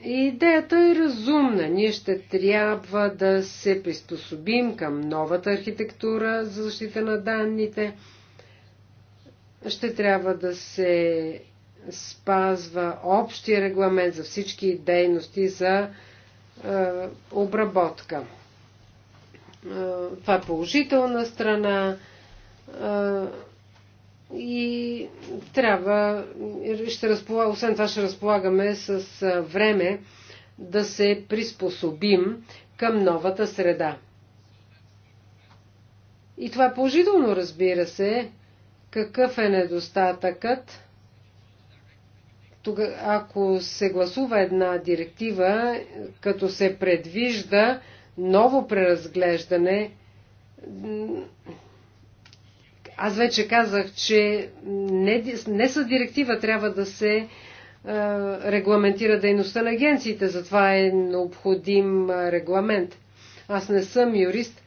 Идеята е разумна. Ние ще трябва да се приспособим към новата архитектура за защита на данните. Ще трябва да се спазва общия регламент за всички дейности за е, обработка. Е, това е положителна страна. Е, и трябва, ще разполаг, освен това ще разполагаме с време да се приспособим към новата среда. И това е положително, разбира се. Какъв е недостатъкът? Тога, ако се гласува една директива, като се предвижда ново преразглеждане, аз вече казах, че не, не с директива трябва да се е, регламентира дейността на агенциите, затова е необходим е, регламент. Аз не съм юрист,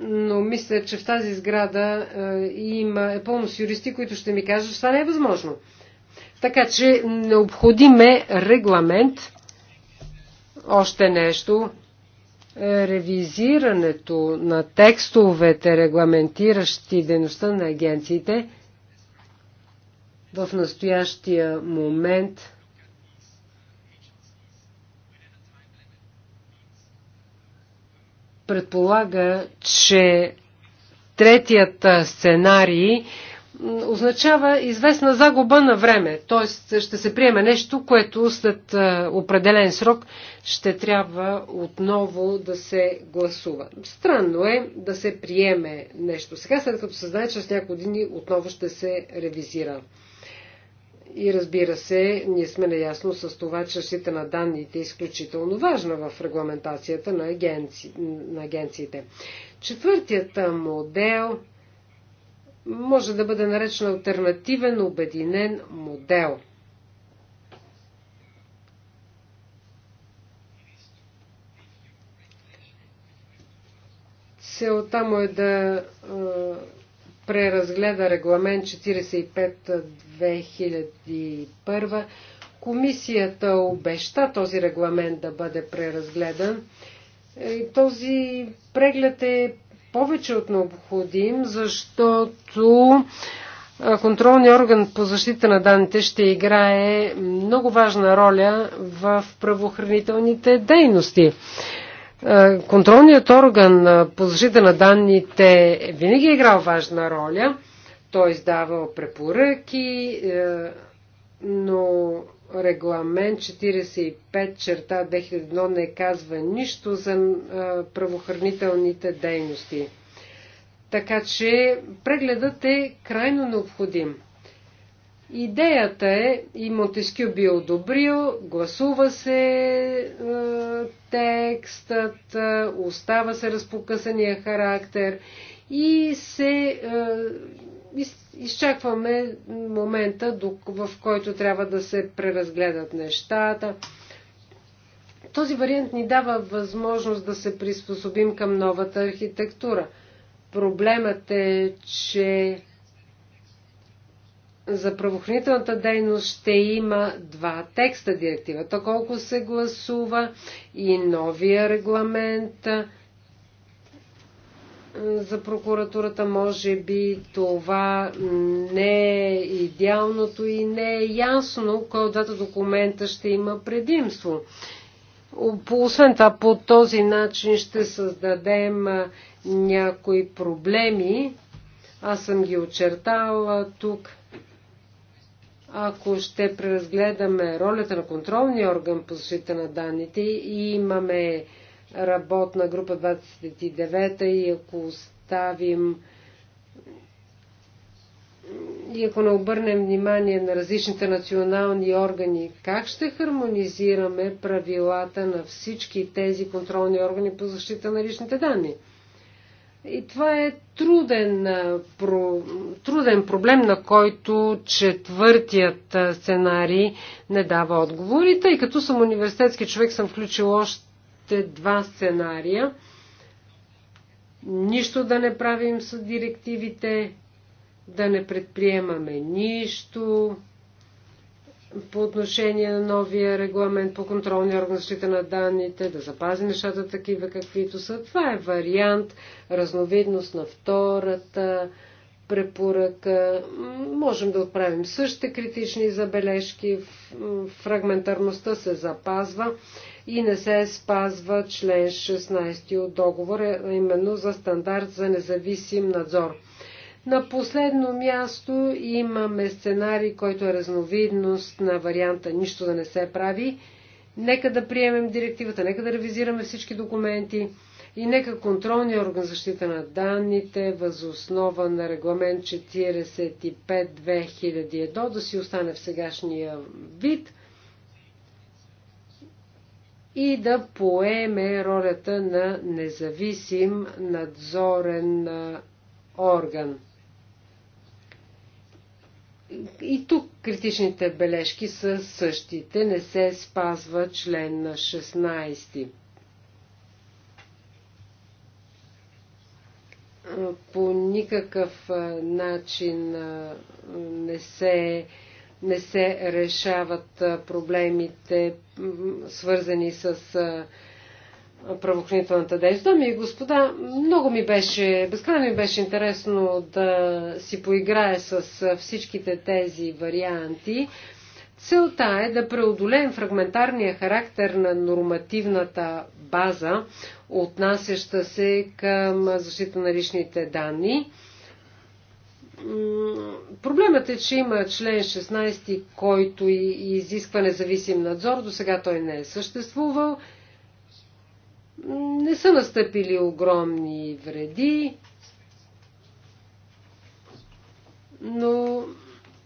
но мисля, че в тази сграда е, има е пълно с юристи, които ще ми кажат, че това не е възможно. Така че необходим е регламент. Още нещо ревизирането на текстовете, регламентиращи дейността на агенциите, в настоящия момент предполага, че третият сценарий означава известна загуба на време. Т.е. ще се приеме нещо, което след е, определен срок ще трябва отново да се гласува. Странно е да се приеме нещо сега, след като се знае, че с няколко години отново ще се ревизира. И разбира се, ние сме наясно с това, че защита на данните е изключително важна в регламентацията на, агенци... на агенциите. Четвъртият модел – може да бъде наречен альтернативен, обединен модел. Целта му е да е, преразгледа регламент 45-2001. Комисията обеща този регламент да бъде преразгледан. Е, този преглед е повече от необходим, защото контролният орган по защита на данните ще играе много важна роля в правоохранителните дейности. Контролният орган по защита на данните винаги е играл важна роля. Той е издавал препоръки, но регламент 45 черта 2001 не казва нищо за правохранителните дейности. Така че прегледът е крайно необходим. Идеята е, и Монтескю би одобрил, гласува се е, текстът, е, остава се разпокъсания характер и се е, изчакваме момента, в който трябва да се преразгледат нещата. Този вариант ни дава възможност да се приспособим към новата архитектура. Проблемът е, че за правоохранителната дейност ще има два текста директивата, колко се гласува и новия регламент за прокуратурата. Може би това не е идеалното и не е ясно кой от двата документа ще има предимство. Освен това, по този начин ще създадем някои проблеми. Аз съм ги очертала тук. Ако ще преразгледаме ролята на контролния орган по защита на данните и имаме работна група 29 и ако оставим и ако не обърнем внимание на различните национални органи, как ще хармонизираме правилата на всички тези контролни органи по защита на личните данни? И това е труден, труден проблем, на който четвъртият сценарий не дава отговори. Тъй като съм университетски човек, съм включил още още два сценария. Нищо да не правим с директивите, да не предприемаме нищо по отношение на новия регламент по контролни орган на данните, да запази нещата такива каквито са. Това е вариант, разновидност на втората препоръка. Можем да отправим същите критични забележки. Фрагментарността се запазва и не се спазва член 16 от договора, именно за стандарт за независим надзор. На последно място имаме сценарий, който е разновидност на варианта нищо да не се прави. Нека да приемем директивата, нека да ревизираме всички документи и нека контролния орган защита на данните възоснова на регламент 45-2001 да си остане в сегашния вид – и да поеме ролята на независим надзорен орган. И тук критичните бележки са същите, не се спазва член на 16. По никакъв начин не се не се решават проблемите, свързани с правоохранителната дейност. Дами и господа, много ми беше, безкрайно ми беше интересно да си поиграя с всичките тези варианти. Целта е да преодолеем фрагментарния характер на нормативната база, отнасяща се към защита на личните данни Проблемът е, че има член 16, който и изисква независим надзор. До сега той не е съществувал. Не са настъпили огромни вреди, но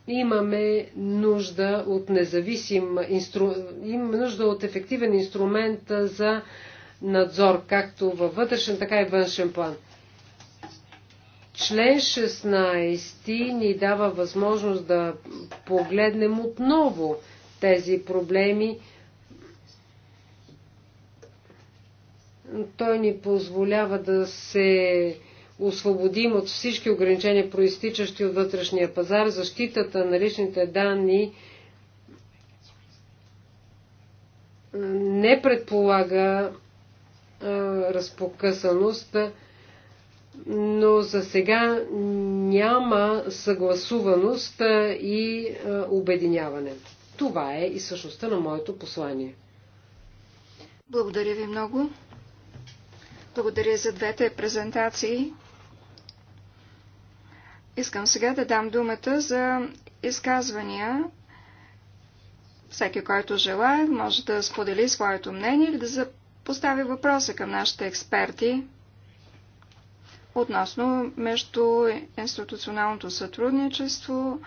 имаме нужда от независим инстру... имаме нужда от ефективен инструмент за надзор, както във вътрешен, така и външен план. Член 16 ни дава възможност да погледнем отново тези проблеми. Той ни позволява да се освободим от всички ограничения, проистичащи от вътрешния пазар. Защитата на личните данни не предполага разпокъсаност но за сега няма съгласуваност и обединяване. Това е и същността на моето послание. Благодаря ви много. Благодаря за двете презентации. Искам сега да дам думата за изказвания. Всеки, който желая, може да сподели своето мнение или да постави въпроса към нашите експерти относно между институционалното сътрудничество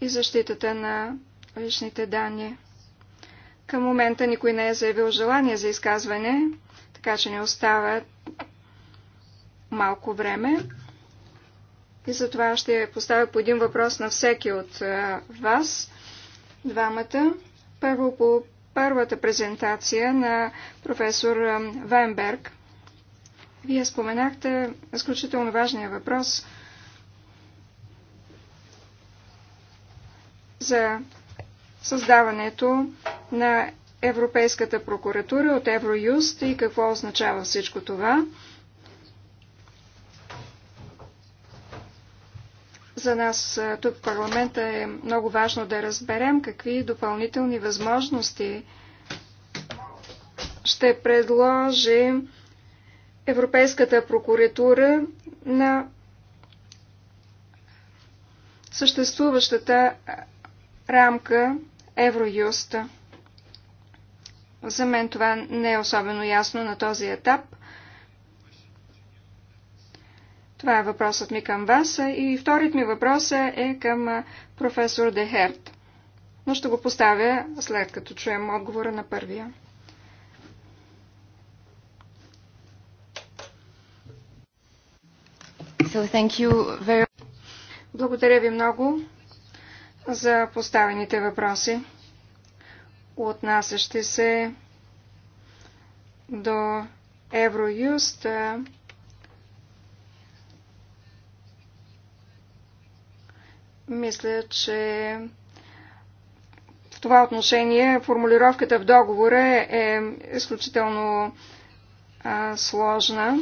и защитата на личните данни. Към момента никой не е заявил желание за изказване, така че не остава малко време. И затова ще поставя по един въпрос на всеки от вас, двамата. Първо по първата презентация на професор Вайнберг – вие споменахте изключително важния въпрос за създаването на Европейската прокуратура от Евроюст и какво означава всичко това. За нас тук в парламента е много важно да разберем какви допълнителни възможности ще предложи Европейската прокуратура на съществуващата рамка Евроюст. За мен това не е особено ясно на този етап. Това е въпросът ми към вас и вторият ми въпрос е към професор Дехерт. Но ще го поставя след като чуем отговора на първия. So thank you very... Благодаря ви много за поставените въпроси, отнасящи се до Евроюст. Мисля, че в това отношение формулировката в договора е изключително а, сложна.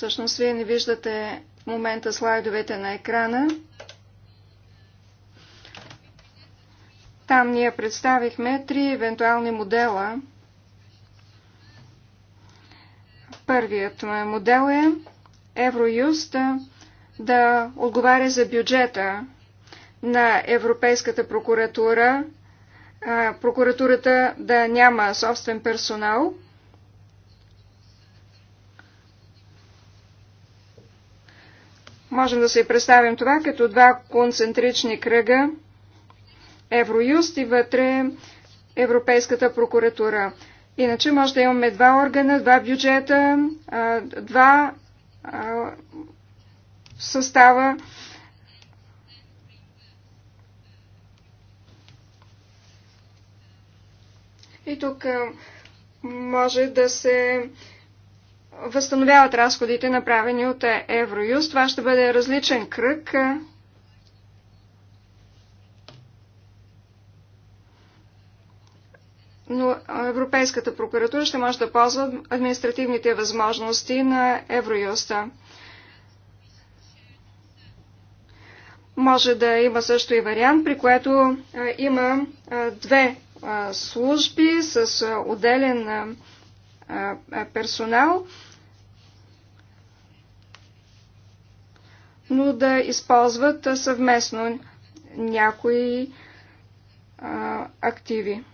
Всъщност, вие не виждате в момента слайдовете на екрана. Там ние представихме три евентуални модела. Първият модел е Евроюст да отговаря за бюджета на Европейската прокуратура, прокуратурата да няма собствен персонал – Можем да се представим това като два концентрични кръга Евроюст и вътре Европейската прокуратура. Иначе може да имаме два органа, два бюджета, два състава. И тук може да се възстановяват разходите, направени от Евроюз. Това ще бъде различен кръг. Но Европейската прокуратура ще може да ползва административните възможности на Евроюста. Може да има също и вариант, при което има две служби с отделен персонал, но да използват съвместно някои активи.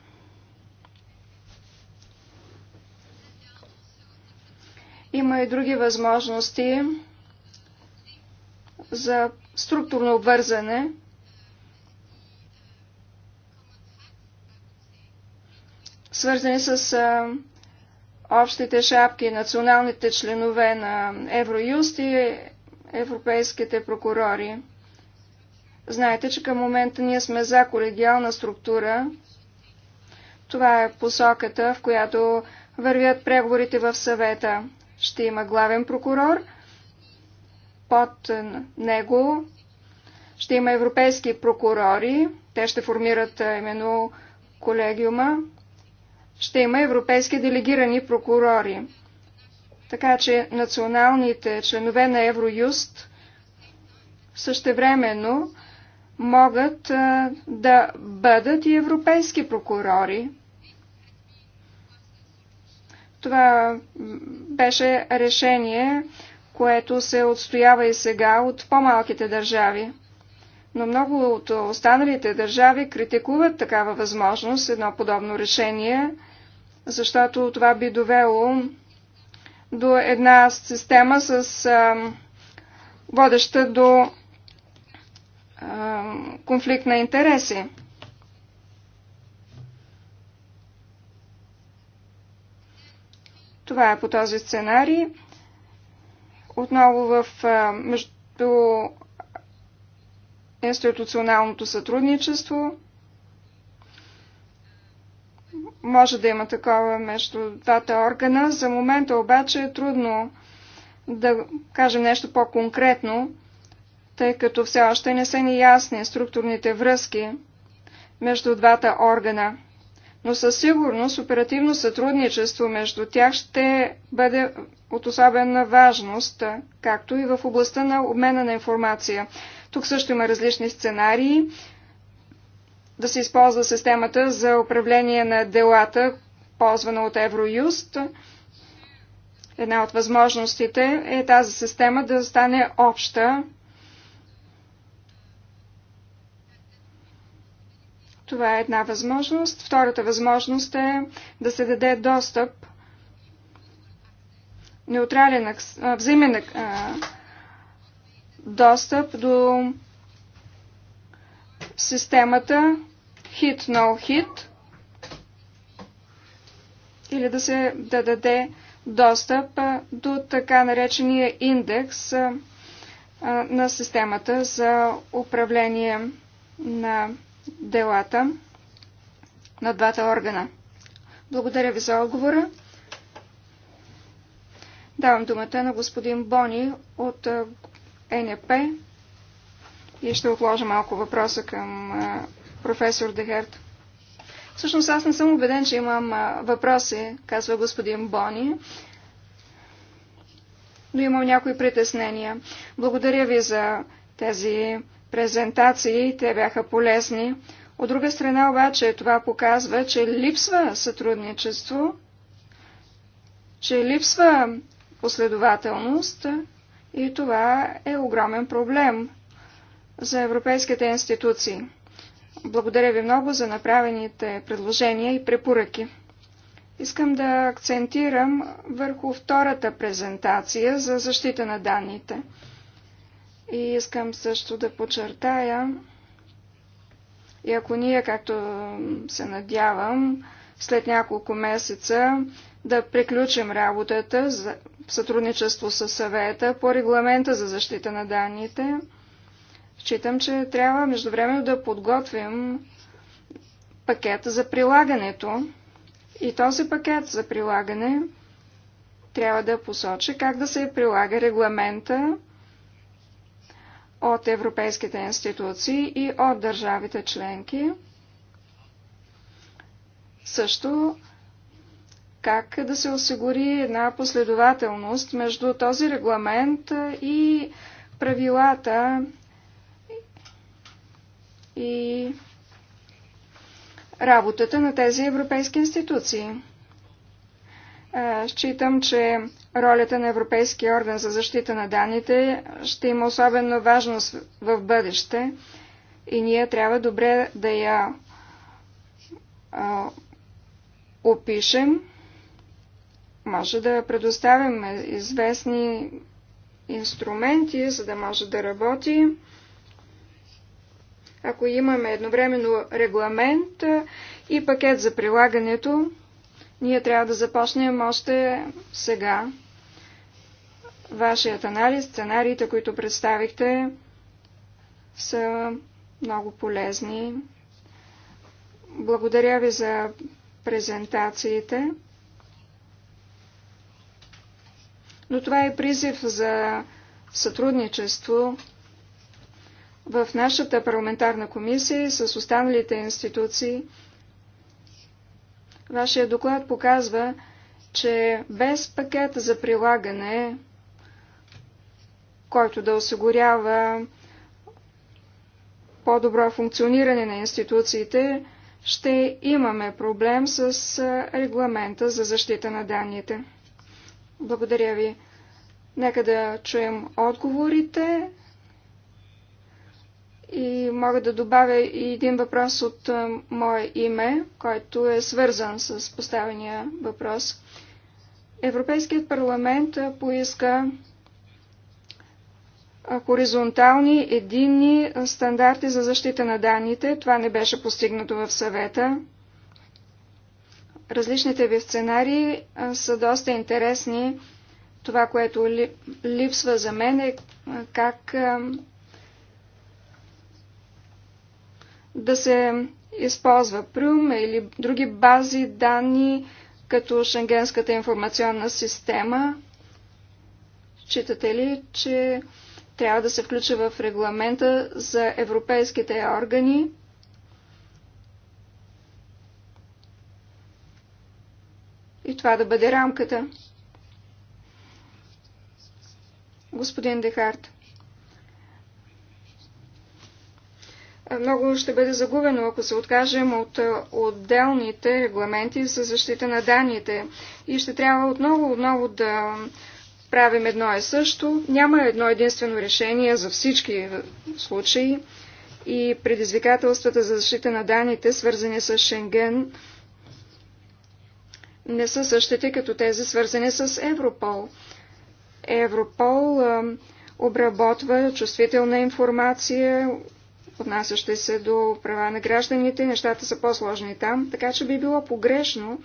Има и други възможности за структурно обвързане. свързани с общите шапки, националните членове на Евроюст и европейските прокурори. Знаете, че към момента ние сме за колегиална структура. Това е посоката, в която вървят преговорите в съвета. Ще има главен прокурор, под него ще има европейски прокурори, те ще формират именно колегиума, ще има европейски делегирани прокурори. Така че националните членове на Евроюст същевременно могат да бъдат и европейски прокурори. Това беше решение, което се отстоява и сега от по-малките държави но много от останалите държави критикуват такава възможност, едно подобно решение, защото това би довело до една система с а, водеща до а, конфликт на интереси. Това е по този сценарий. Отново в а, между институционалното сътрудничество. Може да има такова между двата органа. За момента обаче е трудно да кажем нещо по-конкретно, тъй като все още не са ни ясни структурните връзки между двата органа. Но със сигурност оперативно сътрудничество между тях ще бъде от особена важност, както и в областта на обмена на информация. Тук също има различни сценарии. Да се използва системата за управление на делата, ползвана от Евроюст. Една от възможностите е тази система да стане обща. Това е една възможност. Втората възможност е да се даде достъп, неутрален, взаимен достъп до системата hit-no-hit -hit, или да се да даде достъп до така наречения индекс на системата за управление на делата на двата органа. Благодаря ви за отговора. Давам думата на господин Бони от НП и ще отложа малко въпроса към професор Дехерт. Всъщност аз не съм убеден, че имам въпроси, казва господин Бони, но имам някои притеснения. Благодаря ви за тези презентации, те бяха полезни. От друга страна обаче това показва, че липсва сътрудничество, че липсва последователност и това е огромен проблем за европейските институции. Благодаря ви много за направените предложения и препоръки. Искам да акцентирам върху втората презентация за защита на данните. И искам също да подчертая, и ако ние, както се надявам, след няколко месеца да приключим работата за сътрудничество с съвета по регламента за защита на данните. Считам, че трябва междувременно да подготвим пакет за прилагането и този пакет за прилагане трябва да посочи как да се прилага регламента от европейските институции и от държавите членки. Също как да се осигури една последователност между този регламент и правилата и работата на тези европейски институции. Считам, че ролята на Европейския орган за защита на данните ще има особено важност в бъдеще и ние трябва добре да я опишем може да предоставим известни инструменти, за да може да работи. Ако имаме едновременно регламент и пакет за прилагането, ние трябва да започнем още сега. Вашият анализ, сценариите, които представихте, са много полезни. Благодаря ви за презентациите. Но това е призив за сътрудничество в нашата парламентарна комисия с останалите институции. Вашия доклад показва, че без пакет за прилагане, който да осигурява по-добро функциониране на институциите, ще имаме проблем с регламента за защита на данните. Благодаря ви. Нека да чуем отговорите. И мога да добавя и един въпрос от е, мое име, който е свързан с поставения въпрос. Европейският парламент поиска е, хоризонтални единни стандарти за защита на данните. Това не беше постигнато в съвета. Различните ви сценарии са доста интересни. Това, което липсва за мен е как да се използва Прюм или други бази данни, като Шенгенската информационна система. Читате ли, че трябва да се включи в регламента за европейските органи? и това да бъде рамката. Господин Дехарт. Много ще бъде загубено, ако се откажем от отделните регламенти за защита на данните. И ще трябва отново-отново да правим едно и също. Няма едно единствено решение за всички случаи и предизвикателствата за защита на данните, свързани с Шенген, не са същите като тези свързани с Европол. Европол а, обработва чувствителна информация, отнасяща се до права на гражданите. Нещата са по-сложни там, така че би било погрешно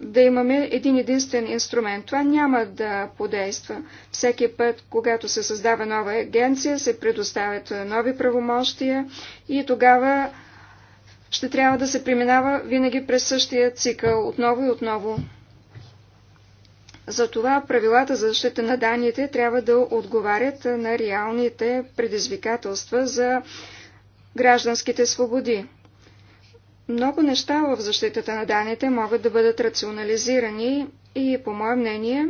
да имаме един единствен инструмент. Това няма да подейства. Всеки път, когато се създава нова агенция, се предоставят нови правомощия и тогава ще трябва да се преминава винаги през същия цикъл, отново и отново. Затова правилата за защита на данните трябва да отговарят на реалните предизвикателства за гражданските свободи. Много неща в защитата на данните могат да бъдат рационализирани и, по мое мнение,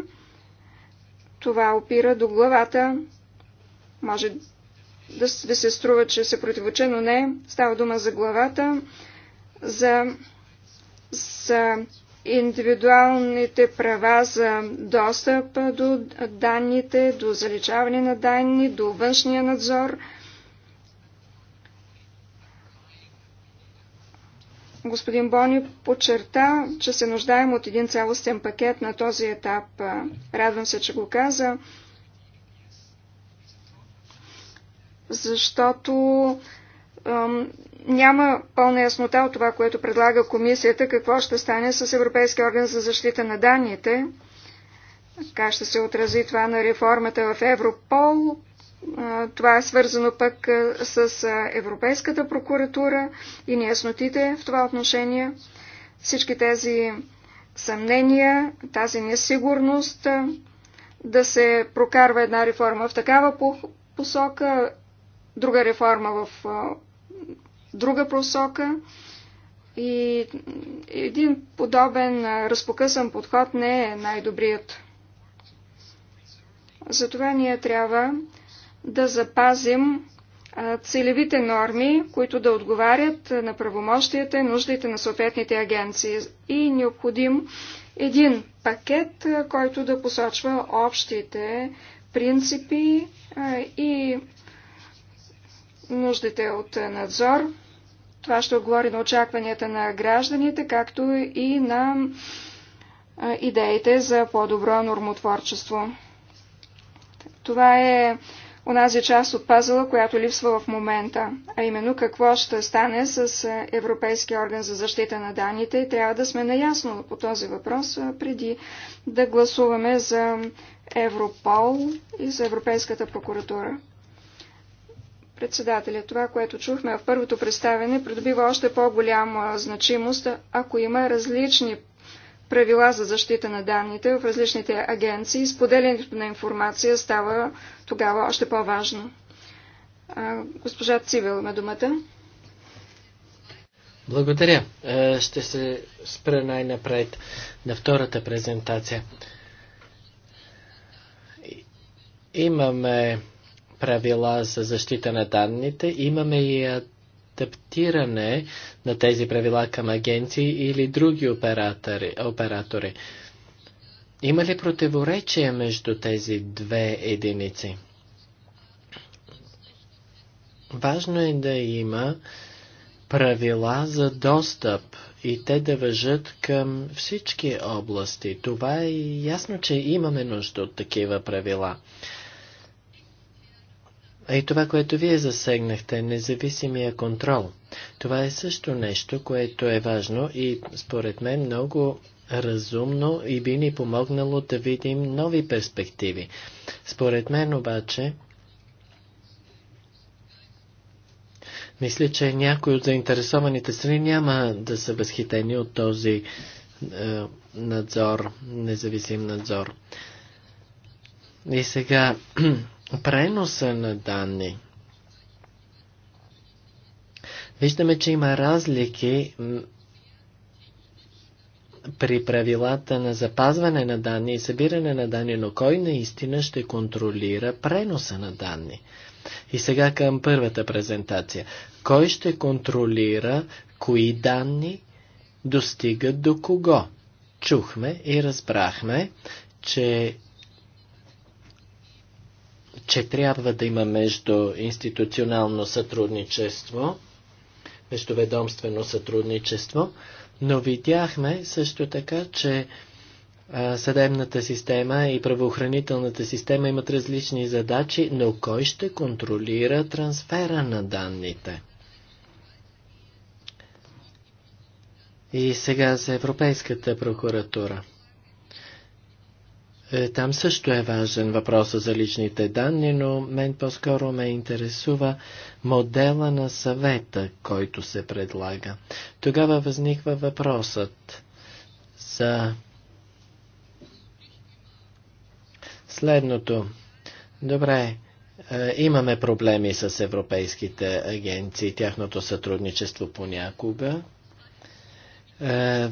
това опира до главата, може да ви се струва, че се противоче, но не. Става дума за главата, за, за индивидуалните права за достъп до данните, до заличаване на данни, до външния надзор. Господин Бони подчерта, че се нуждаем от един цялостен пакет на този етап. Радвам се, че го каза. защото ам, няма пълна яснота от това, което предлага комисията, какво ще стане с Европейския орган за защита на данните, как ще се отрази това на реформата в Европол. Това е свързано пък с Европейската прокуратура и неяснотите в това отношение. Всички тези съмнения, тази несигурност да се прокарва една реформа в такава посока друга реформа в друга просока. И един подобен разпокъсан подход не е най-добрият. Затова ние трябва да запазим целевите норми, които да отговарят на правомощията и нуждите на съответните агенции. И необходим един пакет, който да посочва общите принципи и нуждите от надзор. Това ще отговори на очакванията на гражданите, както и на идеите за по-добро нормотворчество. Това е онази част от пазала, която липсва в момента, а именно какво ще стане с Европейския орган за защита на данните. Трябва да сме наясно по този въпрос преди да гласуваме за Европол и за Европейската прокуратура. Председателя, това, което чухме в първото представяне, придобива още по-голяма значимост, ако има различни правила за защита на данните в различните агенции. Споделянето на информация става тогава още по-важно. Госпожа Цивел има думата. Благодаря. Е, ще се спра най-напред на втората презентация. Имаме правила за защита на данните, имаме и адаптиране на тези правила към агенции или други оператори. оператори. Има ли противоречие между тези две единици? Важно е да има правила за достъп и те да въжат към всички области. Това е ясно, че имаме нужда от такива правила. И това, което вие засегнахте, независимия контрол. Това е също нещо, което е важно и според мен много разумно и би ни помогнало да видим нови перспективи. Според мен обаче, мисля, че някои от заинтересованите страни няма да са възхитени от този е, надзор, независим надзор. И сега преноса на данни. Виждаме, че има разлики при правилата на запазване на данни и събиране на данни, но кой наистина ще контролира преноса на данни? И сега към първата презентация. Кой ще контролира кои данни достигат до кого? Чухме и разбрахме, че че трябва да има междуинституционално сътрудничество, междуведомствено сътрудничество, но видяхме също така, че съдебната система и правоохранителната система имат различни задачи, но кой ще контролира трансфера на данните? И сега за Европейската прокуратура – е, там също е важен въпросът за личните данни, но мен по-скоро ме интересува модела на съвета, който се предлага. Тогава възниква въпросът за следното. Добре, е, имаме проблеми с европейските агенции, тяхното сътрудничество понякога е,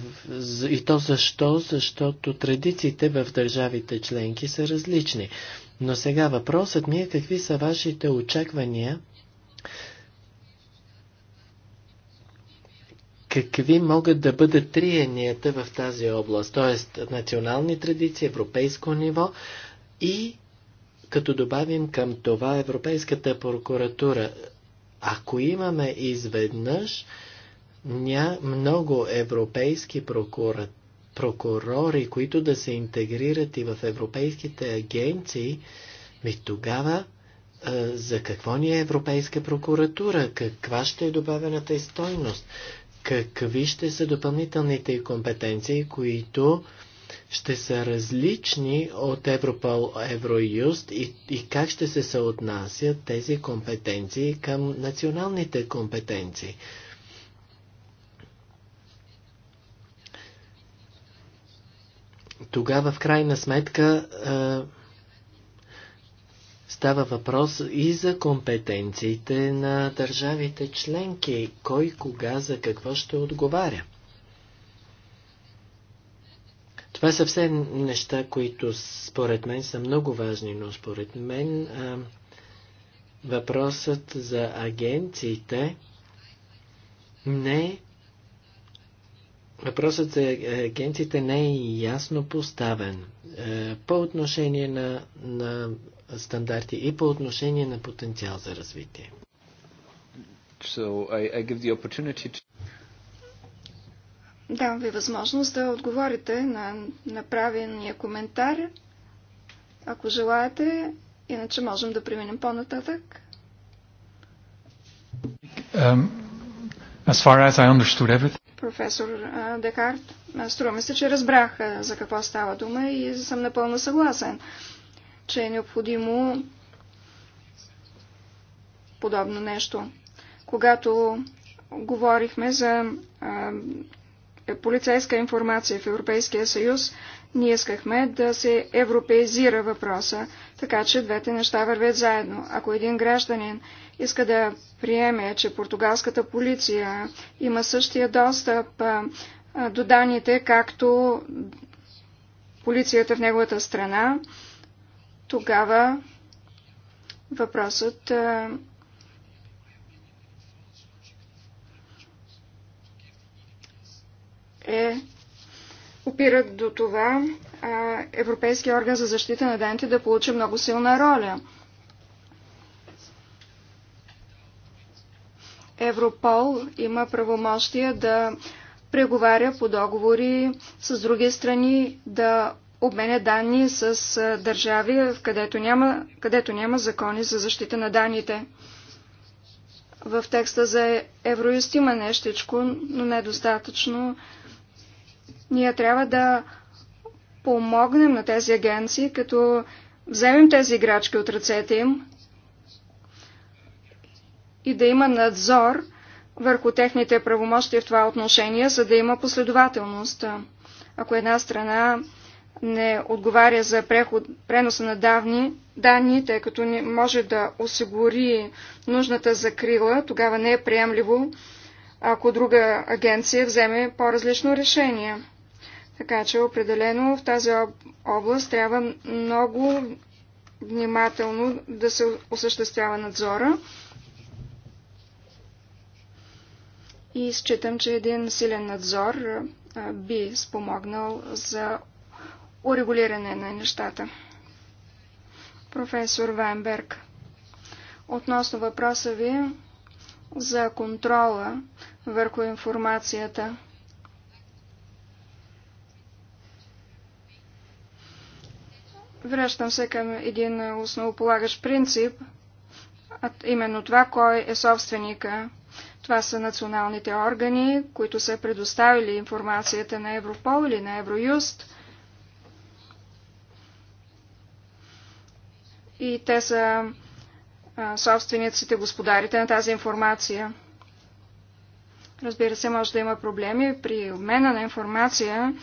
и то защо? Защото традициите в държавите членки са различни. Но сега въпросът ми е какви са вашите очаквания какви могат да бъдат триенията в тази област, т.е. национални традиции, европейско ниво и като добавим към това Европейската прокуратура. Ако имаме изведнъж ня, много европейски прокурат, прокурори, които да се интегрират и в европейските агенции, ми тогава за какво ни е Европейска прокуратура, каква ще е добавената и стойност, какви ще са допълнителните компетенции, които ще са различни от Европол, Евроюст и, и как ще се съотнасят тези компетенции към националните компетенции. тогава в крайна сметка Става въпрос и за компетенциите на държавите членки. Кой, кога, за какво ще отговаря. Това са все неща, които според мен са много важни, но според мен а, въпросът за агенциите не Въпросът за агенциите не е ясно поставен е, по отношение на, на стандарти и по отношение на потенциал за развитие. So I, I give the opportunity to... Давам ви възможност да отговорите на направения коментар, ако желаете, иначе можем да преминем по-нататък. Um, as far as I understood everything професор Декарт. Струва ми се, че разбрах за какво става дума и съм напълно съгласен, че е необходимо подобно нещо. Когато говорихме за е, полицейска информация в Европейския съюз, ние искахме да се европеизира въпроса, така че двете неща вървят заедно. Ако един гражданин иска да приеме, че португалската полиция има същия достъп до данните, както полицията в неговата страна, тогава въпросът е опират до това Европейския орган за защита на данните да получи много силна роля. Европол има правомощия да преговаря по договори с други страни, да обменя данни с държави, където няма, където няма закони за защита на данните. В текста за Евроист има нещичко, но недостатъчно. Е ние трябва да помогнем на тези агенции, като вземем тези играчки от ръцете им и да има надзор върху техните правомощи в това отношение, за да има последователност. Ако една страна не отговаря за преход, преноса на давни, данни, тъй като не може да осигури нужната закрила, тогава не е приемливо, ако друга агенция вземе по-различно решение. Така че определено в тази област трябва много внимателно да се осъществява надзора. И считам, че един силен надзор би спомогнал за урегулиране на нещата. Професор Вайнберг, относно въпроса ви за контрола върху информацията. Връщам се към един основополагащ принцип, а именно това, кой е собственика. Това са националните органи, които са предоставили информацията на Европол или на Евроюст. И те са собствениците, господарите на тази информация. Разбира се, може да има проблеми при обмена на информация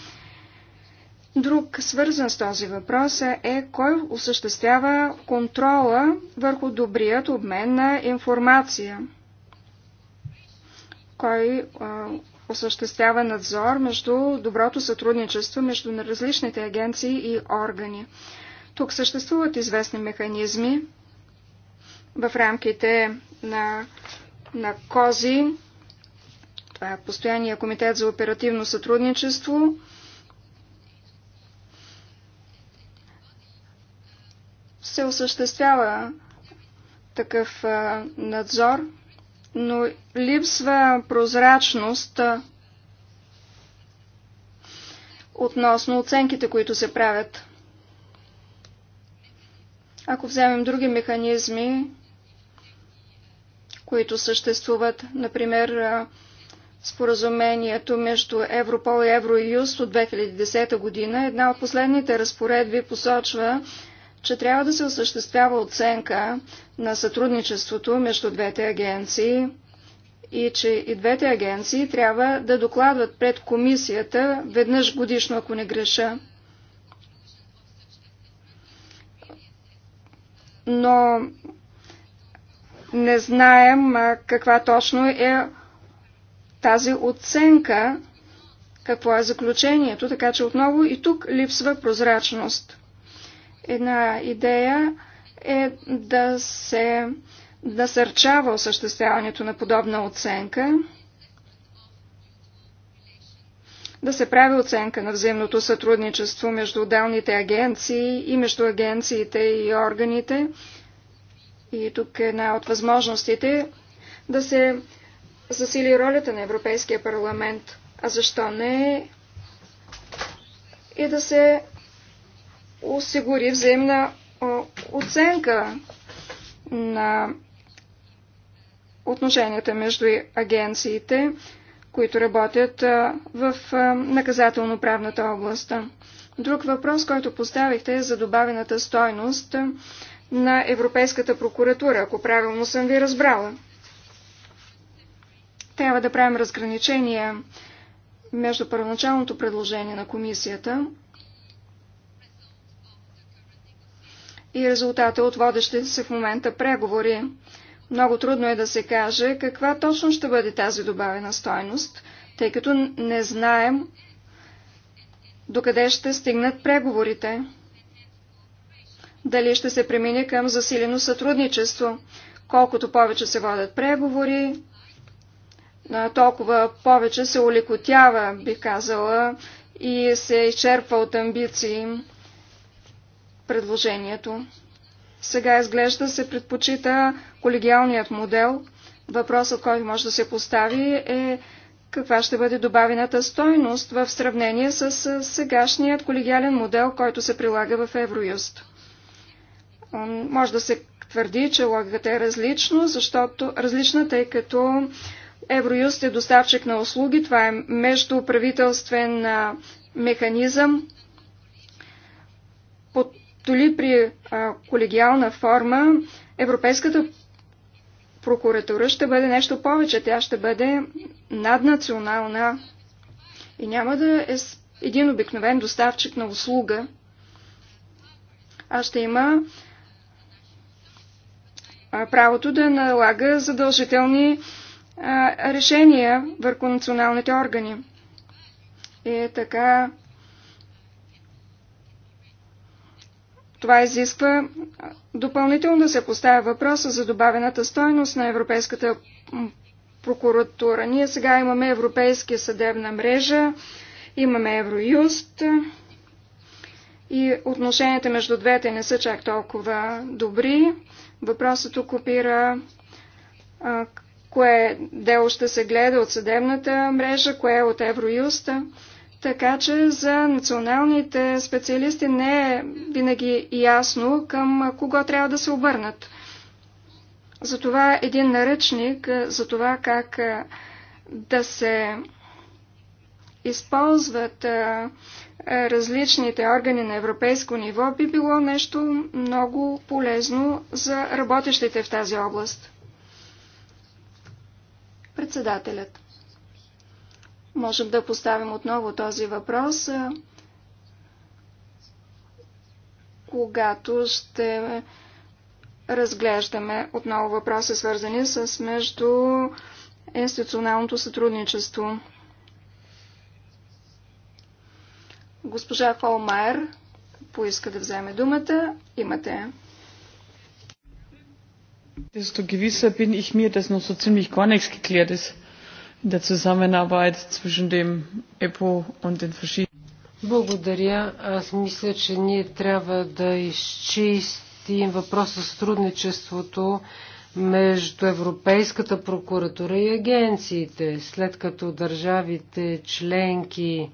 Друг свързан с този въпрос е кой осъществява контрола върху добрият обмен на информация. Кой осъществява надзор между доброто сътрудничество между различните агенции и органи. Тук съществуват известни механизми в рамките на, на КОЗИ, това е Постоянния комитет за оперативно сътрудничество, се осъществява такъв надзор, но липсва прозрачност относно оценките, които се правят. Ако вземем други механизми, които съществуват, например споразумението между Европол и Евроюст от 2010 година, една от последните разпоредби посочва, че трябва да се осъществява оценка на сътрудничеството между двете агенции и че и двете агенции трябва да докладват пред комисията веднъж годишно, ако не греша. Но не знаем каква точно е тази оценка, какво е заключението, така че отново и тук липсва прозрачност. Една идея е да се насърчава осъществяването на подобна оценка, да се прави оценка на взаимното сътрудничество между отделните агенции и между агенциите и органите. И тук е една от възможностите да се засили ролята на Европейския парламент. А защо не? И да се осигури взаимна оценка на отношенията между агенциите, които работят в наказателно-правната област. Друг въпрос, който поставихте е за добавената стойност на Европейската прокуратура, ако правилно съм ви разбрала. Трябва да правим разграничения между първоначалното предложение на комисията – и резултата от водещите се в момента преговори. Много трудно е да се каже каква точно ще бъде тази добавена стойност, тъй като не знаем докъде ще стигнат преговорите. Дали ще се премине към засилено сътрудничество. Колкото повече се водят преговори, толкова повече се олекотява, бих казала, и се изчерпва от амбиции предложението. Сега изглежда се предпочита колегиалният модел. Въпросът, който може да се постави е каква ще бъде добавената стойност в сравнение с сегашният колегиален модел, който се прилага в Евроюст. Може да се твърди, че логиката е различна, защото, различна, тъй като Евроюст е доставчик на услуги, това е междуправителствен механизъм, толи при а, колегиална форма Европейската прокуратура ще бъде нещо повече. Тя ще бъде наднационална и няма да е един обикновен доставчик на услуга, а ще има правото да налага задължителни решения върху националните органи. И така Това изисква допълнително да се поставя въпроса за добавената стойност на Европейската прокуратура. Ние сега имаме Европейския съдебна мрежа, имаме Евроюст и отношенията между двете не са чак толкова добри. Въпросът окупира кое дело ще се гледа от съдебната мрежа, кое е от Евроюста. Така че за националните специалисти не е винаги ясно към кого трябва да се обърнат. Затова един наръчник е за това как е, да се използват е, различните органи на европейско ниво би било нещо много полезно за работещите в тази област. Председателят. Можем да поставим отново този въпрос, когато ще разглеждаме отново въпроси, свързани с между институционалното сътрудничество. Госпожа Холмайер поиска да вземе думата. Имате. Desto gewisser bin ich mir, dass noch so ziemlich gar nichts geklärt ist der Zusammenarbeit zwischen dem EPO und den verschiedenen. Благодаря. Аз мисля, че ние трябва да изчистим въпроса с трудничеството между Европейската прокуратура и агенциите, след като държавите членки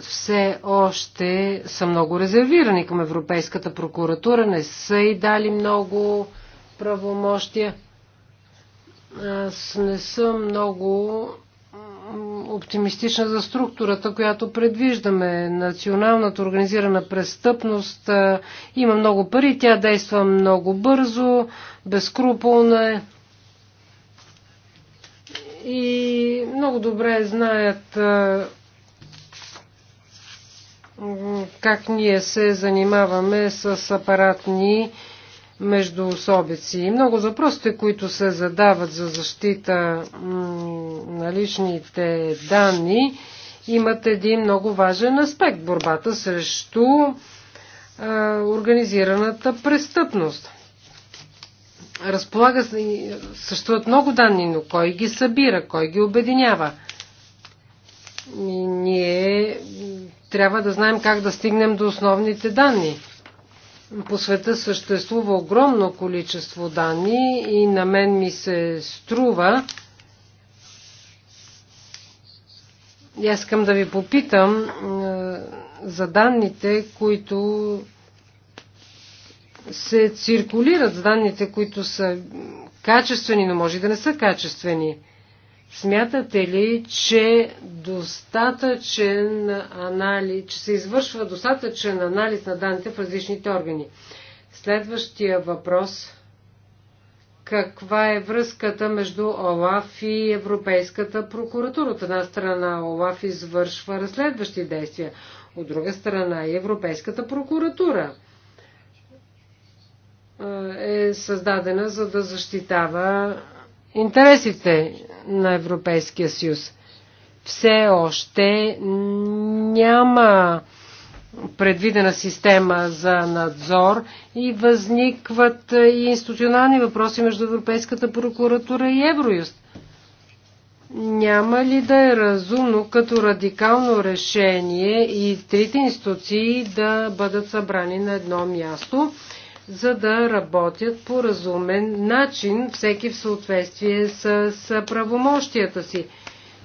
все още са много резервирани към Европейската прокуратура, не са и дали много правомощия. Аз не съм много оптимистична за структурата, която предвиждаме. Националната организирана престъпност има много пари, тя действа много бързо, безкруполна е и много добре знаят как ние се занимаваме с апаратни междуособици. Много въпросите, които се задават за защита на личните данни, имат един много важен аспект – борбата срещу организираната престъпност. Разполага, съществуват много данни, но кой ги събира, кой ги обединява – ние трябва да знаем как да стигнем до основните данни. По света съществува огромно количество данни и на мен ми се струва. Я искам да ви попитам е, за данните, които се циркулират, за данните, които са качествени, но може да не са качествени – Смятате ли, че достатъчен анализ, че се извършва достатъчен анализ на данните в различните органи? Следващия въпрос. Каква е връзката между ОЛАФ и Европейската прокуратура? От една страна ОЛАФ извършва разследващи действия, от друга страна и Европейската прокуратура е, е създадена за да защитава интересите на Европейския съюз. Все още няма предвидена система за надзор и възникват и институционални въпроси между Европейската прокуратура и Евроюст. Няма ли да е разумно като радикално решение и трите институции да бъдат събрани на едно място? за да работят по разумен начин, всеки в съответствие с, с правомощията си.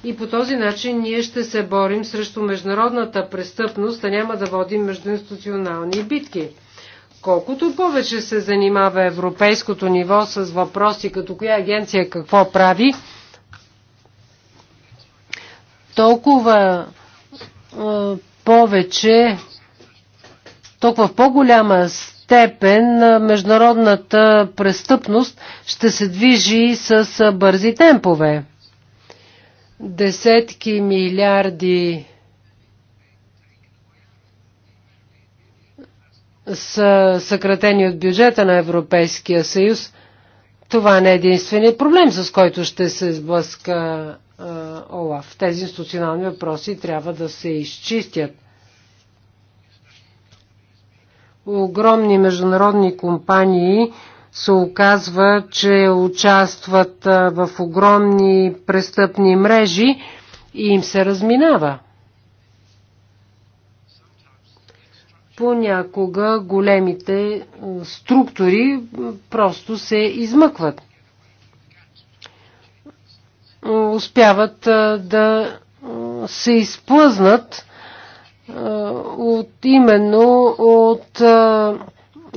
И по този начин ние ще се борим срещу международната престъпност, а няма да водим междуинституционални битки. Колкото повече се занимава европейското ниво с въпроси като коя агенция какво прави, толкова повече, толкова в по-голяма степен, степен международната престъпност ще се движи с бързи темпове. Десетки милиарди са съкратени от бюджета на Европейския съюз. Това не е единственият проблем, с който ще се сблъска ОЛАФ. Тези институционални въпроси трябва да се изчистят огромни международни компании се оказва, че участват в огромни престъпни мрежи и им се разминава. Понякога големите структури просто се измъкват. Успяват да се изплъзнат е, от, именно от е,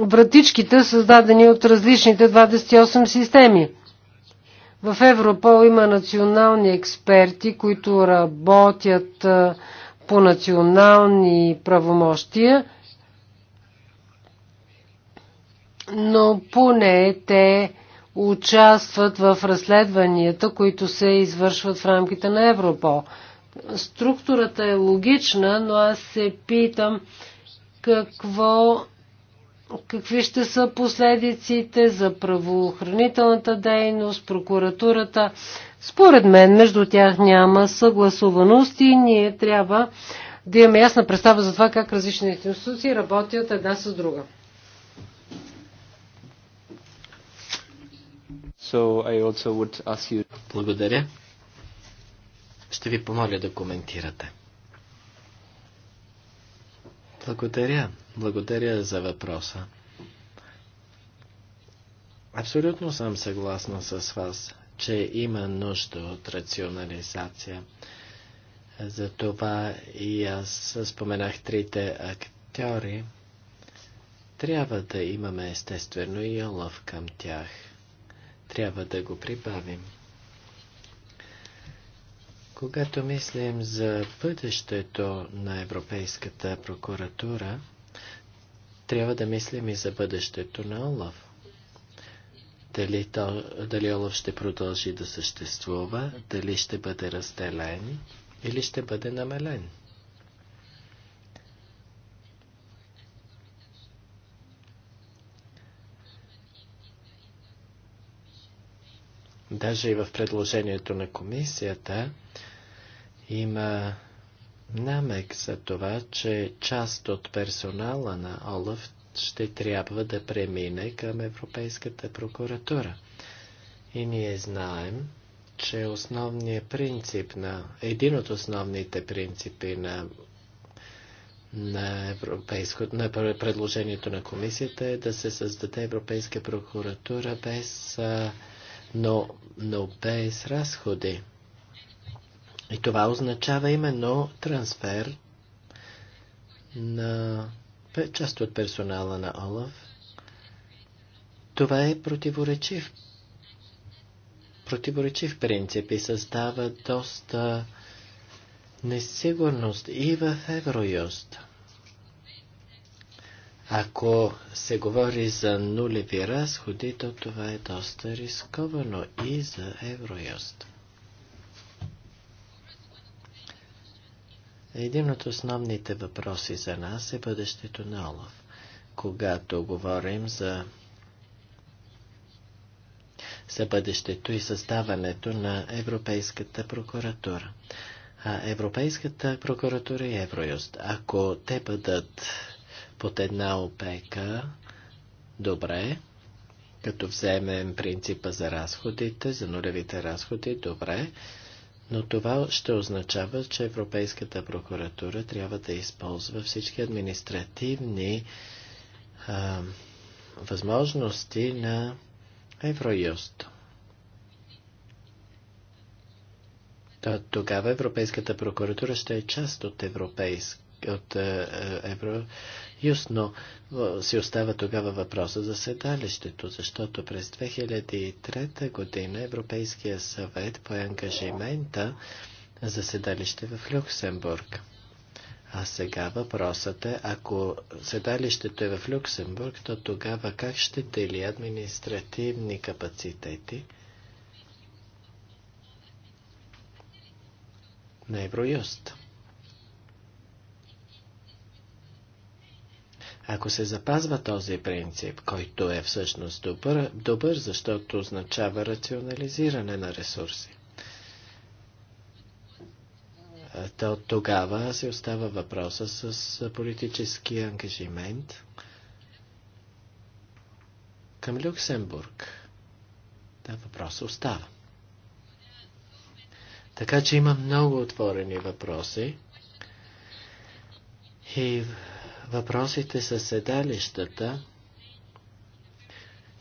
вратичките, създадени от различните 28 системи. В Европол има национални експерти, които работят е, по национални правомощия, но поне те участват в разследванията, които се извършват в рамките на Европол. Структурата е логична, но аз се питам какво, какви ще са последиците за правоохранителната дейност, прокуратурата. Според мен между тях няма съгласуваност и ние трябва да имаме ясна представа за това как различните институции работят една с друга. So I also would ask you... Благодаря. Ще ви помоля да коментирате. Благодаря. Благодаря за въпроса. Абсолютно съм съгласна с вас, че има нужда от рационализация. Затова и аз споменах трите актьори. Трябва да имаме естествено и олов към тях. Трябва да го прибавим. Когато мислим за бъдещето на Европейската прокуратура, трябва да мислим и за бъдещето на Олаф. Дали, то, дали Олаф ще продължи да съществува, дали ще бъде разделен или ще бъде намален. Даже и в предложението на комисията има намек за това, че част от персонала на ОЛАФ ще трябва да премине към Европейската прокуратура. И ние знаем, че основният принцип на, един от основните принципи на, на, европейско, на предложението на комисията е да се създаде Европейска прокуратура без а, но, но без разходи. И това означава именно трансфер на част от персонала на Олаф. Това е противоречив. Противоречив принцип и създава доста несигурност и в Евроюст. Ако се говори за нулеви разходи, то това е доста рисковано и за Евроюст. Един от основните въпроси за нас е бъдещето на ОЛОВ. Когато говорим за, за бъдещето и създаването на Европейската прокуратура. А Европейската прокуратура и Евроюст, ако те бъдат под една опека. Добре. Като вземем принципа за разходите, за нулевите разходи, добре. Но това ще означава, че Европейската прокуратура трябва да използва всички административни а, възможности на Евроюст. Тогава Европейската прокуратура ще е част от, европейск, от е, е Евро, Юсно си остава тогава въпроса за седалището, защото през 2003 година Европейския съвет по ангажимента за седалище в Люксембург. А сега въпросът е, ако седалището е в Люксембург, то тогава как ще дели административни капацитети на Евроюст? Ако се запазва този принцип, който е всъщност добър, добър защото означава рационализиране на ресурси, то тогава се остава въпроса с политически ангажимент към Люксембург. Та да, остава. Така че има много отворени въпроси и Въпросите със седалищата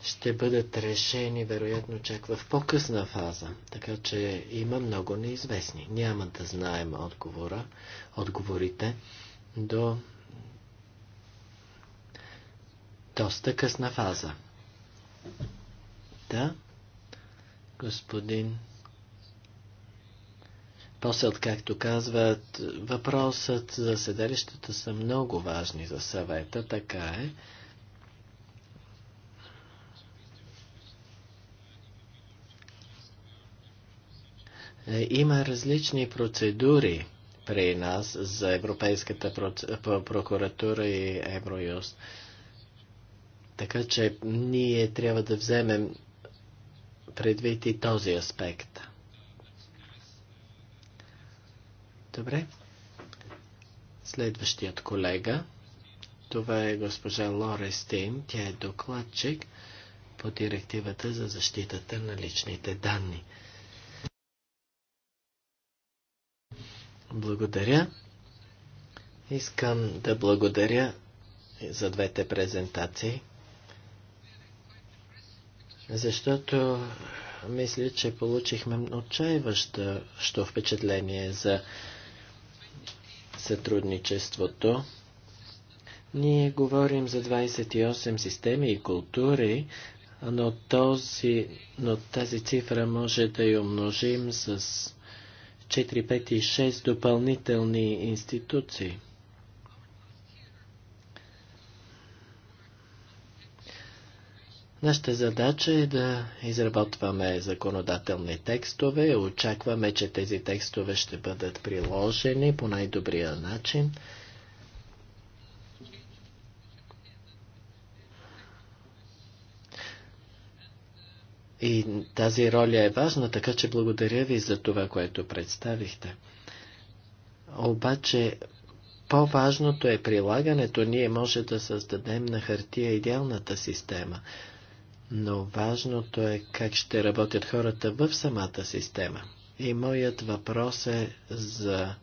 ще бъдат решени, вероятно, чак в по-късна фаза, така че има много неизвестни. Няма да знаем отговора, отговорите до доста късна фаза. Да, господин после, както казват, въпросът за седалищата са много важни за съвета, така е. е има различни процедури при нас за Европейската прокуратура и Евроюст. Така че ние трябва да вземем предвид и този аспект. Добре. Следващият колега. Това е госпожа Лоре Стейн. Тя е докладчик по директивата за защитата на личните данни. Благодаря. Искам да благодаря за двете презентации, защото мисля, че получихме отчаиващо впечатление за сътрудничеството. Ние говорим за 28 системи и култури, но, този, но тази цифра може да я умножим с 4, 5 и 6 допълнителни институции. Нашата задача е да изработваме законодателни текстове. Очакваме, че тези текстове ще бъдат приложени по най-добрия начин. И тази роля е важна, така че благодаря ви за това, което представихте. Обаче по-важното е прилагането. Ние може да създадем на хартия идеалната система – но важното е как ще работят хората в самата система. И моят въпрос е за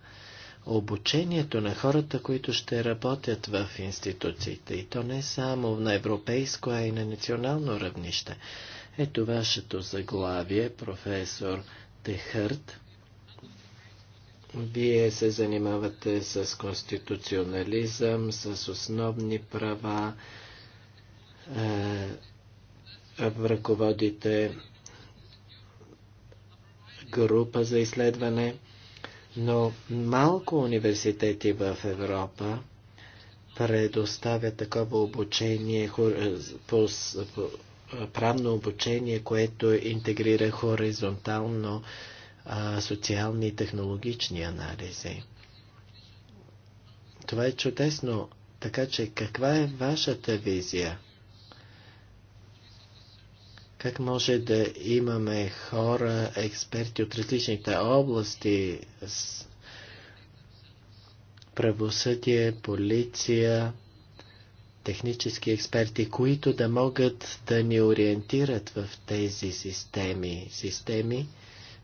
обучението на хората, които ще работят в институциите. И то не само на европейско, а и на национално равнище. Ето вашето заглавие, професор Техърт. Вие се занимавате с конституционализъм, с основни права, е, ръководите група за изследване, но малко университети в Европа предоставят такова обучение, правно обучение, което интегрира хоризонтално социални и технологични анализи. Това е чудесно. Така че каква е вашата визия? Как може да имаме хора, експерти от различните области, с правосъдие, полиция, технически експерти, които да могат да ни ориентират в тези системи, системи,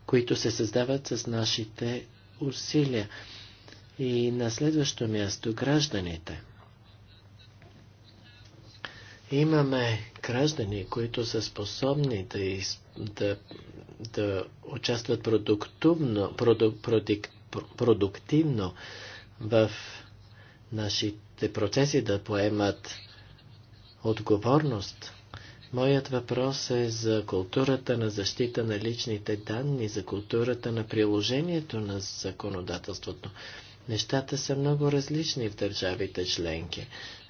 които се създават с нашите усилия. И на следващо място гражданите – Имаме граждани, които са способни да, из, да, да участват продуктивно, проду, продик, продуктивно в нашите процеси, да поемат отговорност. Моят въпрос е за културата на защита на личните данни, за културата на приложението на законодателството. Нещата са много различни в държавите членки.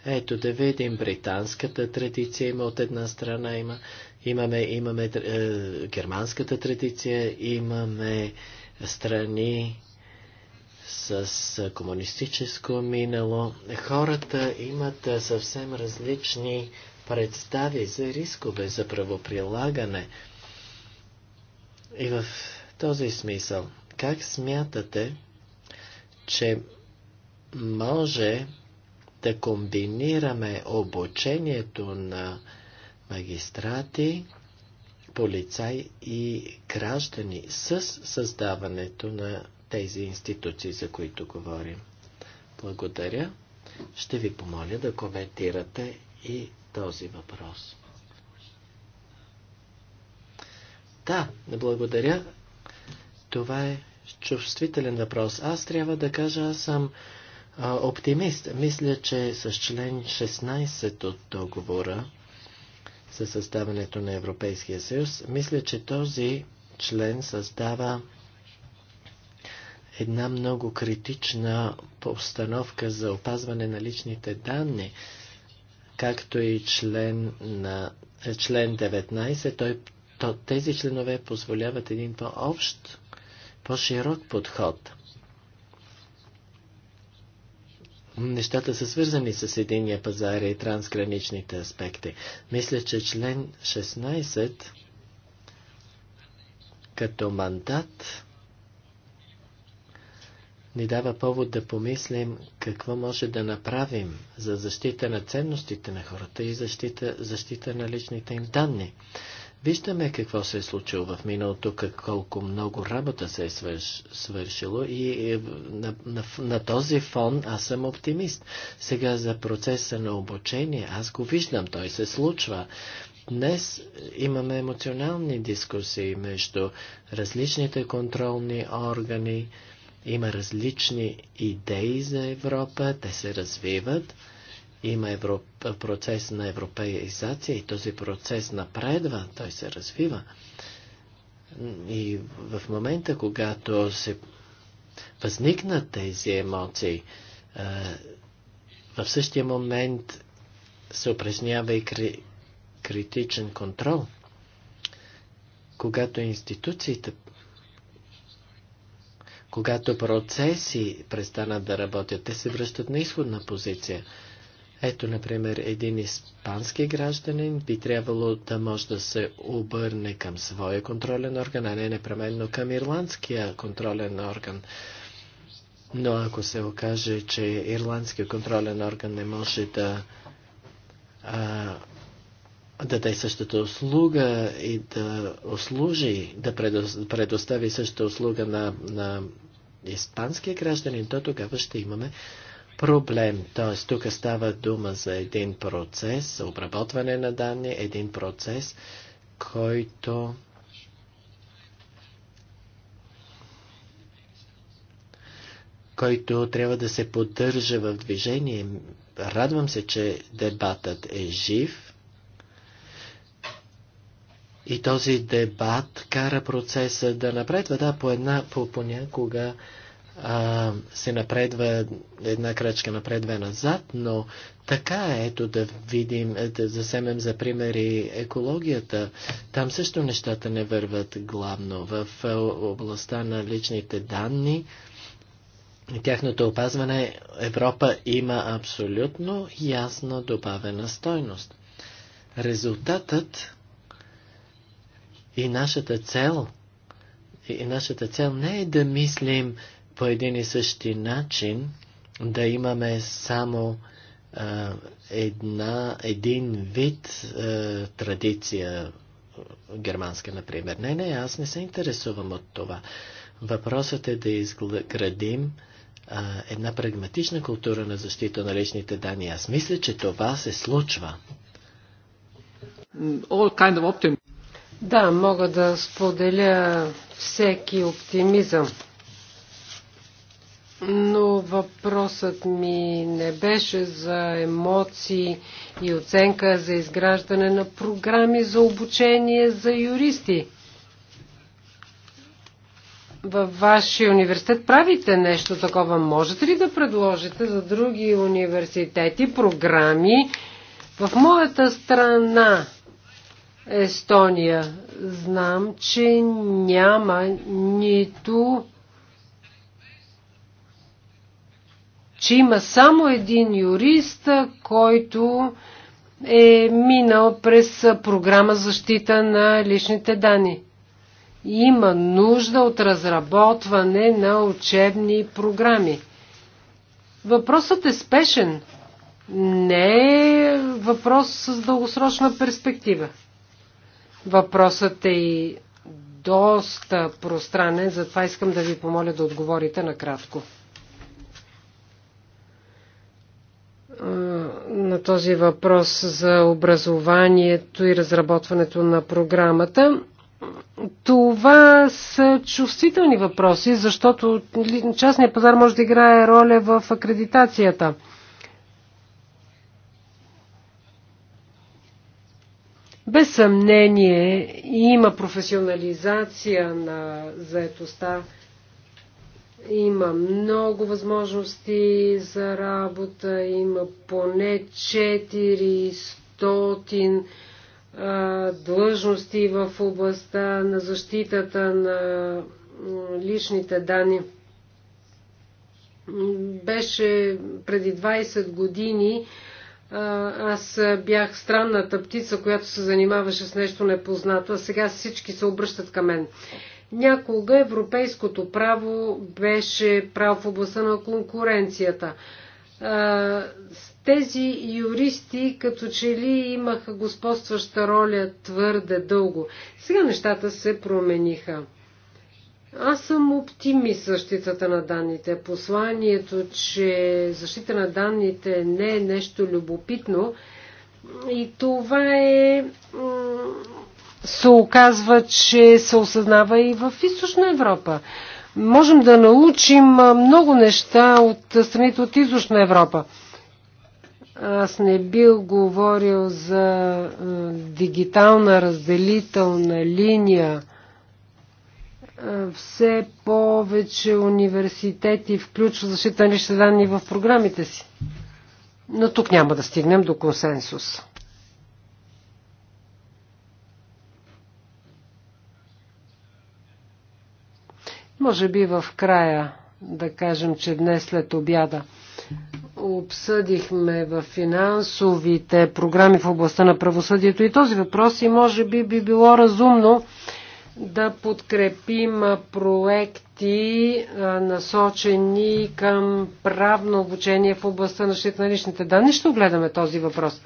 Ето да видим британската традиция има от една страна, има, имаме, имаме е, германската традиция, имаме страни с комунистическо минало. Хората имат е, съвсем различни представи за рискове, за правоприлагане. И в този смисъл, как смятате, че може да комбинираме обучението на магистрати, полицай и граждани с създаването на тези институции, за които говорим. Благодаря. Ще ви помоля да коментирате и този въпрос. Да, благодаря. Това е чувствителен въпрос. Аз трябва да кажа, аз съм а, оптимист. Мисля, че с член 16 от договора за създаването на Европейския съюз, мисля, че този член създава една много критична постановка за опазване на личните данни, както и член, на, е, член 19. Той, то, тези членове позволяват един по-общ, по-широк подход – нещата са свързани с единия пазар и трансграничните аспекти. Мисля, че член 16 като мандат ни дава повод да помислим какво може да направим за защита на ценностите на хората и защита, защита на личните им данни. Виждаме какво се е случило в миналото, колко много работа се е свърш, свършило и е на, на, на този фон аз съм оптимист. Сега за процеса на обучение, аз го виждам, той се случва. Днес имаме емоционални дискусии между различните контролни органи, има различни идеи за Европа, те се развиват. Има евро... процес на европеизация и този процес напредва, той се развива. И в момента, когато се възникнат тези емоции, е, в същия момент се упражнява и кри... критичен контрол. Когато институциите когато процеси престанат да работят, те се връщат на изходна позиция. Ето, например, един испански гражданин би трябвало да може да се обърне към своя контролен орган, а не непременно към ирландския контролен орган. Но ако се окаже, че ирландския контролен орган не може да а, даде същата услуга и да услужи, да предостави същата услуга на, на испанския гражданин, то тогава ще имаме проблем. Т.е. тук става дума за един процес, за обработване на данни, един процес, който който трябва да се поддържа в движение. Радвам се, че дебатът е жив. И този дебат кара процеса да напредва. Да, по една, по понякога а, се напредва една крачка напредва назад, но така е. ето да видим, да засемем за примери екологията. Там също нещата не върват главно в областта на личните данни. Тяхното опазване Европа има абсолютно ясно добавена стойност. Резултатът и нашата цел и нашата цел не е да мислим по един и същи начин да имаме само а, една, един вид а, традиция, германска, например. Не, не, аз не се интересувам от това. Въпросът е да изградим а, една прагматична култура на защита на личните данни. Аз мисля, че това се случва. All kind of optimism. Да, мога да споделя всеки оптимизъм но въпросът ми не беше за емоции и оценка за изграждане на програми за обучение за юристи. Във вашия университет правите нещо такова. Можете ли да предложите за други университети програми в моята страна? Естония. Знам, че няма нито че има само един юрист, който е минал през програма защита на личните данни. Има нужда от разработване на учебни програми. Въпросът е спешен. Не е въпрос с дългосрочна перспектива. Въпросът е и доста пространен, затова искам да ви помоля да отговорите накратко. на този въпрос за образованието и разработването на програмата. Това са чувствителни въпроси, защото частният пазар може да играе роля в акредитацията. Без съмнение има професионализация на заетостта има много възможности за работа, има поне 400 длъжности в областта на защитата на личните данни. Беше преди 20 години аз бях странната птица, която се занимаваше с нещо непознато, а сега всички се обръщат към мен. Някога европейското право беше право в областта на конкуренцията. Тези юристи като че ли имаха господстваща роля твърде дълго. Сега нещата се промениха. Аз съм оптимист защитата на данните. Посланието, че защита на данните не е нещо любопитно и това е се оказва, че се осъзнава и в Източна Европа. Можем да научим много неща от страните от Източна Европа. Аз не бил говорил за дигитална разделителна линия. Все повече университети включват защита на лични данни в програмите си. Но тук няма да стигнем до консенсус. Може би в края да кажем, че днес след обяда обсъдихме в финансовите програми в областта на правосъдието и този въпрос и може би би било разумно да подкрепим проекти насочени към правно обучение в областта на щит на личните данни. Ще огледаме този въпрос.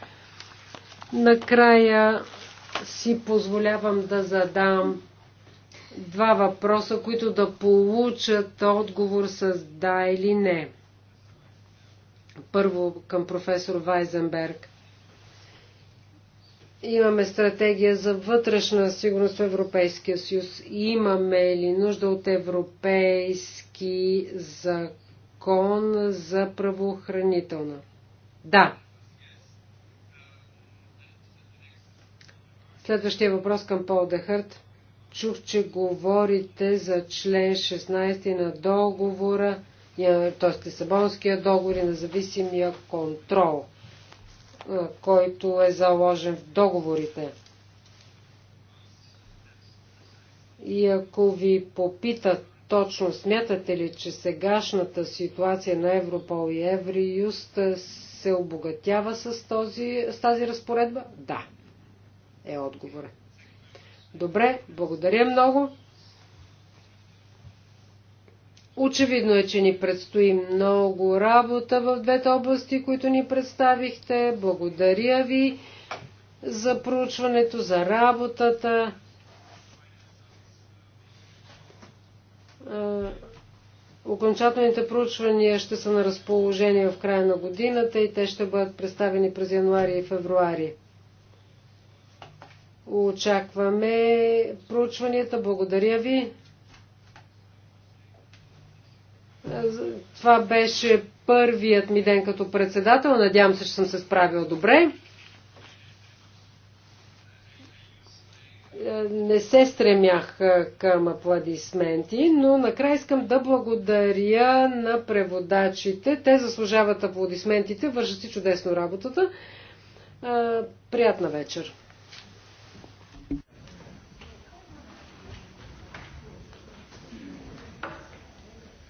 Накрая си позволявам да задам два въпроса, които да получат отговор с да или не. Първо към професор Вайзенберг. Имаме стратегия за вътрешна сигурност в Европейския съюз. Имаме ли нужда от европейски закон за правоохранителна? Да. Следващия въпрос към Пол Дехърт. Чух, че говорите за член 16 на договора, т.е. Лисабонския договор и независимия контрол, който е заложен в договорите. И ако ви попитат точно смятате ли, че сегашната ситуация на Европол и Евриюст се обогатява с, този, с тази разпоредба? Да, е отговорът. Добре, благодаря много. Очевидно е, че ни предстои много работа в двете области, които ни представихте. Благодаря ви за проучването, за работата. Окончателните проучвания ще са на разположение в края на годината и те ще бъдат представени през януари и февруари. Очакваме проучванията. Благодаря ви. Това беше първият ми ден като председател. Надявам се, че съм се справил добре. Не се стремях към аплодисменти, но накрая искам да благодаря на преводачите. Те заслужават аплодисментите, вършат си чудесно работата. Приятна вечер!